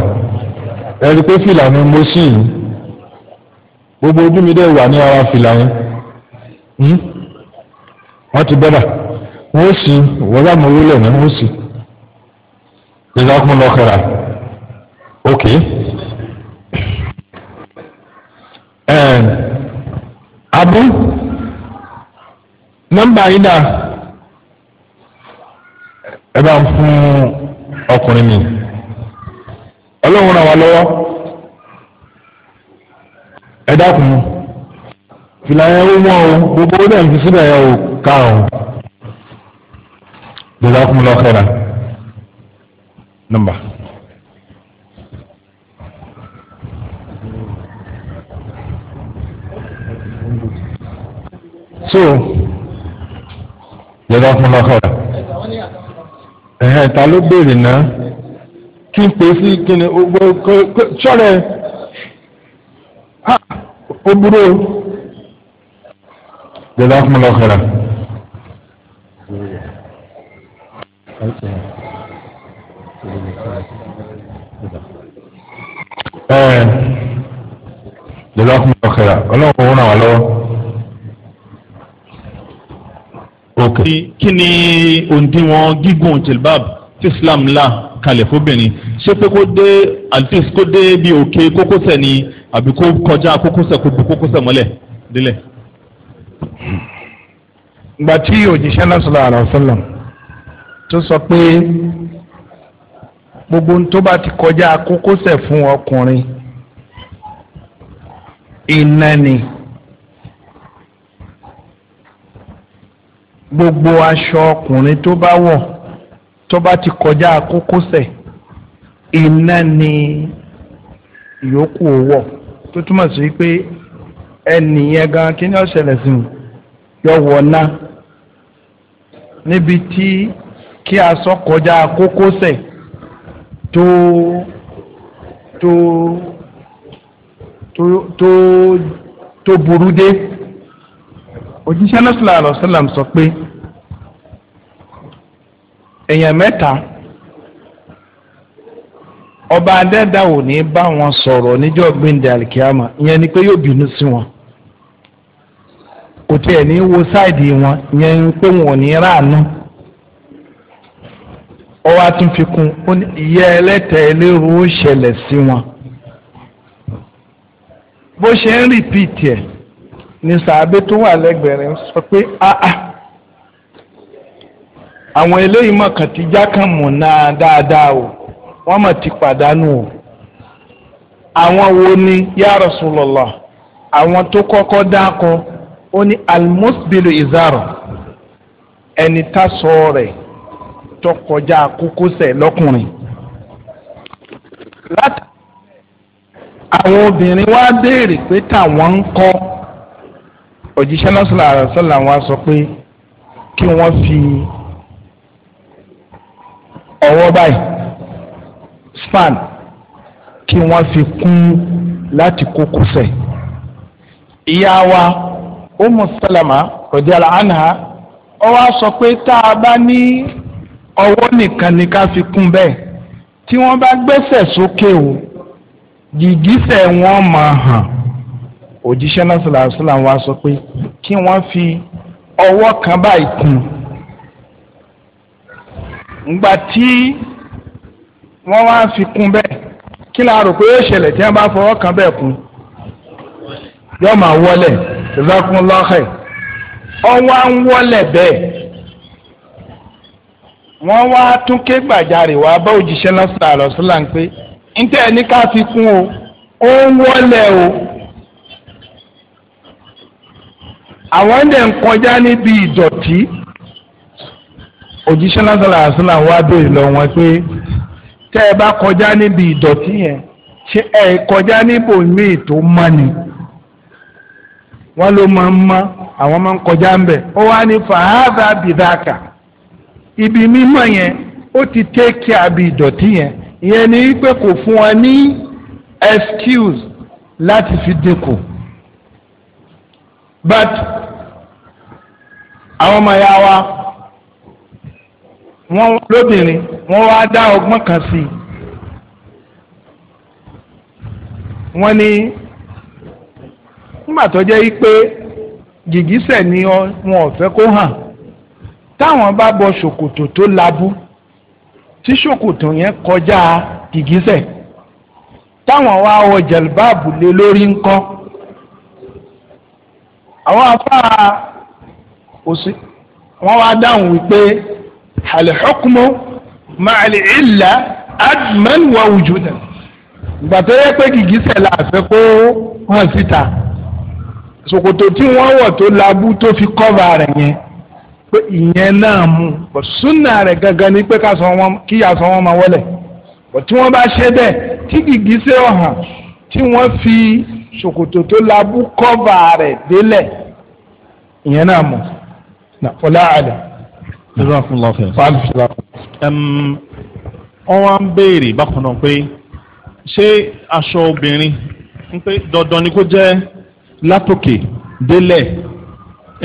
D: ẹni pé fìlà ni mo sì yìí gbogbo ojú mi dẹ̀ wà ní ara fìlà yẹn hmm? wọ́n
C: ti bẹ́dà wọ́n sì wọ́n bá mo wúlò ní wọ́n sì lọ́lọ́kùn lọ́kọ̀ọ̀rà ok
A: abu nọ́mbà yìí
C: dà ẹ bá ń fún un ọkùnrin mi ọlọ́run ràn wá lọ́wọ́
A: ẹ dákun fìlà yẹn ó mọ́ o gbogbo ó dẹ̀ fi síbẹ̀ yẹn o ká o jazakumullah khairan nọ́mbà.
C: so jazakumullah khairan ẹ̀hẹ́ ta ló béèrè náà
A: kí n pè sí kí ni gbogbo sọ́rẹ́
C: ó burú o jẹ́dá fún mi lọ kẹrà. ẹ̀ẹ́ jẹ́dá fún mi lọ kẹrà ọlọ́run kò wọ́n náà wà lọ́wọ́.
D: ti kí ni òǹdíwọ̀n gígùn jilbab tí islam là kalẹ̀ fóbìnrin ṣé pé kó dé alfis kó dé bí òkè kókósẹ̀ ni àbí kó kọjá kókósẹ̀ kó bu kókósẹ̀ mọ́lẹ̀ délẹ̀. ìgbà tí
A: òjíṣẹ́ náà sallallahu alaihi tó sọ pé gbogbo tó bá ti kọjá kókósẹ̀ fún ọkùnrin iná ni. gbogbo aṣọ ọkùnrin tó bá wọ̀ tó bá ti kọjá kókósẹ̀ iná ni ìyókù wọ̀ tó túmọ̀ sí pé ẹnìyẹn gan kí ni ó ṣẹlẹ̀ sí i yọ wọ̀ náà níbi tí kí aṣọ kọjá kókósẹ̀
C: tó tó tó
A: tó burú dé. òjíṣẹ́ nasala alọ́sálàm sọ pé èèyàn mẹ́ta ọba adẹ́dá ò ní bá wọn sọ̀rọ̀ níjọ́ gbẹ̀ndẹ̀ alikiyama ìyẹn ni pé yóò bínú wọn kò tiẹ̀ ní wo sáìdì wọn ìyẹn ni pé wọn ò ní Ọwa ọwọ́ àtúnfikún ìyẹ́ ẹlẹ́tẹ̀ẹ́ lérò ó ṣẹlẹ̀ sí wọn bó ṣe ń rìpíìtì ẹ̀. ni sàábé tó wà lẹ́gbẹ̀rẹ̀ sọ pé áá ah, ah. àwọn eléyìí mọ̀ ti já kàn mọ̀ náà dáadáa o wọ́n mọ̀ ti pàdánù o àwọn wo ni ya Rasulullah àwọn tó kọ́kọ́ dákọ ó ní almusbilu izaro ẹni tá sọ rẹ̀ tó kọjá kókósẹ̀ lọ́kùnrin láti àwọn obìnrin wá béèrè pé táwọn ń kọ́. òjíṣẹ́ náà sọ̀rọ̀ àròsọ̀là wọn sọ pé kí wọ́n fi ọwọ́ báyìí span kí wọ́n fi kún láti kókósẹ̀ ìyá wa Umu Salama rọ̀díàlà anha ó wá sọ pé tá a bá ní ọwọ́ nìkan ni ká fi kún bẹ́ẹ̀ tí wọ́n bá gbẹ́sẹ̀ sókè o gìgísẹ̀ wọn máa hàn òjíṣẹ́ náà sàlàsílà wa sọ pé kí wọ́n fi ọwọ́ kan báyìí kùn ngbà tí wọ́n wá fi kún bẹ́ẹ̀ kí la rò pé yóò ṣẹlẹ̀ tí wọ́n bá fọwọ́ kan bẹ́ẹ̀ kún yóò máa wọlé jazakumullahu khair ọwọ́ ń wọlé bẹ́ẹ̀ wọ́n wá tún ké gbàjarè wá bá òjíṣẹ́ náà sàlàsílà pé ntẹ́ ní ká fi kún o ó ń wọlé o. àwọn dẹ̀ ń kọjá níbi ìdọ̀tí òjíṣẹ́ lásàlà àṣàlà wa béèrè lọ wọn pé tẹ́ ẹ bá kọjá níbi ìdọ̀tí yẹn ṣé ẹ kọjá níbò míì tó mọ́ ni wọ́n ló máa ń mọ́ àwọn máa ń kọjá ń bẹ̀ ó wá ní fàáfà bìdákà ibi mímọ́ yẹn ó ti tẹ́kì àbí ìdọ̀tí yẹn ìyẹn ni pé kò fún wọn ní excuse láti fi dínkù but àwọn ọmọ ya wa wọ́n lóbìnrin wọ́n wá dá ọgbọ́n kan sí i wọ́n ní nígbà tó jẹ́ pé gìgísẹ̀ ni wọn ò fẹ́ kó hàn táwọn bá bọ ṣòkòtò tó labú tí ṣòkòtò yẹn kọjá gìgísẹ̀ táwọn wá wọ jẹ̀lbáàbù lé lórí ńkọ́ àwọn afárá kò sí wọ́n wá dáhùn wípé alihukmu maali illa adman wa wujudan ìgbà tó yẹ pé gìgísẹ̀ la fẹ́ kó hàn síta ṣòkòtò tí wọ́n wọ̀ tó labú tó fi kọ́va rẹ̀ yẹn pé ìyẹn náà mú bọ̀ súnà rẹ̀ gangan ni pé kí aṣọ wọn máa wọlẹ̀ bọ̀ tí wọ́n bá ṣe bẹ́ẹ̀ tí gìgísẹ̀ ọ̀hàn tí wọ́n fi ṣòkòtò tó labú kọ́va rẹ̀ délẹ̀ ìyẹn náà mú na ọlá àdá.
D: jazakum allah khair. fàánù ṣọlá. wọ́n wá ń béèrè bákan náà pé ṣé aṣọ obìnrin ń pé dandan ni kó jẹ́ látòkè délẹ̀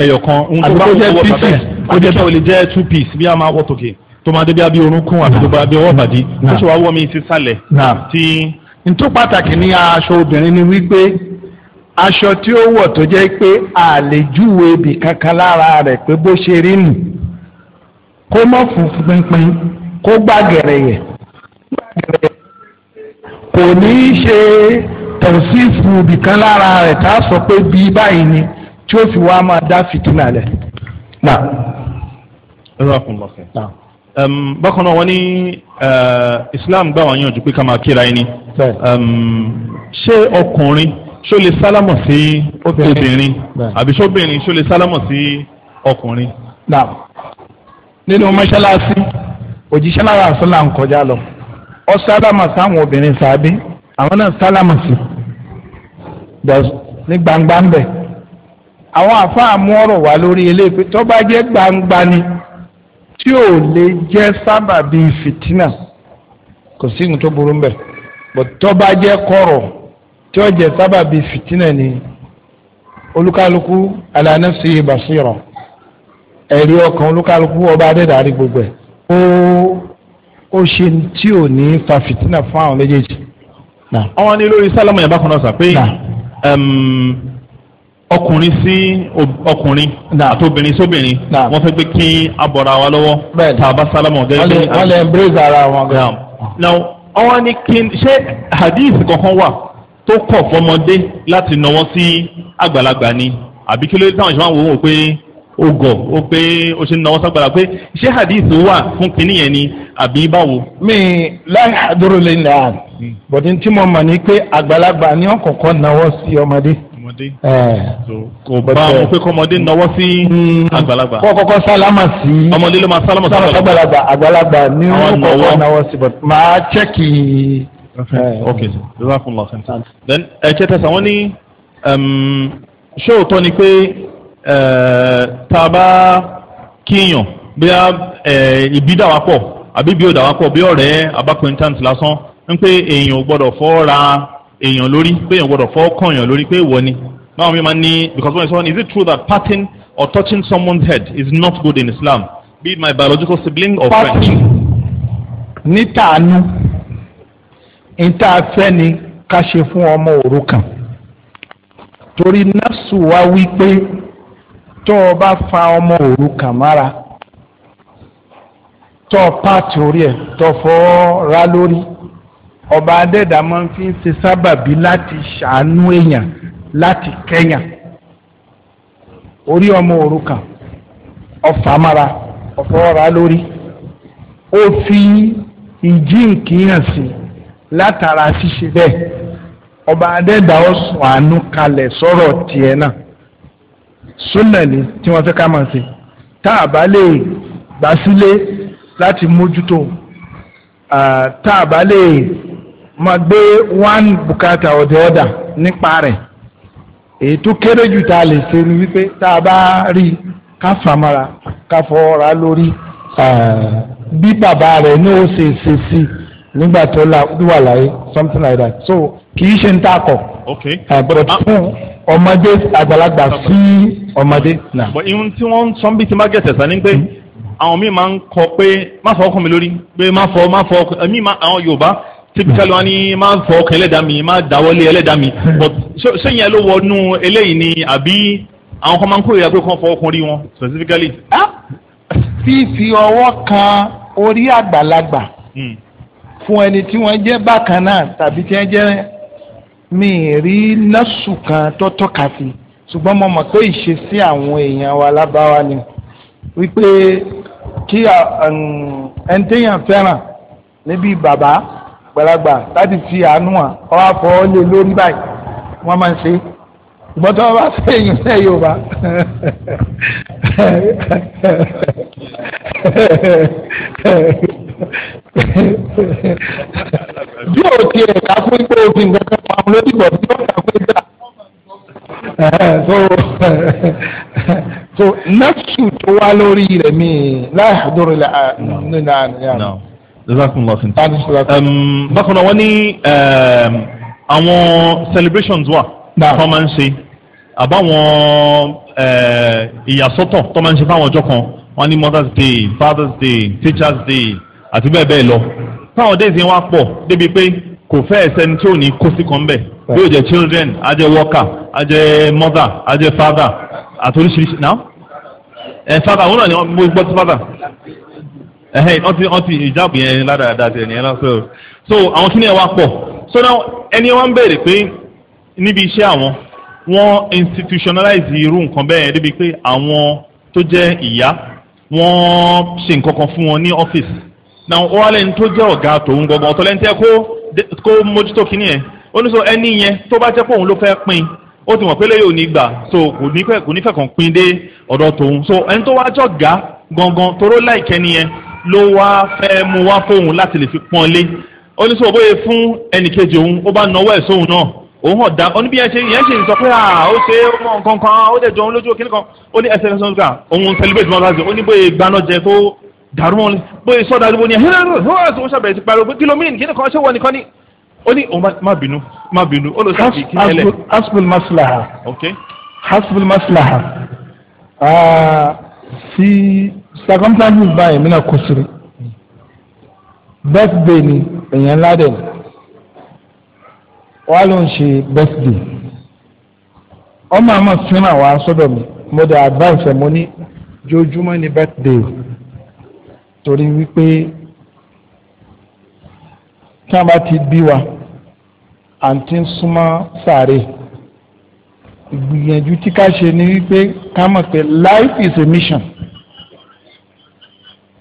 D: ẹ̀yọ̀kan ohun tó bá wọ́n wọ́n bàbá yẹn ó jẹ́ tó lè jẹ́ two piece bí a máa wọ́ tòkè tó máa dé bí abí orúnkún àti tó bá bí ọwọ́ bàdí tó ṣe wá wọ́ mi ti sálẹ̀. tí. n tó pàtàkì ní aṣọ obìnrin ni wípé
A: aṣọ tí ó wọ̀ tó jẹ́ pé àlejúwe ibì kankan lára rẹ̀ pé bó ṣe rí nù kó mọ̀ funfun pinpin kó gbà yẹ̀. kò ní í ṣe tọ̀sífù ibì kan lára rẹ̀
D: tá a sọ pé bíi báyìí ni tí ó fi wá máa dá fìtínà lẹ̀. bákan náà wọ́n ní Islam gbà wá yànjú pé ká máa kíra ẹni ṣé ọkùnrin. ṣó lè sálámọ̀ sí obìnrin àbí ṣóbìnrin ṣó lè sálámọ̀ sí ọkùnrin. nínú mọ́ṣáláṣí òjíṣẹ́ lára àṣọlá ń kọjá lọ ọ
A: sálámà sáwọn obìnrin sàbí àwọn náà sálámà sí ní gbangba ń bẹ̀. àwọn àfáà mú ọ̀rọ̀ wá lórí eléyìí tó bá jẹ́ gbangba ni tí ò lè jẹ́ sábàbí fìtínà kò sí ìhun tó burú ń bẹ̀ bọ̀ tó bá jẹ́ kọ̀rọ̀ tí ó jẹ́ sábàbí fìtínà ni olúkálukú ala nafsihi basira ẹ̀rí ọkàn olúkálukú ọba adẹ́dàrí gbogbo ẹ̀ ó ó ṣe tí ò ní fa
D: fìtínà fún àwọn méjèèjì. àwọn ní lórí sálámù yàrá kan náà sà pé ọkùnrin sí ọkùnrin àti obìnrin sóbìnrin wọ́n fẹ́ pé kí a bọ̀ra wa lọ́wọ́ tá a bá sálámù gẹ́gẹ́ bí. wọ́n lè embrace ara wọn gan. now ní kí ṣé hadith kankan wà tó kọ̀ fọmọdé láti nà wọ́n sí àgbàlagbà ni àbí kí ló dé táwọn ìṣòwò wò ó pé ó gọ̀ ó pé ó ṣe ń nà wọ́n sàgbàlá pé ṣé hadith wà fún kinní yẹn ni àbí báwo. mi láì
A: àdúró lè nà á bọ̀dé tí mo mọ̀ ni pé àgbàlagbà ni wọ́n kọ́kọ́ náwó sí ọmọdé.
C: ọmọdé
D: kò bá mo pé kọ́mọdé náwó sí mm. àgbàlagbà. kọ́ kọ́kọ́ sálámà sí. ọmọdé ló máa sálámà sí àgbàlagbà àgbàlagbà ni wọ́n kọ́kọ́ náwó sí bọ̀dé. màá chẹ́kì ok lọ́wọ́ fún lọ́sẹ̀ then ẹ̀kẹ́tẹ̀ sàn wọ́n ní um, ṣé òótọ́ ni pé tá a bá kíyàn bí ibi dà wá pọ̀ àbí bí ó dà wá pọ̀ bí ọ̀rẹ́ abakuntant lásán ń pé èèyàn ò gbọ́dọ̀ fọ́ ra èèyàn lórí pé èèyàn ò gbọ́dọ̀ fọ́ kàn èèyàn lórí pé ìwọ ni báwọn mi máa ní because when I saw is it true that patting or touching someone's head is not good in Islam be it my biological sibling or friend. patting ní tàánú.
A: níta fẹ́ ni ká ṣe fún ọmọ kan torí nafsu wa wí pé tó o bá fa ọmọ òrukàn mára tó o pààtì orí ẹ̀ tó o fọ́ ra lórí ọba adẹ́dà máa ń fi ṣe sábàbí láti ṣàánú èèyàn láti kẹ́yàn orí ọmọ òrukàn ọ̀fàmára ra lórí ó fi ìjíǹkì hàn sí i látara ṣíṣe bẹ́ẹ̀ ọba adẹ́dà ó sùn àánú kalẹ̀ sọ̀rọ̀ tiẹ̀ náà súnàní tí wọ́n fẹ́ ká máa ṣe tá a bá lè gbà sílé láti mójútó tá a bá lè máa gbé one bùkátà ọ̀dẹ̀ ọ̀dà nípa rẹ̀ èyí tó kéré jù tá a lè ṣe ni wípé tá a bá rí ká fàmọ́ra ká fọwọ́ra lórí bí bàbá rẹ̀ ní ó ṣe ṣe sí i nígbà tó
D: wà láyé something like that so kì í ṣe ń takọ àgbọ̀dọ̀ ah. fún ọmọdé àgbàlagbà sí ọmọdé náà. bọ̀ ihun tí wọ́n ń sọ bí ti má gẹ̀ẹ́sẹ̀ sani pé hmm. àwọn míì máa ń kọ pé má fọ ọkàn mi lórí pé má fọ má fọ ọkàn mi àwọn Yorùbá typically wọn ni máa ń fọ ọkàn ẹlẹ́dàá mi máa dáwọ́lé ẹlẹ́dàá mi hmm. but ṣé ìyẹn ló wọnú eléyìí ni àbí àwọn kan máa ń kórìíra pé kàn fọ ọkùnrin wọn specifically. Ah! fífi ọwọ́ kan orí àgbàlagbà hmm fún ẹni tí
A: wọ́n jẹ́ bákan náà tàbí tí wọ́n jẹ́ mi rí násù kan tó tọ́ka sí ṣùgbọ́n mo mọ̀ pé ìṣesí àwọn èèyàn wa lábáwá ni wípé kí um, ẹni téèyàn fẹ́ràn níbi bàbá gbàlagbà láti fi àánú à ọwọ́ afọ lé lórí báyìí wọ́n máa ń ṣe
C: ṣùgbọ́n tí wọ́n bá fẹ́ èèyàn náà yóò bá bí o ti ẹ̀ ká fún ipò òfin kankan pa àwọn olódìbò tí wọ́n kà fún ìgbà.
A: so so nafsu tó wá lórí rẹ̀
D: mi láàdúró nínú àná. jazakumullahu bákan náà wọ́n ní àwọn celebrations wà tó máa ń ṣe àbáwọn eh, ìyàsọ́tọ̀ tó máa ń ṣe fáwọn ọjọ́ kan wọ́n ní mother's day father's day teacher's day àti bẹ́ẹ̀ bẹ́ẹ̀ lọ táwọn déèsì wa pọ̀ débi pé kò fẹ́ ẹsẹ̀ni tí ò ní kó sí kan bẹ̀ yóò jẹ́ children ajẹ́ worker ajẹ́ mother ajẹ́ father àti oríṣiríṣi náà ẹ father wọn náà ni mo gbọ́ sí father ẹhẹ́n ọtí ọtí ìjáàbù yẹn ládàáda ti ẹ̀nìyẹn lásán o so àwọn kí ni ẹ wá pọ̀ so now ẹni wọn béèrè pé níbi iṣẹ́ àwọn wọ́n institutionalize irú nǹkan bẹ́ẹ̀ débi pé àwọn tó jẹ́ ìyá wọ́n ṣe nǹkan kan fún wọn ní ọ́fíìsì na wọ́n lẹ́ni tó jẹ́ ọ̀gá tòun gbọ̀ngàn ọ̀tọ̀ lẹ́ni tẹ́ kó mójútó kínní yẹn ó ní sọ ẹni yẹn tó bá jẹ́ pé òun ló fẹ́ pín ó ti mọ̀ pé lẹ́yìn òní gbà so kò nífẹ̀ẹ́ kan pín dé ọ̀dọ̀ tòun so ẹni tó wá jọ̀gá gangan toró láìkẹ́ nìyẹn ló wá fẹ́ mu wá fóun láti lè fi pọ́n lé ó ní sọ bóyá fún ẹnìkejì òun ó bá nawọ́ ẹ̀ sóun náà òun hàn dá ó ní bí yẹn ṣe yẹn ṣe sọ pé à ó ṣe ó mọ nǹkan kan ó dẹ̀ jọ òun lójú òkè nìkan ó ní ẹsẹ̀ ẹsẹ̀ ọ̀gá òun celebrate mọ́ láti ó ní bóyá gbaná jẹ tó dàrú mọ́ bóyá sọ́dà ló ní ẹ̀hẹ́rẹ́ wọ́n àti wọ́n ṣàbẹ̀rẹ̀ ti pariwo pé kìlómínì kí ni kan ṣé wọ́n nìkan ni ó ní òun oh, má bínú má bínú ó lọ sáàbì kí ni ẹlẹ́. hasbul maslaha hasbul maslaha sí
A: ah, circumstances báyìí mí náà kò sírí birthday ni èèyàn ńlá dẹ̀ wà ló ń ṣe birthday ọmọ àmọ́ fẹ́ràn wa sọ́dọ̀ mi mo dẹ̀ advice ẹ̀ mo ní jojúmọ́ ni birthday torí wípé tí wọ́n bá ti bí wa àǹtí ń súnmọ́ sàárè ìgbìyànjú tí ká ṣe ni wípé ká mọ̀ pé life is a mission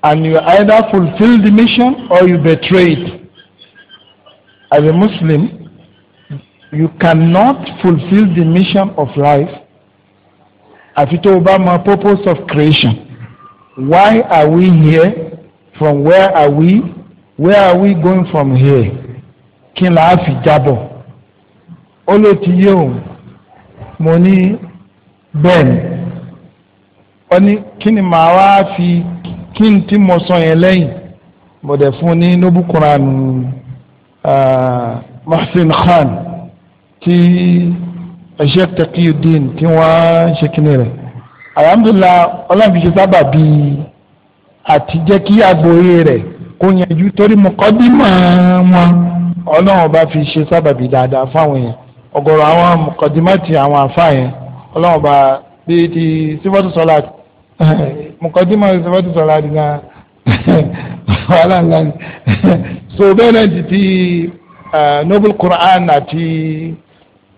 A: and you either fulfill the mission or you betray it as a Muslim you cannot fulfill the mission of life àfi tó o bá mọ̀ purpose of creation. Why are we here? From where are we? Where are we going from here? Kí n láà fi jábọ̀? Ó ló ti yé òun. Mo ní bẹ́ẹ̀ni. Ó ní kí ni màá wá fi kí n tí mo sọ yẹn lẹ́yìn? Mo dẹ̀ fún un ní Nobukuran Mohsin Khan tí Sheikh Taqiyuddin tí wọ́n ṣe kíni rẹ̀ alhamdulilah ọlọ́run fi ṣe sábà bíi àti jẹ́ kí agbóyè rẹ̀ kó yanjú torí mọ̀kọ́dímọ̀ wọn ọlọ́run ọba fi ṣe sábà bíi dáadáa fáwọn yẹn ọ̀gọ̀rọ̀ àwọn mọ̀kọ́dímọ̀tì àwọn àfa yẹn ọlọ́run ọba bíi ti sífọ́tù sọ́lá mọ̀kọ́dímọ̀ sífọ́tù sọ́lá di náà wàhálà ńlá ni so bẹ́ẹ̀ náà ti ti eh, noble Quran àti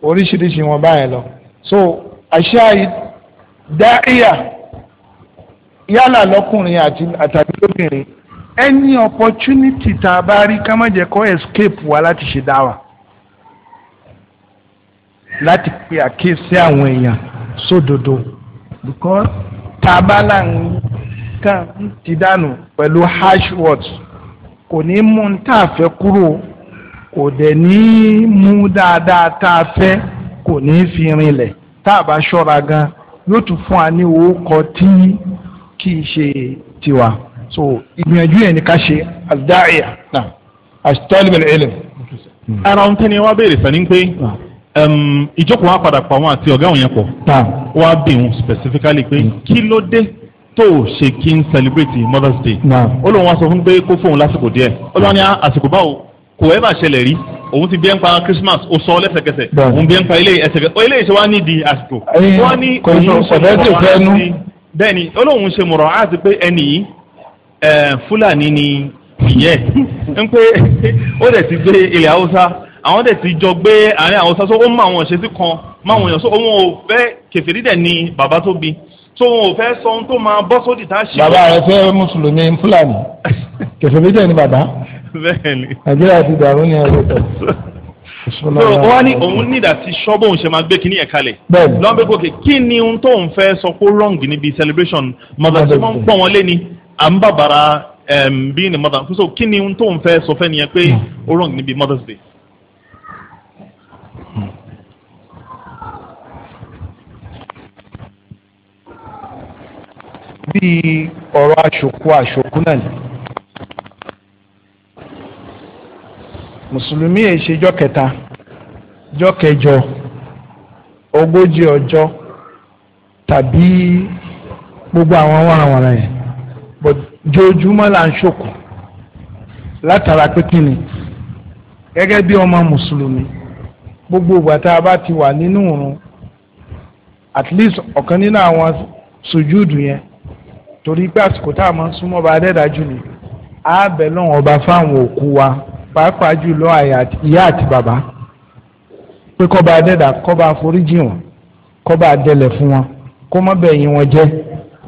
A: oríṣiríṣi wọn báyẹn lọ so àṣà yìí. dáíyà yálà lọkùnrin àti àtàbí lóbìnrin any opportunity tá a bá rí ká má jẹ́ kó escape wa láti ṣe dáwà láti pe àkíyèsí àwọn èèyàn sódodo because tá a bá là ń tàn ti dànù pẹ̀lú harsh words kò ní mú un tá a fẹ́ kúrò kò dẹ̀ ní mú dáadáa tá a fẹ́ kò ní fi rinlẹ̀ tá a bá ṣọ́ra gan-an. yóò tún fún wa ní orúkọ tí kì í ṣe
D: tiwa so ìgbìyànjú yẹn ni ká ṣe àdáyà náà àtọ́lẹ̀bẹ̀lẹ̀ ẹlẹ̀. ara ohun tẹ́ni wá béèrè sani pé ìjókòó wa padà pa wọn àti ọ̀gá òun yẹn pọ̀ wá bí wọn specifically pé hmm. kí ló dé tó ṣe kí n celebrate mother's day ó lóun wá sọ fún pé kó fóun lásìkò díẹ̀ ó lọ́wọ́ ní ah, àsìkò báwo kò ẹ́ bá ṣẹlẹ̀ rí òun ti bí ń pa Christmas ó sọ lẹ́sẹ̀kẹsẹ̀ òun bí ẹ ń pa eléyìí ẹsẹ̀ kẹsẹ̀ eléyìí ṣe wá nídìí àsìkò wọ́n ní kòtò bẹ́ẹ̀ ni olóhùn ṣe mọ̀rọ̀ á ti pé ẹnì yìí Fúlàní ni ìyẹ́ ń pé ó dẹ̀ ti gbé ilẹ̀ Haúsá àwọn dẹ̀ ti jọ gbé àárín àwọn Haúsá tó ó mú àwọn ìṣesí kan máwọn èèyàn sọ òun ò fẹ́ kẹfìrí dẹ̀ ni bàbá tó bí tó wọn ò fẹ́ sọ ohun tó máa bọ́ sódì tá a ṣe. bàbá rẹ
A: fẹ́ mùsùlùmí Fúlàní kẹfìrí dẹ̀ ni bàbá bẹ́ẹ̀ni. nàìjíríà ti dàrú
D: ní ẹrù o wọ́n ní òun nídà tí ṣọ́bù òun ṣe máa gbé kínní ẹ̀ kalẹ̀. bẹ́ẹ̀ni lọ́nbẹ́ gòkè kí ni ohun tó ń fẹ́ sọ pé wrong níbi celebration mọ̀tà tí wọ́n ń pọ̀ wọ́n lé ni à ń bàbàrà bí ni mọ̀tà so kí ni ohun tó ń fẹ́ sọ fẹ́ nìyẹn pé wrong níbi Mother's Day. bíi ọ̀rọ̀
A: àṣòkú àṣòkú náà ni. mùsùlùmí ẹ̀ ṣe jọ́ kẹta jọ́ kẹjọ ogójì ọjọ́ tàbí gbogbo àwọn wàràwàrà yẹn but jojúmọ́ là ń ṣòkò látara pé kí ni gẹ́gẹ́ bí ọmọ mùsùlùmí gbogbo ìgbà tá a bá ti wà nínú òrun at least ọ̀kan nínú àwọn sùjúdù yẹn torí pé àsìkò tá a máa ń súnmọ́ ọba adẹ́dájú ni a bẹ̀ lọ́wọ́ ọba fáwọn òkú wa pàápàá jùlọ ìyá àti bàbá pé kọ́ba adẹ́dà kọ́ba àforíjì wọn kọ́ba adẹ́lẹ̀ fún wọn kó má bẹ̀yìn wọn jẹ́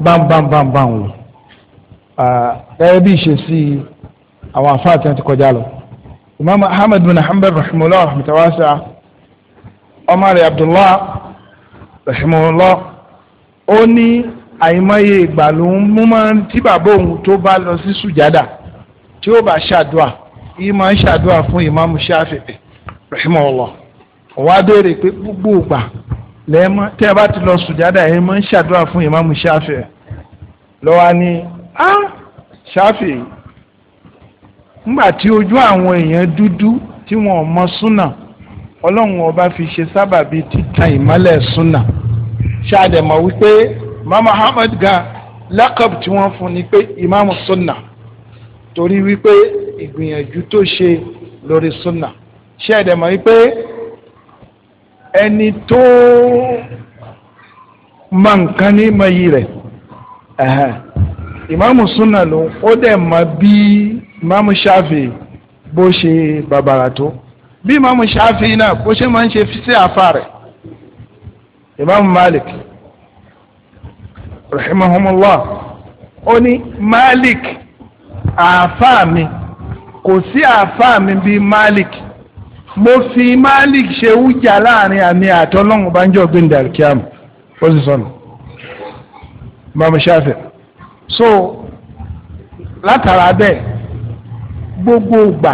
A: bámbámbámbám wò gẹ́gẹ́ bí ìṣesí àwọn àfáà tí wọ́n ti kọjá lọ. Imam Ahmad bin Hanbal rahimahullah rahmatawasa ọmọ Abdullah rahimahullah ó ní àìmọye ìgbà ló ń mú máa ń tí bàbá òun tó bá lọ sí sùjádà tí ó bá ṣàdúà ìmọ̀ ń ṣàdúrà fún ìmáàmù Ṣáfi'í rahimahullah wàá béèrè pé gbogbo ìgbà lẹ́ẹ̀mọ́ tẹ́ ẹ bá ti lọ sùjádà ẹ máa ń ṣàdúrà fún ìmáàmù Ṣáfi'í lọ́wọ́ ni á Ṣáfi'í ńgbà tí ojú àwọn èèyàn dúdú tí wọn ò mọ súnà ọlọ́run ọba fi ṣe sábàbí títan ìmọ́lẹ̀ súnà ṣáàdẹ̀mọ̀ wípé mama Ahmad ga lákàb tí wọ́n fún ni pé ìmáàmù súnà torí wípé ìgbìyànjú tó ṣe lórí súnà ṣé ẹ dẹ̀ mọ̀ wípé ẹni tó mọ nǹkan ní mayì rẹ̀ ìmáàmù súnà ló ó dẹ̀ mọ bí ìmáàmù ṣáfì bó ṣe bàbàrà tó bí ìmáàmù ṣáfì náà bó ṣe máa ń ṣe sí àfa rẹ̀ ìmáàmù Malik rahimahumullah ó ní Malik àáfàá mi kò sí àáfàá mi bíi Malik mo fi Malik ṣe wújà láàrin àmì àtọ́lọ́hún banjọ́ gbẹ̀ndẹ̀ alikiam ó sì sọnù mamu shafi so látara bẹ́ẹ̀ gbogbo gbà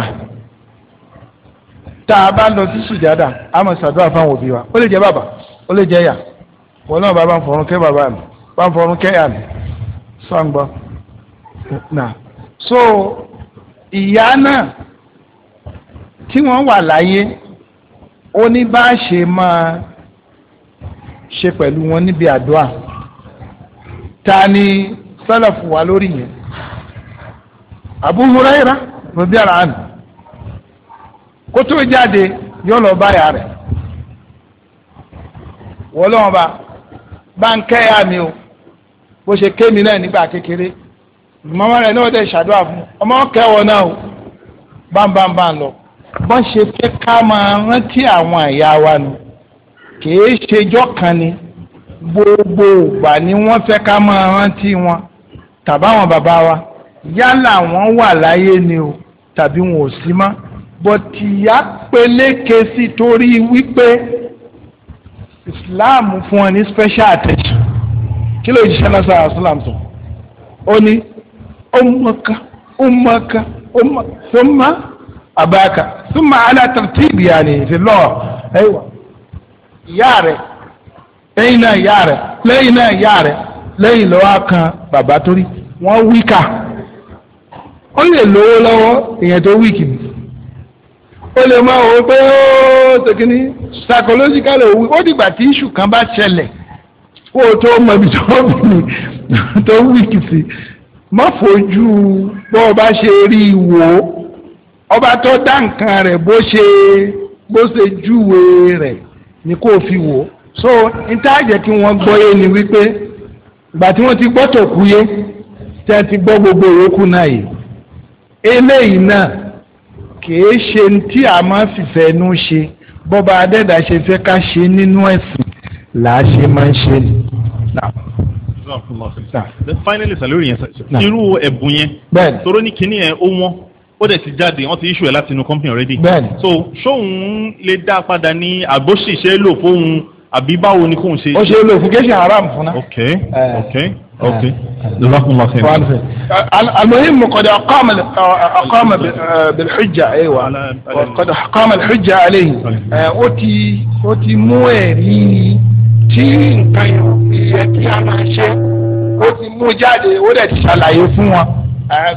A: tá a bá lọ sí sùjádà a máa ṣàdúrà fáwọn òbí wa ó lè jẹ bàbá ó lè jẹ ìyá wọn náà bá bá ń fọrún kẹ́ bàbá mi bá ń fọrún kẹ́ ìyá mi sọ àgbọ̀ náà so ìyá náà tí wọ́n wà láyé ó ní bá a ṣe máa ṣe pẹ̀lú wọn níbi àdúrà ta ni sálàfù wa lórí yẹn Abu Huraira rọbí ara àná kó tó jáde yóò lọ báyà rẹ̀ wọ́n lọ́wọ́ bá bá ń kẹ́ ya mi o bó ṣe ké mi náà nígbà kékeré màmá rẹ̀ náà dẹ̀ ṣàdúrà fún ọmọ kẹwọ́ náà bámbámbá lọ bọ́n ṣe fẹ́ ká máa rántí àwọn àyà wa nù kìí ṣèjọ́ kan ni gbogbo ìgbà ni wọ́n fẹ́ ká máa rántí wọn tàbáwọn bàbá wa yálà wọ́n wà láyé ni o tàbí wọn ò sí mọ́ bọ̀tìyà peléke sí torí wípé Islam fún ọ ní special attention kí ló jíṣẹ́ lọ́sọ̀rọ̀ Islam sọ ó ní. أمك أمك أمك ثم أباك ثم ala ترتيب يعني في اللغة أيوة yáàrẹ̀ lẹ́yìn náà yáàrẹ̀ lẹ́yìn náà yáàrẹ̀ kan bàbá torí wọn wíkà ó lè lówó lọ́wọ́ èèyàn tó wíkì ni ó lè máa wò pé ó psychological òwú ó dìgbà tí kan bá ṣẹlẹ̀ má fojú bọ́ ọba ṣe rí i wò ó ọba tó dá nǹkan rẹ̀ bó ṣe bó ṣe júwe rẹ̀ ni kò fi wò so n tá jẹ́ kí wọ́n gbọ́yé ni wípé ìgbà tí wọ́n ti gbọ́ tòkú yé tí wọ́n ti gbọ́ gbogbo ìyókù náà yìí eléyìí náà kìí ṣe tí a máa fìfẹ́ inú ṣe bọ́ba adẹ́dà ṣe fẹ́ ká ṣe nínú ẹ̀sìn là ṣe máa ń ṣe nì
D: finally sàlórí yẹn irú ẹ̀bùn yẹn toró ní kinní yẹn ó wọ́n ó dẹ̀ ti jáde wọ́n ti issue ẹ̀ láti inú company already so ṣóun lè dá padà ní àgbóṣìṣẹ́ lò fóun àbí báwo ni kóun ṣe. ó ṣe é lò fún kéṣe haram fún náà. ok eh, ok eh. ok jazakumullah khair.
A: المهم قد أقام أقام بالحجة أيوة قد أقام الحجة عليه ó ti ó ti mú ẹ̀rí tí nǹkan ìyẹn kí a máa ṣe ó ti mú jáde ó dẹ̀ ti ṣàlàyé fún wọn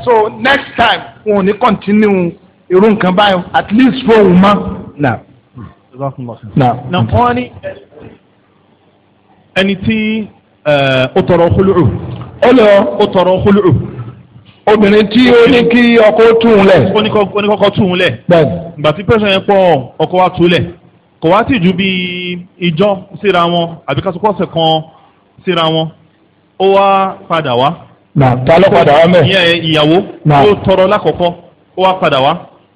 A: so next time wọn ò ní continue irú nǹkan báyìí at least
D: fóun mọ́ nà. nà wọ́n ní ẹni tí ó tọrọ kúlùú ó lọ ó tọrọ kúlùú. obìnrin tí ó ní kí ọkọ tún un lẹ̀. ó ní kọ́kọ́ tún un lẹ̀. bẹ́ẹ̀. ìgbà yẹn pọ̀ ọkọ wa tún un lẹ̀ kò wá sí ju bí ìjọ síra wọn àbí kásìkọ́sẹ̀ kan síra wọn ó wá padà wá. nà ta ló padà wá mẹ́. ìyẹn ìyàwó ó tọrọ lákọ̀ọ́kọ́ ó wá padà wá.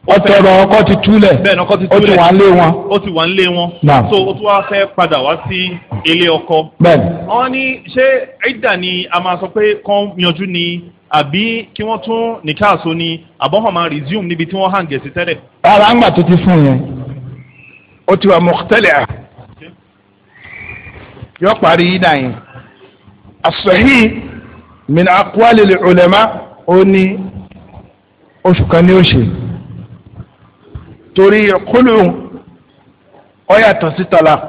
D: ó tọrọ ọkọ ti túlẹ̀. bẹ́ẹ̀ ni ọkọ ti túlẹ̀ ó ti wà ń lé wọn. ó ti wà ń lé wọn. nà so ó tún wá fẹ́ padà wá sí ilé ọkọ. bẹ́ẹ̀ni. wọ́n ní ṣé ìdà ni a máa sọ pé kán yanjú ni àbí kí wọ́n tún nìkáàsó ni àbọ̀hàn máa resume níbi tí wọ́n hàn gẹ̀ẹ́sì tẹ́lẹ̀. rárá ń gbà tó ti fún yẹn ó ti wà mọ̀tẹ́lẹ̀
A: yọ parí yídà yẹn as-sahih min aqwali al-ulama ó ní oṣù kan ní oṣù torí kúlù ó yàtọ̀ sí talaq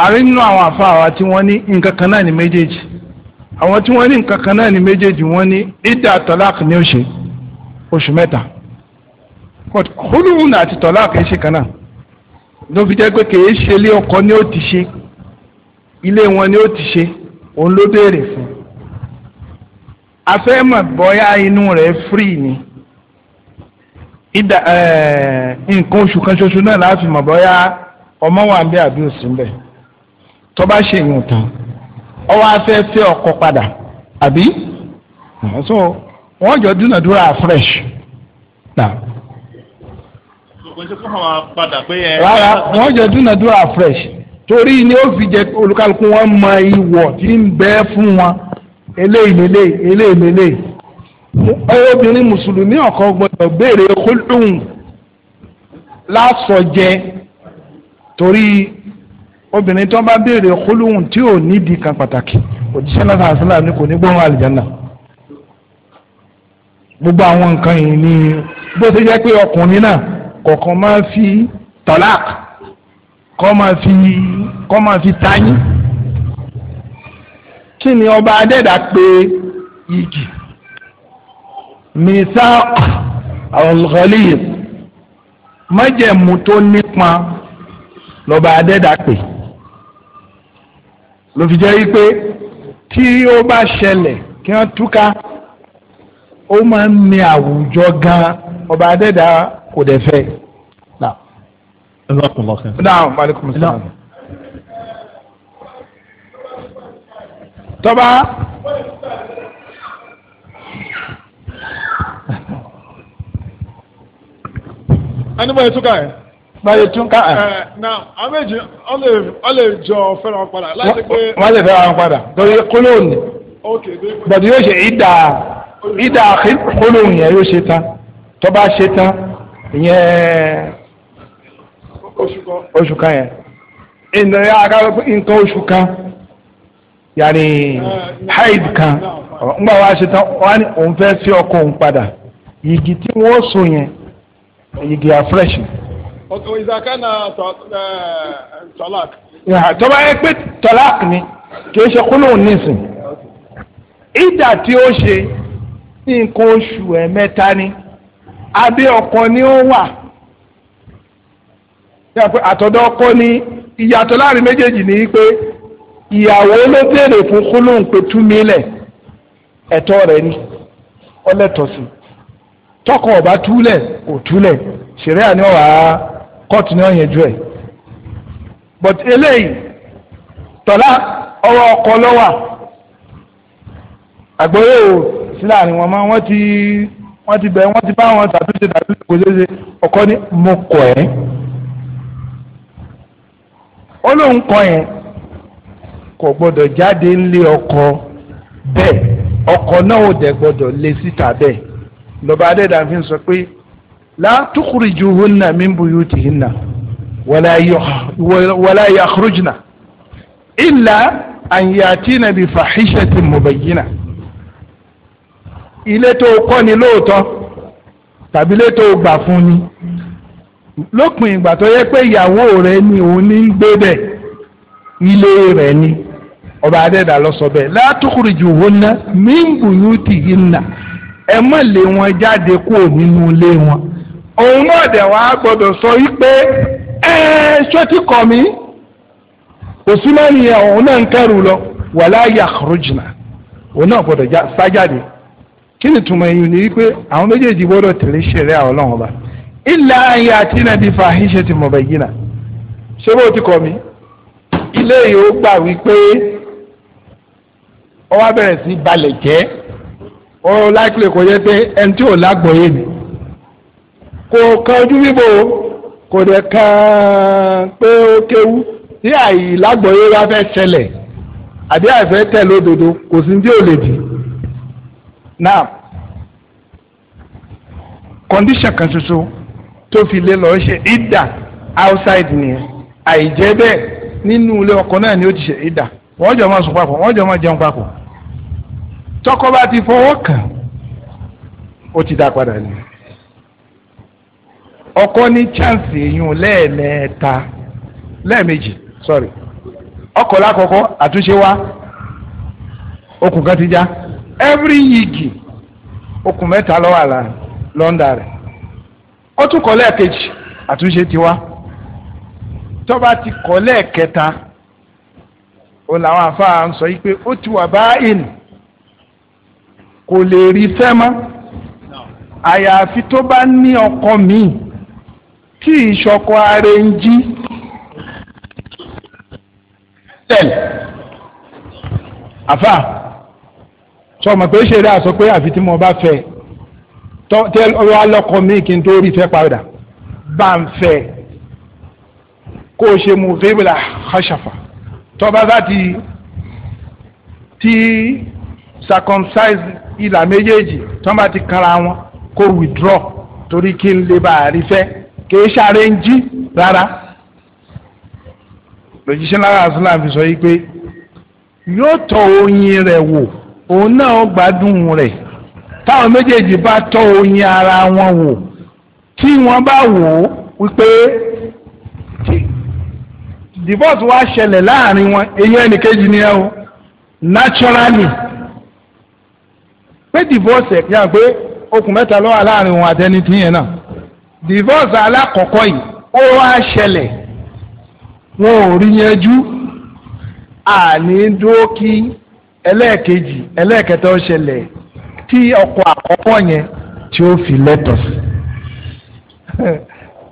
A: àárín nínú àwọn àfáàwá tí wọ́n ní nǹkan kan náà ní méjèèjì àwọn tí wọ́n ní nǹkan kan náà ní méjèèjì wọ́n ní ìdá talaq ní oṣù oṣù mẹ́ta. but húlùhùn àti tọ́lá kìí ṣe kan náà ló fi jẹ́ pé kìí ṣe ọkọ ni ó ti ṣe ilé wọn ni ó ti ṣe òun ló béèrè fún afẹ́ bọ́yá inú rẹ̀ ni ìdá eh, nǹkan oṣù kan ṣoṣo náà láti mọ̀ bọ́yá ọmọ wa ń bẹ àbí òsì ń bẹ tó bá ṣe ìyàn tán ọwọ́ afẹ́ fẹ́ ọkọ padà àbí wọ́n jọ fresh. Now.
D: kò ṣe kó àwọn padà pé ẹ. rárá wọ́n jẹ́ dúnadúrà fresh
A: torí ni ó fi jẹ́ olùkálùkù wọn mọ ìwọ̀ tí ń bẹ fún wọn eléyìí lélẹ̀ eléyìí lélẹ̀ obìnrin mùsùlùmí ọ̀kan gbọ́dọ̀ béèrè kúlùún lásọjẹ torí obìnrin tó bá béèrè kúlùún tí ò nídìí kan pàtàkì òjíṣẹ́ náà sàásìlà ni kò ní gbóhùn àlìjáná gbogbo àwọn nǹkan yìí ni bó ṣe jẹ́ pé ọkùnrin náà kọ̀ọ̀kan máa fi tọ́lák kọ́ máa fi kọ́ máa kí ni ọba adẹ́dà pé igi misaq al-ghalid májẹ̀mú tó nípa lọ́ba adẹ́dà pé ló fi jẹ́ wípé tí ó bá ṣẹlẹ̀ kí wọ́n túká ó máa ń mi àwùjọ gan ọba adẹ́dà kò dẹ̀ fẹ́. naam maaleykum salaam. tọ́ba.
D: ẹni bọ́ yẹn tún ká yẹn. bá yẹn tún ká yẹn.
A: na àméjì ọ lè jọ fẹ́ràn padà láti pé. wọ́n lè fẹ́ràn padà torí kólóònù. ok bọ̀dù yóò ṣe ìdá ìdá kólóònù yẹn yóò ṣe tán tọ́ba ṣe tán. ìyẹn oṣù kan yẹn ìnà aka nǹkan oṣù kan yàrá eh, haid kan ngbà wàá ṣe tán wàá ní òun fẹ́ sí ọkọ òun padà tí wọ́n so yẹn yìgì afresh.
B: ọ̀tún ìsàkánná tọ́lák.
A: Eh, yẹn pé tọ́lák ni kì í ṣe kúlò tí ó ṣe nǹkan oṣù ẹ̀ mẹ́ta abẹ́ ọkọ ni ó wà àtọ̀dọ̀ ọkọ ni ìyàtọ̀ láàrin méjèèjì ni pé ìyàwó ló béèrè fún kúlóhùn pé tú mi ẹ̀tọ́ rẹ̀ ni ọlẹ́tọ̀ sí tọkọ ọba túlẹ̀ kò túlẹ̀ ṣeré àní ọ̀wà kóòtù ni ó yẹn ju ẹ̀ but eléyìí tọ́lá
C: ọwọ́ ọkọ lọ́wà
A: àgbọ̀yé o sí láàrin wọn máa wọ́n ti wọ́n ti bẹ̀ wọ́n ti bá wọn ṣàtúnṣe ṣàtúnṣe kò ṣeéṣe ọkọ ní mo kọ̀ ẹ́ ó lóun kọ yẹn kò gbọ́dọ̀ jáde ńlé ọkọ bẹ́ẹ̀ ọkọ náà ò dẹ̀ gbọ́dọ̀ lé síta bẹ́ẹ̀ lọ́ba adédàfin sọ pé la tukhrijuhunna min buyutihinna wala yakhrujna illa an yatina bi fahishatin mubayyinah ilé tó kọ́ ni lóòótọ́ tàbí ilé tó gbà fún ni lópin ìgbà tó yẹ pé ìyàwó rẹ ni òun ní gbé bẹ̀ ilé rẹ ni ọba adẹ́dà lọ sọ bẹ́ẹ̀ látòkùrìjù wọn ná mímbùyútì yìí nà ẹ má lé wọn jáde kúrò nínú ilé wọn òun náà dẹ̀ wá gbọ́dọ̀ sọ wípé ẹ ṣọ́tí kọ̀ mí òsínmọ́ nìyẹn náà ń kẹ́rù lọ wàlá yàrá òun náà gbọ́dọ̀ sájáde kí ni túmọ̀ ẹ̀yìn ni wípé àwọn méjèèjì gbọ́dọ̀ tẹ̀lé ṣẹ̀rẹ́ àwọn ọlọ́run ọba ilà ayé àti nàbí fàáhíṣẹ́ ti mọ̀ bẹ̀yìn náà ṣé bó ti kọ́ mi ilé yìí ó gbà wípé ó wá bẹ̀rẹ̀ sí balẹ̀ jẹ́ ó láìpẹ́ kò yẹ pé ẹni tí ò lágbọ̀ọ́yé ni kò kan ojú bíbò kò dẹ̀ kan pé ó kéwú tí àìlágbọ̀ọ́yé wá fẹ́ ṣẹlẹ̀ àbí àìfẹ́ tẹ̀ lódodo kò sí ní tí ò lè dì í. naa condition kan soso to fi lé lọ ṣe ìdà outside ni àìjẹ́ bẹ́ẹ̀ nínú ilé ọkọ náà ni ó ti ṣe jọ máa sùn jọ máa jẹun papọ tọkọ bá ti fọwọ́ kàn ó ti dá padà ni ọkọ ní chance èèyàn lẹ́ẹ̀mẹ́ta lẹ́ẹ̀mejì sorry ọkọ lákọ̀ọ́kọ́ àtúnṣe ti Ja every yigi okùn mẹ́ta lọ́wọ́ àlà lọ́ndà rẹ̀ ó tún kọ́ lẹ́ẹ̀kejì àtúnṣe tiwa tọ́ba ti kọ́ lẹ́ẹ̀kẹta ó làwọn afáà ń sọ yìí pé ó ti wà báyìí kò lè rí fẹ́ mọ́ àyàfi tó bá ní ọkọ míì tí ìṣọkọ ara ń jí tẹ̀lé àfáà sọmọ pé ṣe dáa sọ pé àfi tí mo bá fẹ́ tẹ ọyọ alọkọ mi kí n tó rí fẹ́ padà bá ń fẹ́ kó o ṣe mu rébìlà ṣàṣàfà tọba bá ti ti circumcise ìlà méjèèjì tọ́ bá ti kanra wọn kó withdraw torí kí n lè bá a rí fẹ́ kì í ṣàárẹ̀ ń jí rárá lójúṣẹ́ lára àṣìlá fi sọ yìí pé yóò tọ́ oyin rẹ̀ wò òun náà ó gbádùn rẹ̀ táwọn méjèèjì bá tọ́ oyin ara wọn wò tí wọ́n bá wò ó wípé divorce wá ṣẹlẹ̀ láàrin wọn èyí ẹnìkejì ni ẹ o naturally pé divorce ẹ̀ yà pé okùn mẹ́ta ló wà láàrin wọn àtẹni tí yẹn náà divorce alákọ̀ọ́kọ́ yìí ó wá ṣẹlẹ̀ wọn ò rí yẹn jú àní dúró kí ẹlẹ́ẹ̀kejì ẹlẹ́ẹ̀kẹta ó tí ọkọ àkọ́kọ́ yẹn tí ó fi lẹ́tọ̀ sí.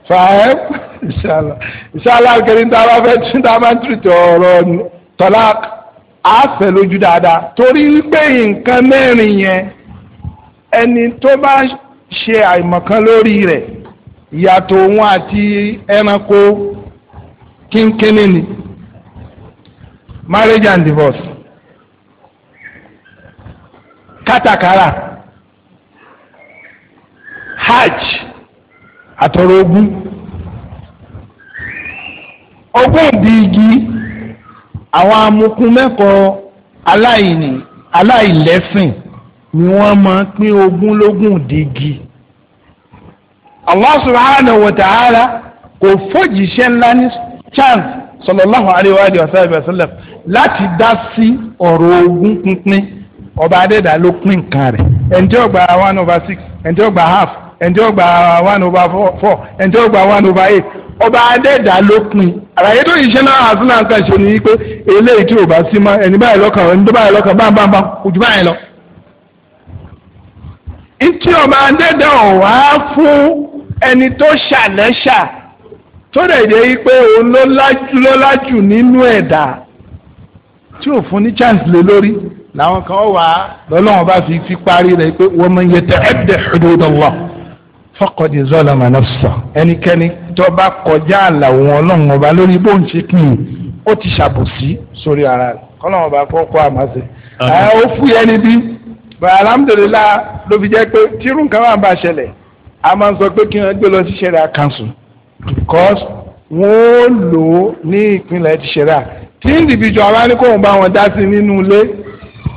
A: fàáyé ìṣàlá ìṣàlá kiri ní táwọn fẹ́ tún táwọn tún tọ̀ ọ̀rọ̀ tọ́lá àfẹ́ lójú dáadáa torí wípé nǹkan mẹ́rin yẹn ẹni tó bá ṣe àìmọ̀kan lórí rẹ̀ ìyàtọ̀ òun àti ẹranko kínkínní ni marriage and divorce Katakara, hajj àtọrọ ogún ogún di igi àwọn amukun mẹ́kọ̀ọ́ aláìní aláìlẹ́sìn ni wọ́n máa pín ogún lógún di igi Allah subhanahu wa ta'ala kò fòjìṣẹ́ ńlá ní chance sallallahu alayhi wa sallam láti dá sí ọ̀rọ̀ ogún pínpín ọba adẹ́dà ló pín nǹkan rẹ̀ ẹni ó gba one over six ẹni tí ó gba half ẹni tí ó gba one over four ẹni tí ó gba one over eight ọba adẹ́dà ló pín àlàyé tó yìí ṣe náà àtúnà ń kàn ṣe ni wípé eléyìí tí ò bá sí mọ́ ẹni báyìí lọ́kàn ẹni tó báyìí lọ́kàn bá bá bá kò jù báyìí lọ. ntí ọba adẹ́dà ò wá fún ẹni tó ṣàlẹ́ṣà tó dẹ̀ dé wípé òun ló nínú ẹ̀dá tí ò fún ní chance lé lórí làwọn kan wà lọ́lọ́wọ́n bá fi fi parí rẹ̀ pé wa man yata'adda hududallah faqad zalama nafsa ẹnikẹ́ni tó bá kọjá àlà òun ọlọ́run ọba lórí bó ń ṣe kí n ó ti ṣàbòsí sórí ara rẹ̀ kọ́lọ́wọ́n bá kọ́ kọ́ àmásẹ́ ẹ̀ ó fúyẹ́ níbí bàá alhamdulilayi ló fi jẹ́ pé tírú nǹkan wà bá ṣẹlẹ̀ a máa ń sọ pé kí wọ́n gbé lọ sí ṣẹ̀dá council because wọ́n ó lò ó ní ìpínlẹ̀ ti ṣẹ̀dá tí individual wa bá wọn dá sí nínú ilé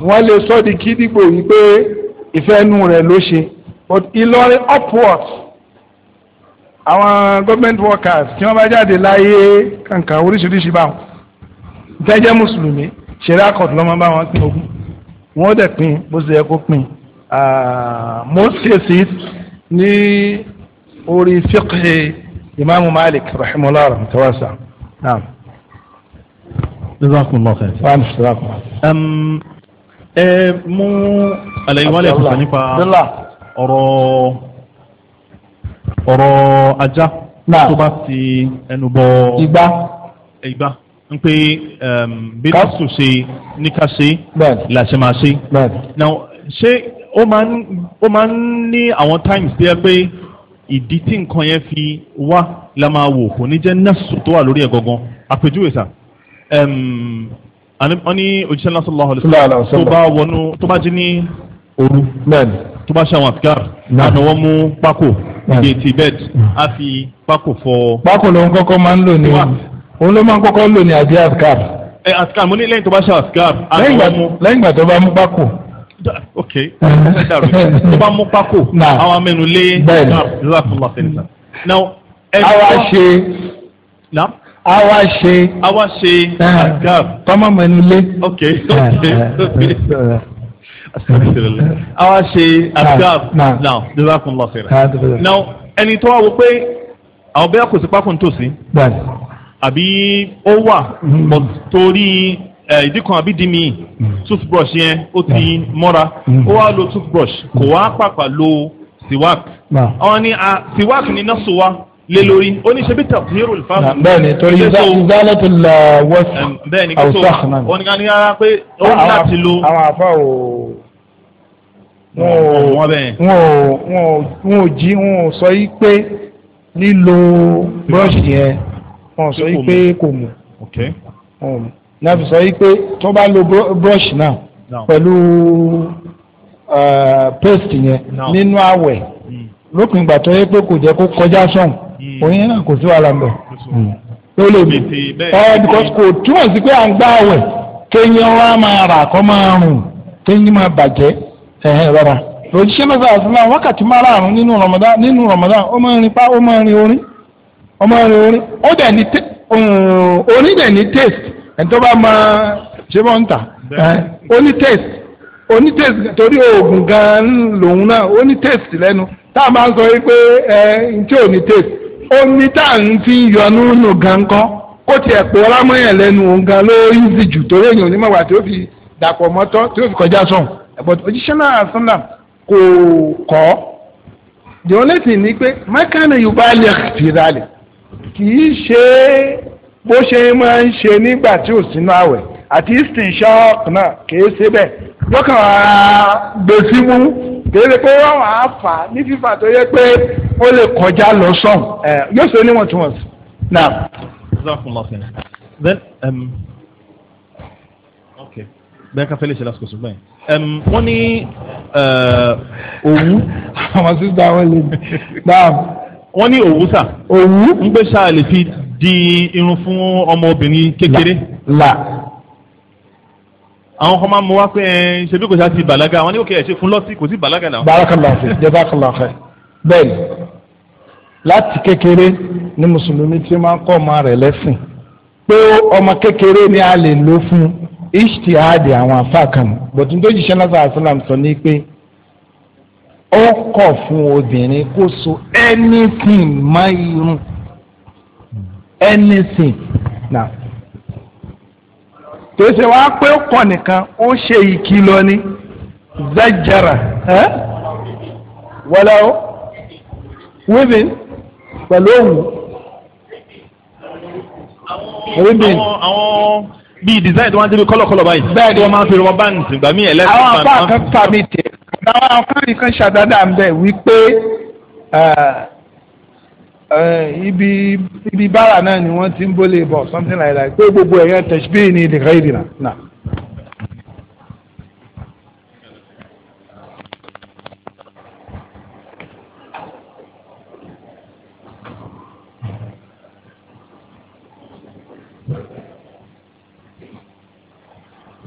A: wọ́n lè sọ di kídìgbò yìí pé ìfẹ́ nu rẹ̀ ló ṣe but Ìlọrin upward àwọn government workers tí wọ́n bá jáde láyé kankan oríṣiríṣi báwọn jẹ́jẹ́ mùsùlùmí ṣẹlẹ̀ àkọ́tù lọ́mọ bá wọn pín ogún wọ́n dẹ̀ pín bó ṣe yẹ kó pín ah, most cases ní orí fiqh imaamu Malik rahimahullah rahmatulahsa naam. jazakumullah khair. wa rahmatulahum
D: ẹ mú àlàyé wálé kọsán nípa ọ̀rọ̀ ọ̀rọ̀ ajá tó bá ti ẹnu bọ ìgbà ìgbà n pé bí lásù ṣe ní ká ṣe làṣẹ máa ṣe ṣé ó máa ń ní àwọn times bí ẹ pé ìdí tí nǹkan yẹn fi wá la máa wò kò ní jẹ́ nọ́ọ̀sì tó wà lórí ẹ̀ gangan àpèjúwe sà wọ́n ní òjíṣẹ́ náà sallallahu alaihi wasallam tó bá wọnú tó bá jí ní òru tó bá ṣàwọn àfikàr àná wọ́n mú pákó ìdè ti bed á fi pákó fọ. pákó ló ń kọ́kọ́ máa ń lò ní òun ló máa ń kọ́kọ́ lò ní àbí àfikàr. ẹ àfikàr mo ní lẹ́yìn tó bá ṣàwọn àfikàr àná wọ́n tó bá mú pákó. ok tó bá mú pákó àwọn amẹnu lé àfikàr. àwa a wá ṣe. a wá ṣe agam. Ah, kọ́mọ mẹ́nu lé. ok ok ah, ah, a wá ṣe agam now joseph lọ fẹ́rẹ̀. now ẹni tó wá wo pé àwọn bẹ́ẹ̀ kò sí pákó nítòsí. àbí ó wà mm-hmm. torí eh, ìdí kan àbí dì mí mm-hmm. toothbrush yẹn ó ti mọ́ra mm-hmm. ó wá lo toothbrush kò wá pàpà lo siwak. àwọn ni siwak ni náà so wa lé lórí ó ní ṣe bí tafsiru ìfàmù. bẹ́ẹ̀ni torí ìzálẹ́tò la wọ́sì àwùsọ̀ náà. ó ní ká ní ara pé ó ní láti lo. àwọn afa o
A: wọn ò wọn ò jí wọn ò sọ yí pé lílo búrọ́ọ̀ṣì yẹn wọn ò sọ yí pé kò mú náà fi sọ yí pé tó bá lo búrọ́ọ̀ṣì náà pẹ̀lú uh, paste yẹn nínú àwẹ̀ hmm. lópin ìgbà tó yẹ pé kò jẹ́ kó kọjá sọ̀hún. onye náà kò sí wàhálà ń bẹ lè mú ẹ because kò túmọ̀ sí pé à ń gbá àwẹ̀ kéèyàn wá máa rà kọ́ máa rùn kéèyàn máa bàjẹ́ ẹ̀hẹ́n rárá òjíṣẹ́ náà sáà sílá wákàtí márààrún nínú Ramadan nínú Ramadan ó máa ń rin pa ó máa ń rin orin ó máa ń rin orin ó dẹ̀ ní orin dẹ̀ ní taste ẹ̀ tó bá máa ṣe bọ́ ń tà ó ní taste ó ní taste torí máa ń sọ wípé omi tá à ń fi yọnu nù gan kọ́ kó tiẹ̀ pọ̀ ọlámọ́yàn lẹ́nu òun gan ló rí sí jù torí èèyàn onímọ̀wá tí ó fi dàpọ̀ mọ́tọ́ tí ó fi kọjá sọ̀hún ẹ̀bọ̀n òjíṣẹ́ náà sọ́nà kò kọ́ the only thing ni pé mákànnì yorùbá lè fi ralẹ̀ kì í ṣe bó ṣe máa ń ṣe nígbà tí ò sínú àwẹ̀ àti istinshaq náà kìí ṣe bẹ́ẹ̀ lọ́kàn ara gbèsè mú kìí ṣe pé wọ́n wàá fà á ní fífà tó yẹ pé ó lè kọjá lọ sàn ẹ yóò
D: ṣe níwọ̀ntúnwọ̀nsì náà. then um, okay bẹ́ẹ̀ ká fẹ́lẹ́ ṣe lásìkò ṣùgbọ́n yẹn wọ́n ní òwú. Uh, àwọn sísá wọn lè dáa. wọ́n ní òwú sà. òwú. ń gbé sáà lè fi di irun fún ọmọbìnrin kékeré. là là àwọn ọkọ máa ń mú wá pé ẹ ṣe bí kò sá ti bàlágà àwọn oníwòkè ẹ ṣe fún lọ́sí kò sí bàlágà náà. barakallahu fi
A: jazakallahu ni láti kékeré ni mùsùlùmí ti máa ń kọ́ ọmọ rẹ̀ lẹ́sìn pé ọmọ kékeré ni a lè lò fún ishtihadi àwọn afáàkàn bọ̀tún tó jíṣẹ́ náà sàrà sàlám sọ ní pé ó kọ̀ fún obìnrin kó so anything mọ́ irun anything náà kì í ṣe wá pé ó kọ̀ nìkan ó ṣe ìkìlọ̀ ni zajara ẹ́ wọlé o wíbìn pẹ̀lú
D: òwú wíbìn. àwọn bíi design tí wọ́n ti bí kọ́lọ̀kọ́lọ̀ báyìí. bẹ́ẹ̀ ni wọ́n máa ń fi rọ báńkì gbà mí ẹ̀lẹ́sìn. àwọn apá kan kà mí tẹ̀
A: àwọn afárí kan ṣàdádà ń bẹ̀ wípé Eh, ibi ibi bára náà ni wọ́n ti ń bólé bọ̀ something like that pé gbogbo ẹ̀yẹ tẹ̀síbí ni ìdìkan ìdìnnà náà.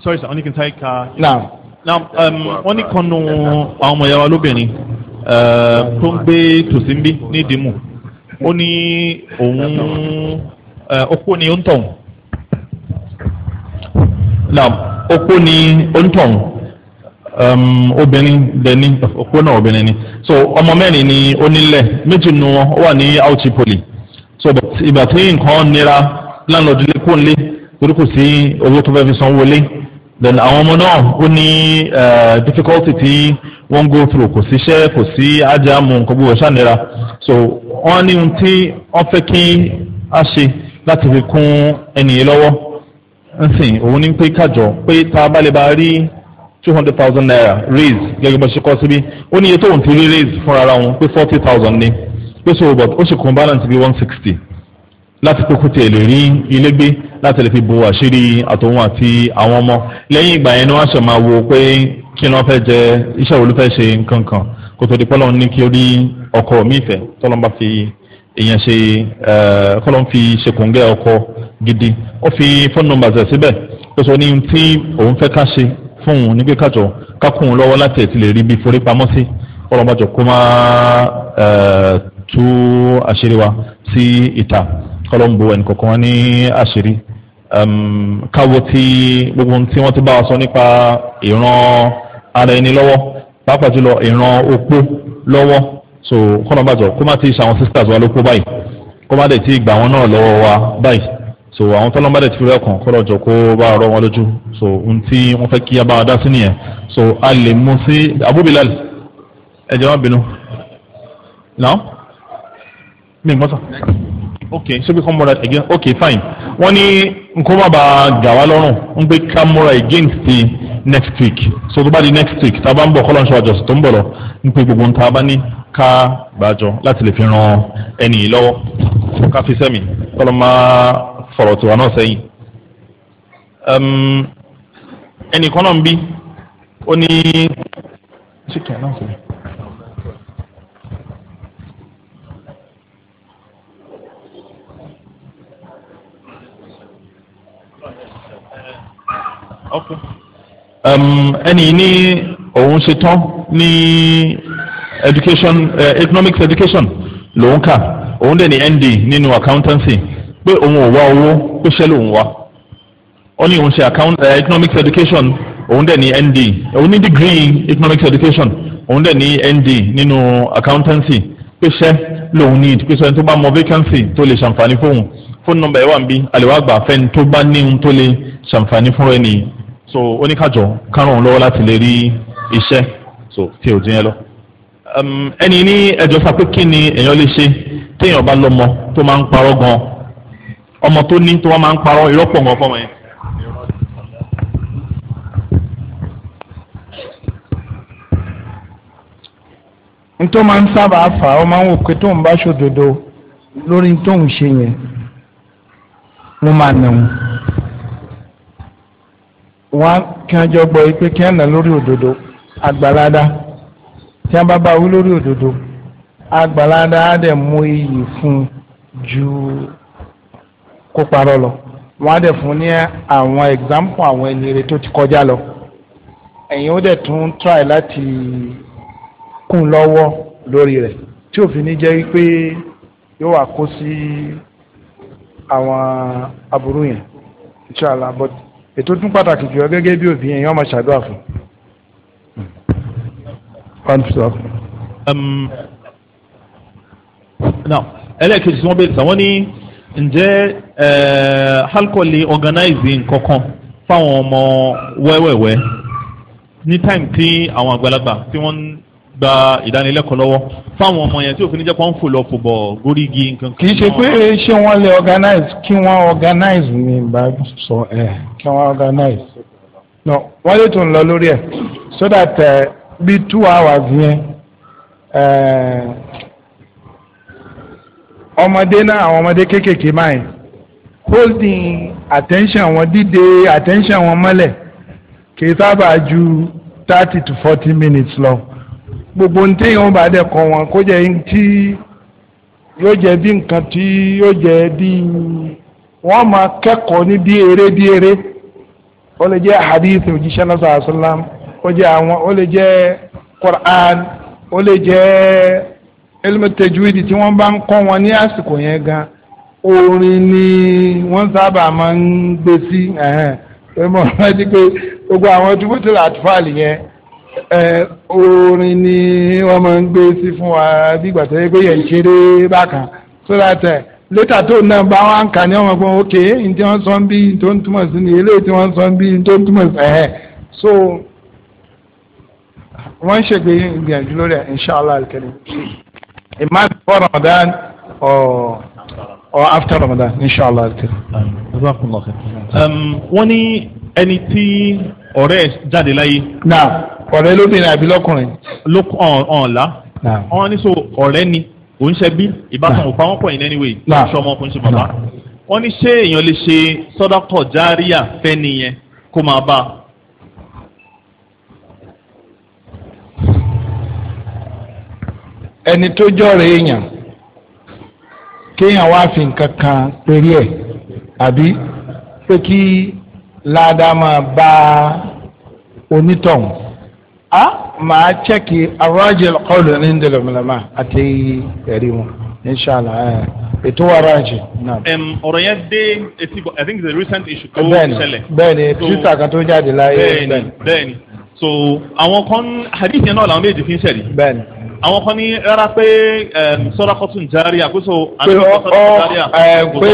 D: sorry sir wọ́n can take uh, n Now, ka. naam. Um, naam wọ́n ní kan nù àwọn ọmọ ìyá wa lóbìnrin uh, tó ń gbé tòsí ń bí ní ìdìmú ó ní òun okó ni ó ń tàn náà okó ni ó ń tàn obìnrin lẹni okó náà obìnrin ni so ọmọ mẹ́rin ni ó nílẹ̀ méjì nu ó wà ní Aotipoli so ìgbà tí nǹkan nira láńlọ́ọ̀dù lé kó ń lé torí kò sí owó tó fẹ́ fi sanwó lé then àwọn ọmọ náà ó ní eh, difficulty tí wọ́n ń go through kò síṣẹ́ kò sí ájáàmù nǹkan gbogbo ṣànira so wọ́n ní ohun tí wọ́n fẹ́ kí a ṣe láti fi kún ẹnìyẹn lọ́wọ́ nsìn òun ní pé kájọ pé tá bá lè bá rí two hundred thousand naira raise gẹ́gẹ́ bá ṣe kọ́ síbí ó ní iye tóun ti rí raise fúnra ara wọn pé forty thousand ni pé so but ó ṣe kún balance bí one sixty láti pé kó tiẹ̀ lè rí ilé gbé láti lè fi bo àṣírí àtòun àti àwọn ọmọ lẹ́yìn ìgbà yẹn ni wọ́n ṣe máa wo pé kí ni wọ́n fẹ́ jẹ iṣẹ́ wo fẹ́ ṣe nǹkan kan kó tó di pọ́lọ́n ní kí ó rí ọkọ mi ìfẹ́ tọ́lọ́n bá fi èèyàn ṣe eh, kọ́lọ́n fi ṣèkùngẹ́ ọkọ gidi ó fi fóònù nọ́mbà zẹ̀ síbẹ̀ ó sọ ní tí òun fẹ́ ká ṣe fún òun ní pé kájọ kákùn òun lọ́wọ́ láti ẹ̀ ti lè rí bí forí pamọ́ sí kọ́lọ́n bá kó má eh, tú àṣírí wa sí ìta kọ́lọ́n bo ẹnì kọ̀ọ̀kan ní àṣírí káwo tí gbogbo tí wọ́n ti bá wa sọ nípa ìran ara ẹni lọ́wọ́ pàápàá jùlọ ìran opó lọ́wọ́ so kọ́nà kó má ti ṣàwọn sisters wa lópó báyìí kó má dẹ̀ ti gbà wọn náà lọ́wọ́ wa báyìí so àwọn tọ́lọ́ bá dẹ̀ ti rẹ̀ kàn kọ́nà jọ kó bá rọ wọn lójú so ohun tí wọ́n fẹ́ kí a bá wa dá sí nìyẹn so a lè mú sí abúbilal ẹ̀jẹ̀ wọn bínú now mi gbọ́dọ̀ okay so we come more that again okay fine wọ́n ní nkó má bàa gà wá ń pé ká against the next week so tó bá di next week tá a bá ń bọ̀ kọ́ lọ́nṣọ́ àjọṣe tó ń bọ̀ lọ ń pé gbogbo nǹkan bá ní ká gbàjọ láti lè fi ran ẹnì yìí lọ́wọ́ ká fi sẹ́mi kọ́ máa fọ̀rọ̀ tiwa náà sẹ́yìn. ẹnì kan náà ń bí ó ní. ẹni ní òun ṣe tán ní education uh, economics education lòun kà òun dẹ̀ ní nd nínú accountancy pé òun ò wá owó pé ṣẹ́ lòun wá ó ní òun ṣe account uh, economics education òun dẹ̀ ní nd òun ní degree economics education òun dẹ̀ ní nd nínú accountancy pé ṣẹ́ lòun ní pé sọ́ni tó bá mọ vacancy tó lè ṣàǹfààní fóun fóònù nọ́mbà ẹ̀ wà ń bí àlèwà àgbà fẹ́ni tó bá ní ohun tó lè ṣàǹfààní fún ẹni so oníkàjọ kárùn lọ́wọ́ láti lè rí iṣẹ́ so tí ò dín yẹn lọ. Um, ẹni ní ẹjọ́ sá pé kí ni èèyàn lè ṣe téèyàn bá lọ́mọ tó máa ń parọ́ gan ọmọ tó ní tó wá máa ń parọ́ ìrọ́pọ̀ gan fọmọ yẹn.
A: nítorí máa ń sábà fà á ó máa ń wò pé tóun bá ṣòdodo lórí tóun ṣe yẹn mo máa nà wọn wọn kàn jọ gbọ́ pé kí wọn nà lórí òdodo àgbàládá tí wọn bá bá wí lórí òdodo àgbàládá á dẹ̀ mú iyì fún ju kó parọ́ lọ wọn á dẹ̀ fún ní àwọn example àwọn eléré tó ti kọjá lọ ẹ̀yin ó dẹ̀ tún try láti kún lọ́wọ́ lórí rẹ̀ tí òfin ní jẹ́ pé yóò wà kó sí àwọn aburú yẹn inshallah but ètò tún pàtàkì jùlọ gẹ́gẹ́ bí òbí yẹn yọ́n máa ṣàdúrà fún.
D: Um, ẹlẹ́ẹ̀kejì tí wọ́n bẹ̀rẹ̀ sàn wọ́n ní ǹjẹ́ alcohol organize nǹkan kan fáwọn ọmọ wẹ́wẹ́wẹ́ ní time tí àwọn àgbàlagbà tí wọ́n gba ìdánilẹ́kọ̀ọ́ lọ́wọ́ fáwọn ọmọ yẹn tí òfin jẹ́ pọ́n fò lọ fò bọ̀ gorí igi nǹkan. kì í ṣe pé
A: ṣé wọ́n lè organize kí wọ́n organize ni bá sọ ẹ̀ kí wọ́n organize no wọ́n lè tún lọ lórí ẹ̀ so that uh, bí two hours yẹn ọmọdé náà àwọn ọmọdé kéékèèké báyìí holding attention wọn dídè attention wọn mọ́lẹ̀ kì í sábà ju thirty to forty minutes lọ gbogbo ní téèyàn bá dẹ̀ kọ́ wọn kó jẹ́ tí yóò jẹ́ bí nǹkan tí yóò jẹ́ bí wọ́n máa kẹ́kọ̀ọ́ ní bí eré bí eré ó lè jẹ́ hadith òjíṣẹ́ náà sọ̀rọ̀ ó jẹ́ àwọn ó lè jẹ́ Quran ó lè jẹ́ ilmu tajwidi tí wọ́n bá ń kọ́ wọn ní àsìkò yẹn gan orin ni wọ́n sábà máa ń gbé sí ẹ̀hẹ́n pé mo rántí pé gbogbo àwọn túbútù àtúfàlì yẹn ẹ orin ni wọ́n máa ń gbé sí fún wa bí ìgbà pé yẹn ń ṣeré bákan so that eh, létà tó náà bá wà ń kà ní ọmọ pé ok n tí wọ́n sọ ń bí tó ń túmọ̀ sí ni eléyìí tí wọ́n sọ ń bí tó ń túmọ̀ sí ẹ̀ so wọ́n ń ṣègbè ìgbìyànjú lórí inshallah alkarim it might be Ramadan or
D: or after Ramadan inshallah alkarim. Um, wọ́n ní ẹni tí ọ̀rẹ́ ẹ̀ jáde láyé. na ọ̀rẹ́ lóbìnrin àbí lọ́kùnrin. ló ọ̀n ọ̀n la. wọ́n ní so ọ̀rẹ́ ni òun ṣe bí ìbátan òpá wọn pọ̀ in any way. na ṣọmọ ọkùnrin ṣe bàbá. wọ́n ní ṣé èèyàn lè ṣe sọ́dọ̀kọ̀ járíà fẹ́ nìyẹn kó máa bá a. ẹni tó jọ̀rọ̀ èèyàn
A: kéèyàn wá fi nǹkan kan péré ẹ̀ àbí pé kí ládàmà bá onítọ̀hún a máa chẹ́kì arájì kọlù ní ndèlèmọ̀lẹ́mà àti ẹ̀rí wọn inshàlá
D: ètò arájì náà. ọ̀rọ̀ yẹn dé etí bọ̀ i think the recent issue tó ṣẹlẹ̀. bẹ́ẹ̀ni twitter kan tó jáde láyé. bẹ́ẹ̀ni bẹ́ẹ̀ni so àwọn kan hadith yẹn náà làwọn méjì fi ń ṣẹlẹ̀. bẹ́ẹ̀ni àwọn kan ní rárá pé sọ́dọ̀kọ́tún járíà kó so. pé ọ ọ pé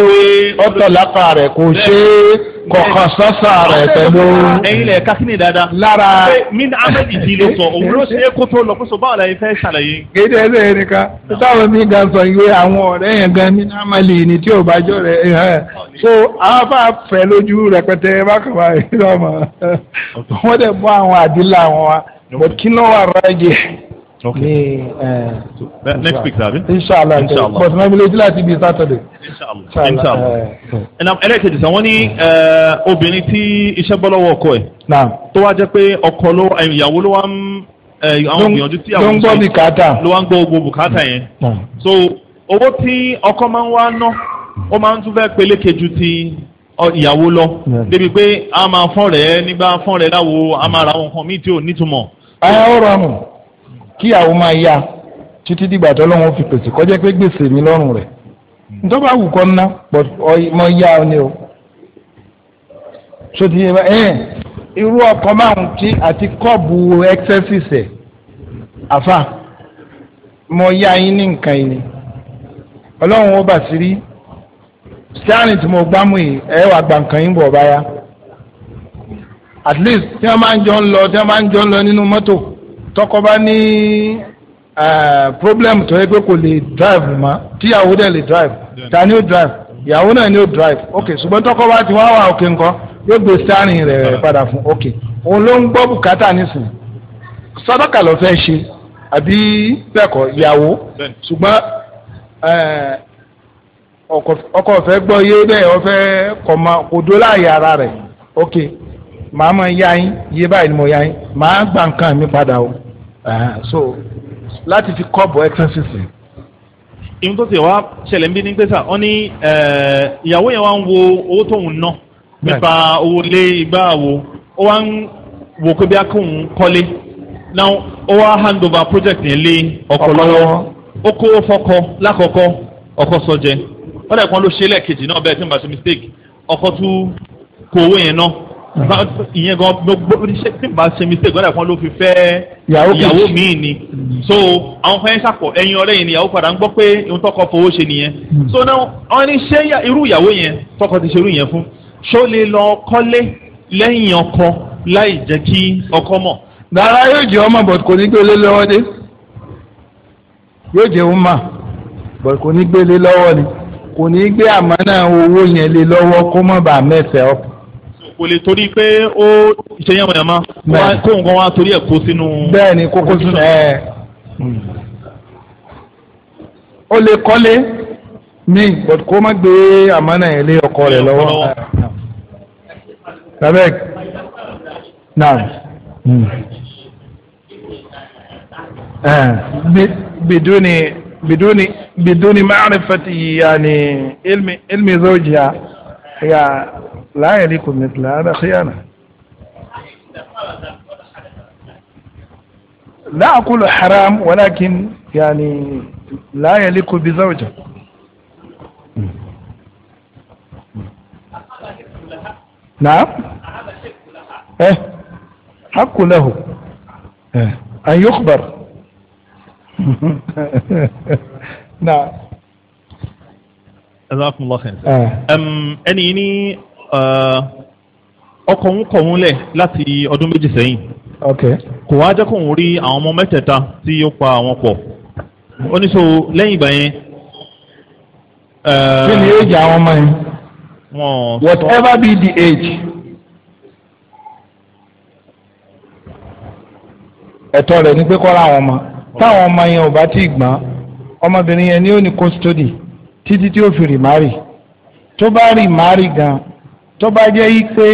D: ọ tọ̀lápá rẹ̀ kò ṣe é kọ̀ọ̀kan sọ́sà rẹ̀ pẹ̀lú. ẹyin lẹ ká kíni dáadáa. lára mi ni ahmed ìdí ló sọ òun ló ṣe é kó tó lọ kó so báwo la yẹn fẹ́ ṣàlàyé. kéde ẹsẹ̀ yẹn nìkan táwọn mi gan sọ yìí àwọn ọ̀rẹ́ yẹn gan mi náà
A: máa lè ní tí ò bá jọ rẹ̀ hàn. so àwọn bá fẹ́ lójú rẹpẹtẹ bákàbá yìí lọ́mọ wọ́n dẹ̀ mú àwọn àdìlà wọn wa kí náà wà rájì
D: ní next week tàbí. inshallah inshallah but mami lójú láti bíi saturday. inshallah inshallah. ẹnna ẹlẹ́kejì sàn wọ́n ní obìnrin tí iṣẹ́ bọ́ lọ́wọ́ ọkọ ẹ̀. tó wá jẹ́ pé ọkọ ló ìyàwó ló wá ń àwọn gbìyànjú tí àwọn ń ṣe ló wá ń gbọ́ gbogbo bùkátà yẹn. so owó tí ọkọ máa ń wá ná ó máa ń tún fẹ́ peléke ju ti ìyàwó lọ débi pé a máa fọ́n rẹ̀ nígbà fọ́n rẹ̀ láwo a máa ra ohun kan míì kíyàwó máa ya títí dìgbà tó lọ́wọ́ fi pèsè kọjá pé gbèsè mi lọ́rùn rẹ̀
A: ntọ́ba wù kọ́ ńná mọ yá ni o so ti yẹ ẹ irú ọkọ máa ń tí àti kọ́ọ̀bù exercise ẹ̀ àfà mọ yá yín ní nǹkan yìí ni ọlọ́run ó bà sí rí steering tí mo gbámú yìí ẹ wà gbà nǹkan yín bọ̀ báyà at least tí wọ́n máa ń jọ ń lọ tí wọ́n máa ń jọ ń lọ nínú mọ́tò tọkọ bá ní problem tó yẹ pé kò lè drive mọ́ tíyàwó dẹ̀ lè drive ta ni ó drive ìyàwó náà ni ó drive ok ṣùgbọ́n tọkọ bá ti wá wà òkè nǹkan yóò gbé starin rẹ̀ padà fún ok òun ló ń gbọ́ bùkátà nísìnyí sàdákà ló fẹ́ ṣe àbí bẹ́ẹ̀kọ́ ìyàwó ṣùgbọ́n ọkọ ọ̀fẹ́ gbọ́ yé bẹ́ẹ̀ ọ̀fẹ́ kọ̀ máa kò dó láàyè ara rẹ̀ ok màá mọ ya yín iye báyìí ni mo ya yín màá gba nǹkan mi padà o so
D: láti fi kọ́ bọ̀ exercise. ìhun tó ti wá ṣẹlẹ̀ ń bí ní gbèsà ọ ní ìyàwó yẹn wá ń wo owó tóun ná nípa owó lé igbá àwo ó wá ń wò pé bí a kóun kọ́lé náà ó wá hand over project yẹn lé ọkọ lọ́wọ́ ó kó fọkọ lákọ̀ọ́kọ́ ọkọ sọjẹ ó dẹ̀ kan ló ṣe lẹ́ẹ̀kejì náà bẹ́ẹ̀ tí mo bá ṣe mistake ọkọ tún kó owó yẹn náà ìyẹn gan gbogbo oníṣẹ́ tí n bá ṣe mistake gbọ́dọ̀ kan ló fi fẹ́ ìyàwó míì ni so àwọn fẹ́ ṣàkọ ẹyin ọlẹ́yìn ni ìyàwó padà ń gbọ́ pé ohun tọkọ fowó ṣe nìyẹn hmm. so náà wọn ní ṣé irú ìyàwó yẹn tọkọ ti ṣe irú yẹn fún ṣó lè lọ kọ́lé lẹ́yìn ọkọ láì jẹ́ kí ọkọ mọ̀. dara yóò jẹ́ ọmọ bọ̀t kò ní gbélé lọ́wọ́ dé
A: yóò jẹ́ ọmọ bọ̀t kò ní gbélé lọ́wọ́ ni
D: kò ní gbé àmọ́ náà owó yẹn lé lọ́wọ́ kó mọ̀ bàa mẹ́fẹ̀ẹ́ ọ̀pọ̀ kò lè torí pé ó ṣe yánmọ̀yánmọ́ kó nǹkan wá torí ẹ̀ kó sínú. bẹ́ẹ̀ni kókó sínú ẹ hmm. ó lè kọ́lé mi
A: but kó má gbé àmánà ẹ̀ lé ọkọ rẹ̀ lọ́wọ́.
C: Tabek. Naam.
A: بدون بدون بدون معرفة يعني ilmi, ilmi, زوجها هي لا يليق بمثل هذا خيانة لا أقول حرام ولكن يعني لا يليق بزوجة نعم إيه حق له أن يخبر
D: نعم جزاكم الله خير آه. أم أنيني ọkọ ń kọ̀ ń lẹ̀ láti ọdún méjì sẹ́yìn kò wá jẹ́ kó ń rí àwọn ọmọ mẹ́tẹ̀ẹ̀ta tí ó pa àwọn pọ̀ ó ní so lẹ́yìn ìgbà yẹn. kí ni éèjì àwọn ọmọ yẹn whatever be the age.
A: ẹ̀tọ́ rẹ̀ ni pé kọ́ra àwọn ọmọ táwọn ọmọ yẹn ò bá tí ì gbọ́n ọmọbìnrin yẹn ni ó ní custody títí tí ó fi rìmárì tó bá rìmárì gan-an tó bá jẹ́ yí pé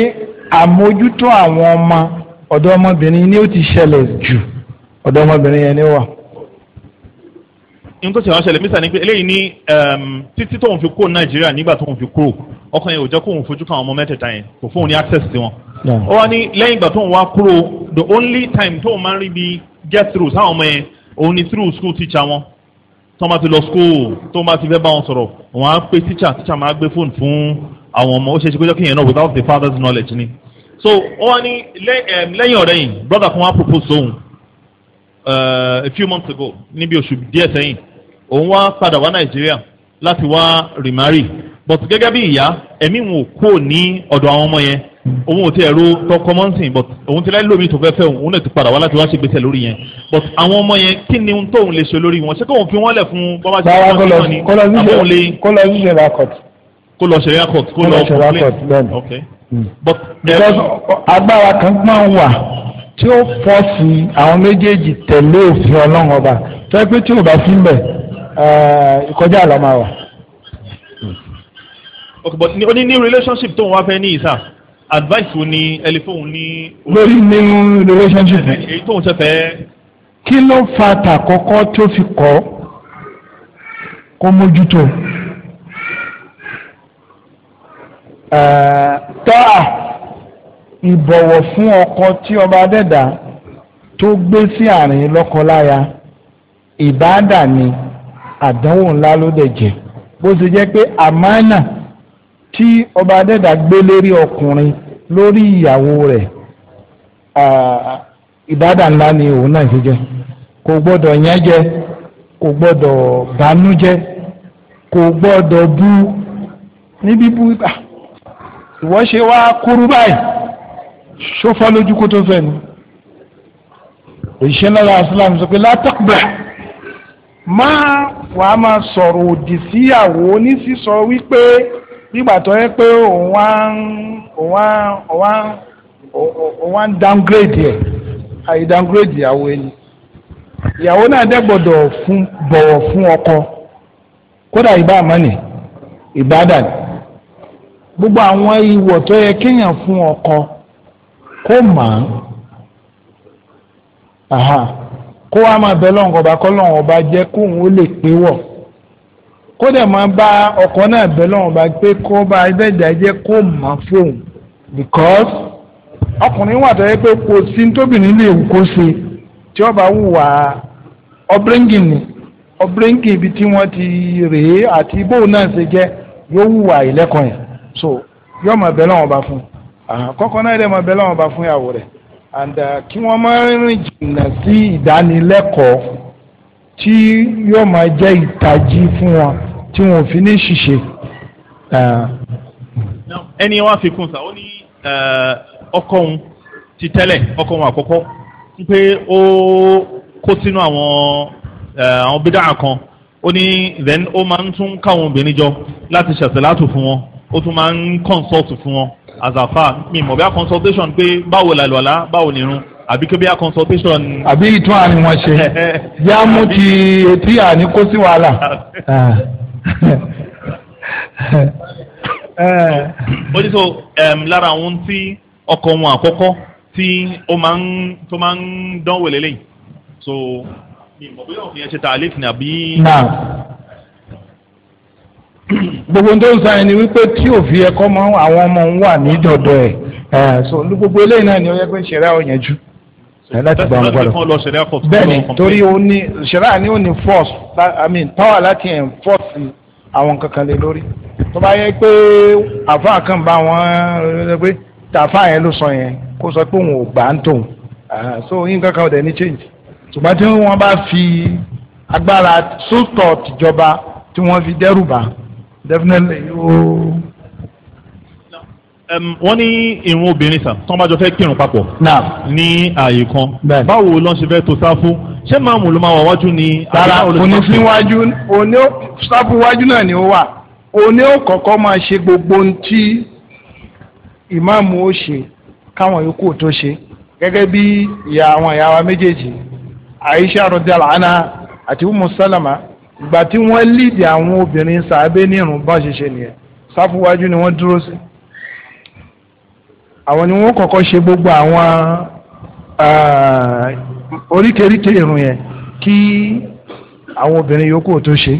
A: àmójútó àwọn ọmọ ọ̀dọ́mọbìnrin ni ó ti ṣẹlẹ̀ jù ọ̀dọ́mọbìnrin yẹn ni
D: wà. n tó ṣe wá ṣẹlẹ̀ mísà ni pé eléyìí um, ní títí tóun fi kó nàìjíríà nígbà tóun fi kúrò ọkàn yẹn ò jẹ́ kóun fojú kan ọmọ mẹ́tẹ̀ẹ̀ta yẹn kò fóun ní access sí wọn. ó wá ní lẹ́yìn ìgbà tóun wá kúrò the only time tóun máa ń rí bí get through sáwọn ọmọ yẹn òun ni through school teacher wọn tó máa ti lọ school tó máa ti fẹ́ bá wọn sọ̀rọ̀ wọn á pé teacher teacher máa gbé fóònù fún àwọn ọmọ ó ṣe é ṣe péjọ kéèyàn náà without the father's knowledge ni so wọ́n ní lẹ́yìn ọ̀rẹ́ yìí brother kan wá propose òun eh, a few months ago níbi oṣù díẹ̀ sẹ́yìn òun wá padà wá Nàìjíríà láti wá remarry but gẹ́gẹ́ bí ìyá ẹ̀mí wọn ò kó ní ọ̀dọ̀ àwọn ọmọ yẹn òun ò ti ẹ̀rọ tọkọ mọ́nsìn but òun ti láì lómi tó fẹ́ fẹ́ òun òun lè ti padà wá láti wá ṣe gbèsè lórí yẹn but àwọn ọmọ yẹn kí ni tóun lè ṣe lórí wọn ṣé kóun fi wọ́n lẹ̀ fún bọ́bá ṣe fún wọn ni àbóun lè kó lọ ṣẹlẹ akọt kó lọ complain ok. Hmm. but because
A: agbára kan máa ń wà tí ó fọ́ sí àwọn méjèèjì tẹ̀lé òfin
D: ọlọ́run ọba tó yẹ pé tí ò bá sí mbẹ̀ eh, ìkọjá àlọ́ máa wà. ok but ó ní ní relationship tóun wá fẹ́ ní ìsà advice wo ni ẹni tóun ní. lórí nínú relationship. èyí tóun ṣe fẹ́. kí ló fa tàkọ́kọ́ tó fi kọ́ kó mójútó.
A: tọ́à ìbọ̀wọ̀ fún ọkọ tí ọba adẹ́dà tó gbé sí àárín lọ́kọláya ìbáàdà ni àdánwò ńlá ló dẹ̀ jẹ́ bó ṣe jẹ́ pé àmánà tí ọba adẹ́dà gbé lérí ọkùnrin lórí ìyàwó rẹ̀ ìbáàdà ńlá ni òun náà ṣe jẹ́ kò gbọ́dọ̀ yẹn jẹ kò gbọ́dọ̀ bánújẹ́ kò gbọ́dọ̀ bú ní bú ìgbà. Ah, ìwọ́n ṣe wá kúrú báyìí ṣófọ́ lójú kó tó fẹ́ ni òṣìṣẹ́ náà aṣáláàmù sọ pé látàgbà máa wàá máa sọ̀rọ̀ òdì síyàwó ní sísọ wípé nígbà tó yẹ pé òun á òun downgrade ẹ̀ àì downgrade ìyàwó ẹni ìyàwó náà dẹ́ gbọ́dọ̀ fún bọ̀wọ̀ fún ọkọ kódà ìbá àmọ́ ni ìbádàn ni gbogbo àwọn ìwọ̀ tó yẹ kéèyàn fún ọkọ kó mọ̀ án kó wá máa bẹ lọ́wọ́n ọba kọ́ lọ́wọ́n ọba jẹ́ kóun ó lè pé wọ̀ kó dẹ̀ máa bá ọkọ náà bẹ lọ́wọ́n ọba pé kó bá ẹgbẹ́jà jẹ́ kó mọ̀ fóun because ọkùnrin wà tó yẹ pé kò sí tóbìnrin lè wù kó ṣe tí ọba wùwà ọbíríngì ni ọbíríngì ibi tí wọ́n ti rèé àti bóun náà ṣe jẹ́ yóò wùwà ìlẹ́kọ̀ọ́ yẹn so yọ máa bẹ lọ́wọ́ bá fún kọ́kọ́ náà yẹ máa bẹ lọ́wọ́ bá fún ìyàwó rẹ̀ and uh, kí wọ́n máa rìn jìnnà sí ìdánilẹ́kọ̀ọ́ tí yóò máa jẹ́ ìtají fún wọn tí wọn ò fi ní ṣiṣẹ́.
D: ẹni wá fi kún sa ó ní uh, ọkọ òun ti tẹ́lẹ̀ ọkọ òun àkọ́kọ́ pé ó kó sínú àwọn uh, àwọn bídà kan ó ní then ó máa ń tún káwọn obìnrin jọ láti ṣàṣẹ látò fún wọn ó tún máa ń consult fún wọn àzàfà mi mọ̀ bí a consultation pé báwo la lọ́la báwo nìrun àbí kí bí a consultation. àbí ìtún àní wọn ṣe yá mú ti etí àní kó sí wàhálà. ó ní so lára àwọn tí ọkọ wọn àkọ́kọ́ tí ó máa ń tó máa ń dánwò lélẹ́yìn so mi mọ̀ bí òfin ẹ ṣe tààlẹ́ fún mi àbí
A: gbogbo tó ń sọ ẹni wípé tí òfin ẹ̀kọ́ mọ àwọn ọmọ ń wà ní dọdọ ẹ ẹ so gbogbo eléyìí náà ni ó yẹ pé ṣẹlẹ ò yẹn jù
D: láti gbà wọn gbọ́dọ̀ bẹ́ẹ̀ni torí ó ní
A: ṣẹlẹ ni ó ní force i mean power láti enforce àwọn kankan lé lórí tó bá yẹ pé àfa kan bá wọn pé tàfa yẹn ló sọ yẹn kó sọ pé òun ò gbà ń tòun so yín kankan ò dẹ̀ ní change ṣùgbọ́n tí wọ́n bá
D: fi agbára sótọ̀ tìjọba tí wọ́n fi dẹ́rù bá definitely o. Um, wọ́n ní ìrun obìnrin sàn tó ń bá jọ fẹ́ kírun papọ̀ ní ààyè kan báwo ló ń ṣe fẹ́ tó sáfù ṣé máàmù ló máa wà wájú ni. rárá òní síwájú òní sáfù wájú náà ni ó wà
A: òní ó kọ́kọ́ máa ṣe gbogbo ohun tí ìmáàmù ó ṣe káwọn yòókù tó ṣe gẹ́gẹ́ bí ìyá àwọn ìyá wa méjèèjì Aisha rọdíàlá àná àti Umu Salama ìgbà tí wọ́n lídìí àwọn obìnrin sàábé ní ìrùn bá ṣe ṣe nìyẹn sáfúwájú ni wọ́n dúró sí àwọn ni wọ́n kọ́kọ́ ṣe gbogbo àwọn oríkèéríkèé ìrùn yẹn kí
D: àwọn obìnrin yòókù tó ṣe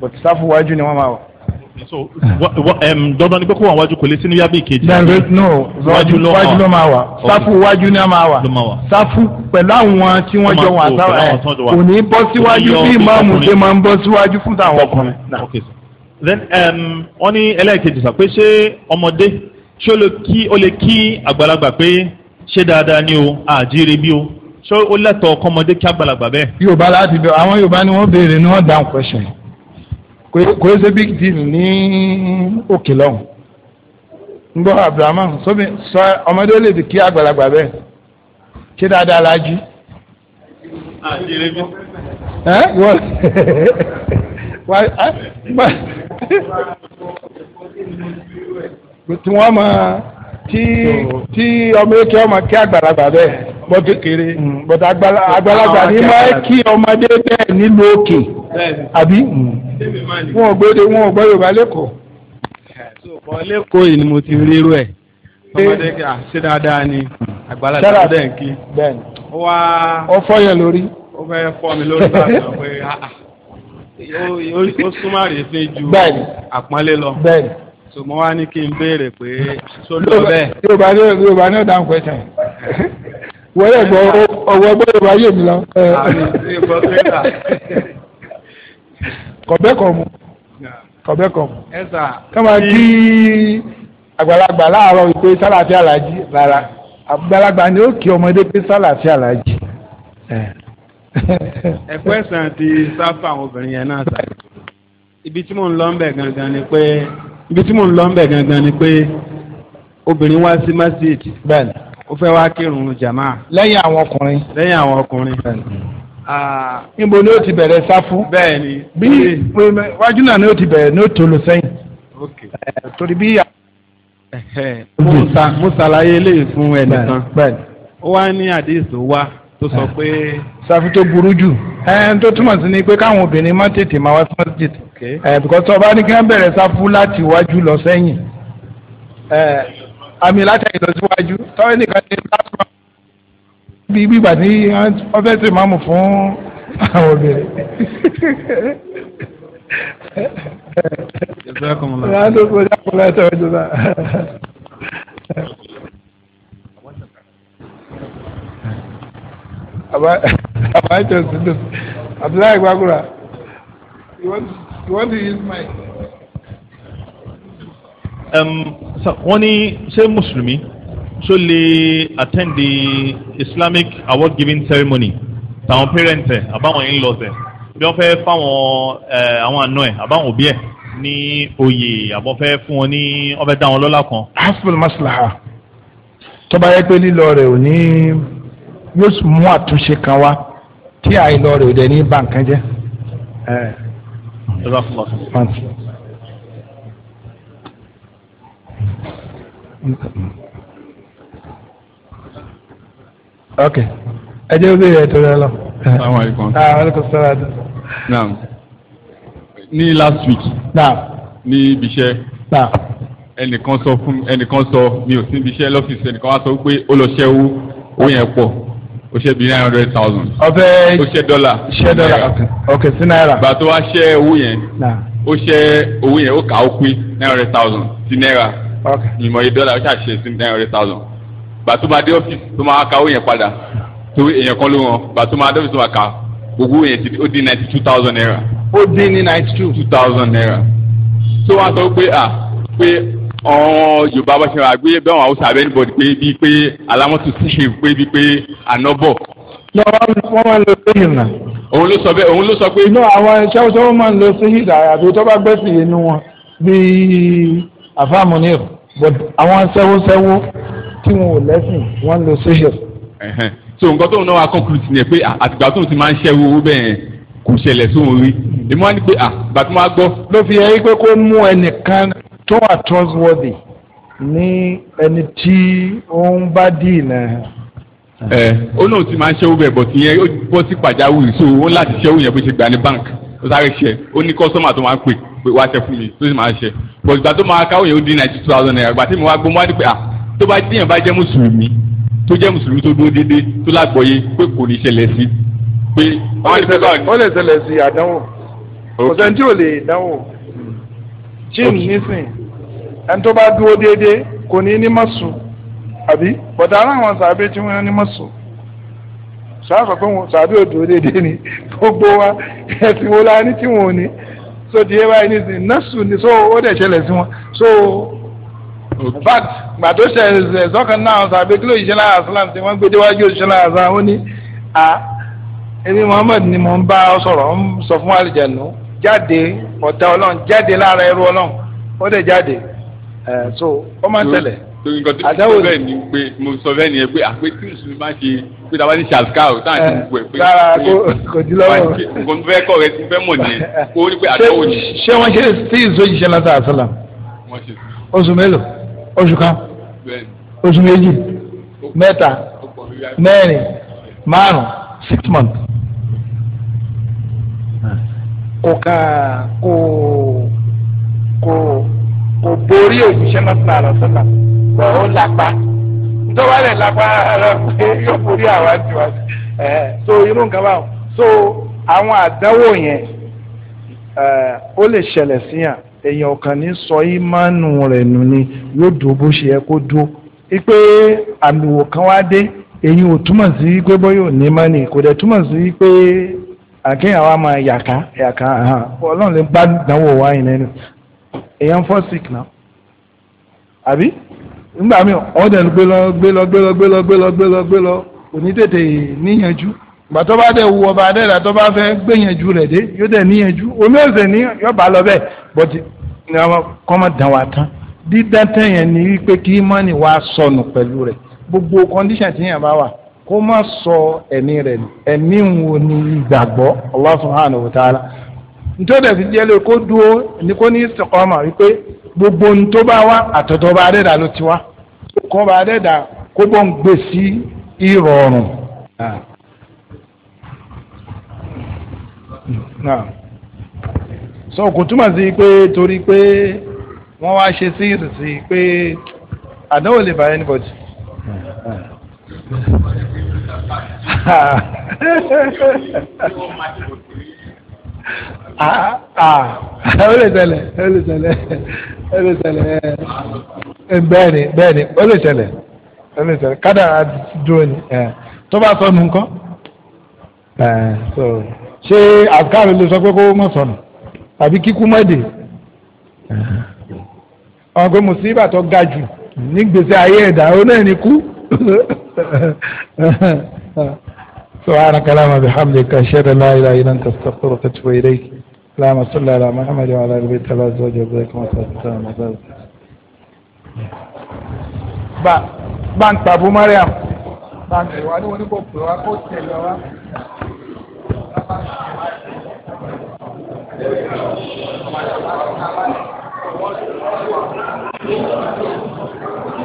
D: bọ̀tí sáfúwájú ni wọ́n máa wà. so dandan ni pé kó wà wájú kò lè sínú yá bí ìkejì. dandan no wájú ló máa wà sáfù wájú ni a máa wà sáfù pẹ̀lú àwọn tí wọ́n jọ wà sára ẹ̀ kò ní bọ́ síwájú bí ìmáàmù ṣe máa ń bọ́ síwájú
A: fún tàwọn ọkùnrin.
D: then wọ́n ní ẹlẹ́ẹ̀kejì sà pé ṣé ọmọdé ṣé ó lè kí àgbàlagbà pé ṣé dáadáa ni o àjíire bí o ṣé ó lẹ́tọ̀ọ́ ọkọ ọmọdé kí àgbàlagbà bẹ́ẹ̀. yorùbá
A: láti bẹ àwọn yorùbá ni wọ́n béèrè ni wọ́n dáhùn question
D: kò é ṣe big deal ní
A: òkè lọ́hùn ń gbọ́ abrahamu sómi sọ ọmọdé ó lè di kí àgbàlagbà bẹ́ẹ̀ kí dáadáa la jí. ẹ wọ wá gbà tí wọ́n mọ̀ tí ọmọ èké ọmọ kí àgbàlagbà bẹ́ẹ̀ bọ́ kékeré. Mm. but àgbàlagbà ni máa kí ọmọdé bẹ́ẹ̀ nílùú òkè àbí mm. wọn ò gbọ́dọ̀ wọn ò gbọ́ Yorùbá lẹ́kọ̀ọ́.
B: ọ̀pọ̀ lẹ́kọ̀ọ́ yìí ni mo ti rí irú ẹ̀ ọmọdé kí a ṣe dáadáa ni àgbàlagbà bẹ́ẹ̀ kí ó wá. ó fọ́ yẹn lórí. ó fẹ́ fọ́ mi lórí báyìí lọ pé ah, ah. ó súnmọ́ àrífín ju àpọ́nlé lọ so mo wá ní kí n béèrè pé so ló bẹ́ẹ̀.
A: Yorùbá Yorùbá ní ọ̀dà ń pẹ́ sẹ́yìn wọ́n yẹ gbọ́ ọwọ́ gbọ́dọ̀ ayé mi lọ. kọ̀bẹ́ kọ̀ mu kọ̀bẹ́ kọ̀ mu. kama kí àgbàlagbà láàárọ̀ pé sálàfí àlàjì rárá àgbàlagbà ni ó kí ọmọdé pé sálàfí àlàjì.
B: ẹ̀kọ́ ẹ̀sán ti sáfà àwọn obìnrin yẹn náà sáré ibi tí mò ń lọ ń bẹ̀ gangan ni pé
A: ibi tí mò ń lọ ń bẹ̀ gangan ni pé obìnrin wá sí masjid. bẹ́ẹ̀ni ó fẹ́ wá kírun jàmá. lẹ́yìn àwọn ọkùnrin. lẹ́yìn àwọn ọkùnrin. níbo ni ó ti bẹ̀rẹ̀ sáfù. bẹ́ẹ̀ ni. bí wájú náà ni ó ti bẹ̀rẹ̀ ní ó tó lọ sẹ́yìn. torí bí. mo ṣàlàyé eléyìí fún ẹnìkan. ó wá ní àdéhùn wá tó sọ pé. sáfù tó burú jù. ẹn tó túmọ̀ sí ni pé káwọn obìnrin má tètè máa wá sí masjid. ẹ̀ bìkọ́ tó o bá ní kí wọ́n bẹ̀rẹ̀ sáfù láti wájú lọ sẹ́yìn àmì látàrí ìlọsíwájú tọ́wọ́ nìkan ní plasma bí gbígbà tí wọ́n fẹ́ sè máàmù fún àwọn obìnrin. Abdullahi Gbagura, you want, you want to use my
D: wọ́n ní ṣé mùsùlùmí ṣó lè attend the Islamic award giving ceremony tàwọn parents ẹ̀ àbáwọn in-laws ẹ̀ bí wọ́n fẹ́ fáwọn àwọn àna ẹ̀ àbáwọn òbí ẹ̀ ní oyè àbọ̀ fẹ́ fún wọn ní wọ́n fẹ́ dá wọn lọ́lá kan. hospital maslaha tó bá yẹ
A: pé lílọ rẹ̀ ò ní yóò mú àtúnṣe kan wá tí àìlọ rẹ̀ ò dẹ̀ ní bàǹkan jẹ́. ẹ ẹ lọ́sọ̀lọ́sọ̀. ok ẹ jẹ́ bí ẹ tẹ̀lé lọ.
B: assalamu alaikum.
A: Ah, aleykum
C: salaam.
B: naam ní last week. naam. ní ibi iṣẹ́. naam. ẹnìkan sọ fún ẹnìkan sọ mi ò sí ibi iṣẹ́ lọ́fíìsì ẹnìkan wá sọ pé ó lọ ṣẹ́ owó owó yẹn pọ̀ ó ṣe bí nine hundred thousand. ọbẹ̀ ó ṣe dọ́là. ṣe dọ́là ok ok sí náírà. bàtà wa ṣẹ́ owó yẹn. naam. ó ṣẹ́ owó yẹn ó kà ó pín nine hundred thousand sí náírà ìmọ̀ yìí dọ́là ó ṣàṣe sí nine hundred thousand gbàtú máa dé ọ́fíìsì tó máa ka owó yẹn padà tó èèyàn kan ló wọn gbàtú máa dé ọ́fíìsì tó máa ka gbogbo yẹn ti ó dín ninety two thousand naira. ó dín ní ninety two two thousand naira. tó wá sọ pé à pé ọ̀hún yorùbá bá ṣe wà gbé bẹ́ẹ̀ wọn àwòsàn abẹ́ni bọ̀dì pé bíi pé alámọ̀tò ṣe pé bíi pé ànábọ̀.
A: lọ wọ́n máa ń lo sehim náà.
B: òun ló sọ bẹ́ẹ̀ òun ló sọ
A: pé. náà àwọn iṣẹ́ wọ́n máa ń lo sehim àyàfi tó bá gbẹ́sì inú wọn bíi àfa munir but àwọn sẹ́wọ́sẹ́wọ́ tí wọn ò lẹ́sìn wọ́n lo sihir.
B: so nǹkan tóun náà wá conclude ni pé àtìgbà tóun ti máa ń ṣẹ́wó owó bẹ́ẹ̀ kò ṣẹlẹ̀ sóun rí èmi wá ní pé àgbà tí wọ́n á gbọ́. ló fi yẹ pé kó mú ẹnìkan
A: tó wà trustworthy ní ẹni tí ó ń bá díì
B: náà ẹ ó náà ti máa ń ṣẹ́wó bẹ́ẹ̀ bọ̀ tí yẹn ó bọ́ sí pàjáwìrì so ó láti ṣẹ́wó yẹn bó ṣe gbà ní báńkì ó sáré ṣe ó ní kọ́sọ́mà tó máa ń pè pé wá ṣe fún mi tó sì máa ṣe but ìgbà tó máa káwé yẹn ó dín ninety two thousand naira ìgbà tí mo wá gbọ́ mo wá ní pé ah tó bá dín yẹn bá jẹ́ mùsùlùmí tó jẹ́ mùsùlùmí tó dúró déédéé tó lágbọ́yé pé kò ní ṣẹlẹ̀ sí pé.
A: ó lè ṣẹlẹ̀ sí àdánwò ọ̀sẹ̀ tí ò lè dánwò jim nísìn ẹni tó bá dúró déédéé kò ní ní mọ̀sùn àbí bọ̀dá aláwọn sàbẹ̀ tí wọ́n ní mọ̀sùn sàbẹ̀ pé sàbẹ̀ ò dúró déédéé ni gbogbo wa ẹ̀sìn wo la ní tí wọ́n ní so di ẹ báyìí nísìnyí nọ́ọ̀sù ni so ó dẹ̀ ṣẹlẹ̀ sí wọn so fact gbà tó ṣẹlẹ̀ sọ́kàn náà sàbí kí ló yìí ṣẹlẹ̀ àṣàlám tí wọ́n gbé déwájú ṣẹlẹ̀ àṣàlám ó ní à ẹbí Muhammad ni mò ń bá ọ sọ̀rọ̀ ń sọ fún àlìjẹ̀nu jáde ọ̀tá ọlọ́run jáde lára ẹrú ọlọ́run ó dẹ̀ jáde eh, so ó máa ń ṣẹlẹ̀
B: torí nǹkan tí mo sọ bẹ́ẹ̀ ni pé mo sọ bẹ́ẹ̀ ni pé àpé tí mùsùlùmí bá ṣe pé tá a bá ní ṣàlùkàwò tá à ń ti wẹ̀ pé eh, nǹkan fẹ́ kọ̀ rẹ ti fẹ́ mọ̀ nìyẹn kó o ní pé àdánwò ni. ṣé wọ́n ṣe
A: sí ìsojì ṣe lọ́tà àṣàlà oṣù mélòó oṣù kan oṣù méjì mẹ́ta mẹ́rin márùn-ún six months kò ká kò kò. kò borí òṣìṣẹ́ náà àròsọ́nà bọ̀ ó lápá ìjọba lápá ara yóò borí àwa jù wá so irú nǹkan báwọn so àwọn àdánwò yẹn ó lè ṣẹlẹ̀ síyàn èèyàn kan ní sọ ni yóò bó ṣe yẹ kó kan wá dé èyí ò túmọ̀ sí bóyá ò ní mọ́ni kò dẹ̀ túmọ̀ sí yàká yàká ọlọ́run lè gbádùn èèyàn fọ́ sick náà àbí nígbà míì ọ̀dẹ̀ gbé lọ gbé lọ gbé lọ gbé lọ gbé lọ gbé lọ gbé lọ kò ní tètè níyànjú ìgbà tó bá dẹ̀ wu ọba adẹ́rẹ́ tó bá fẹ́ gbẹ̀yànjú rẹ̀ dé yóò dẹ̀ níyànjú omi ọ̀sẹ̀ ní yọba lọ bẹ́ẹ̀ bọ́tí ni wọ́n kọ́ mọ̀ dán wa tán dídán tẹ̀yàn ni wípé kí mọ́nì wa sọnù pẹ̀lú rẹ̀ gbogbo kọ́ndíṣàn tí yàn bá wà kó má sọ ẹ̀mí rẹ̀ ẹ̀mí wo ni ìgbàgbọ́ Allah subhanahu wa ta'ala nítorí ẹ̀sìn jẹ́ lè kó dúró ní kó ní istiqama wípé gbogbo ohun tó bá wá àtọ̀tọ̀ bá adẹ́dà ló ti wá kó bá adẹ́dà kó bọ́ ń gbé sí ìrọ̀rùn. Ah. sọ kò túmọ̀ sí pé torí pé wọ́n wá ṣe sí ìrìsì pé àdánwò lè bá anybody. Ah. Ah, ah. ó lè ṣẹlẹ̀ ó lè ṣẹlẹ̀ ó lè ṣẹlẹ̀ eh, bẹ́ẹ̀ni bẹ́ẹ̀ni ó lè ṣẹlẹ̀ ó lè ṣẹlẹ̀ kádàrá dúró ni eh, tó bá sọnù ńkọ́ eh, ṣé àkàrò lè sọ pé kó má sọnù àbí kíkú má dé ọ̀n pé mùsíbà tó ga jù nígbèsè ayé ẹ̀dá ó náà ní kú. سبحانك اللهم بحمدك أشهد أن لا إله إلا أنت أستغفرك وأتوب إليك اللهم صل على محمد وعلى آل بيت الأزواج وذريتهم وسلم báńkì Abu Mariam
C: báńkì wa ni wọn ní kò pè wá kó tẹ̀lé Thank you.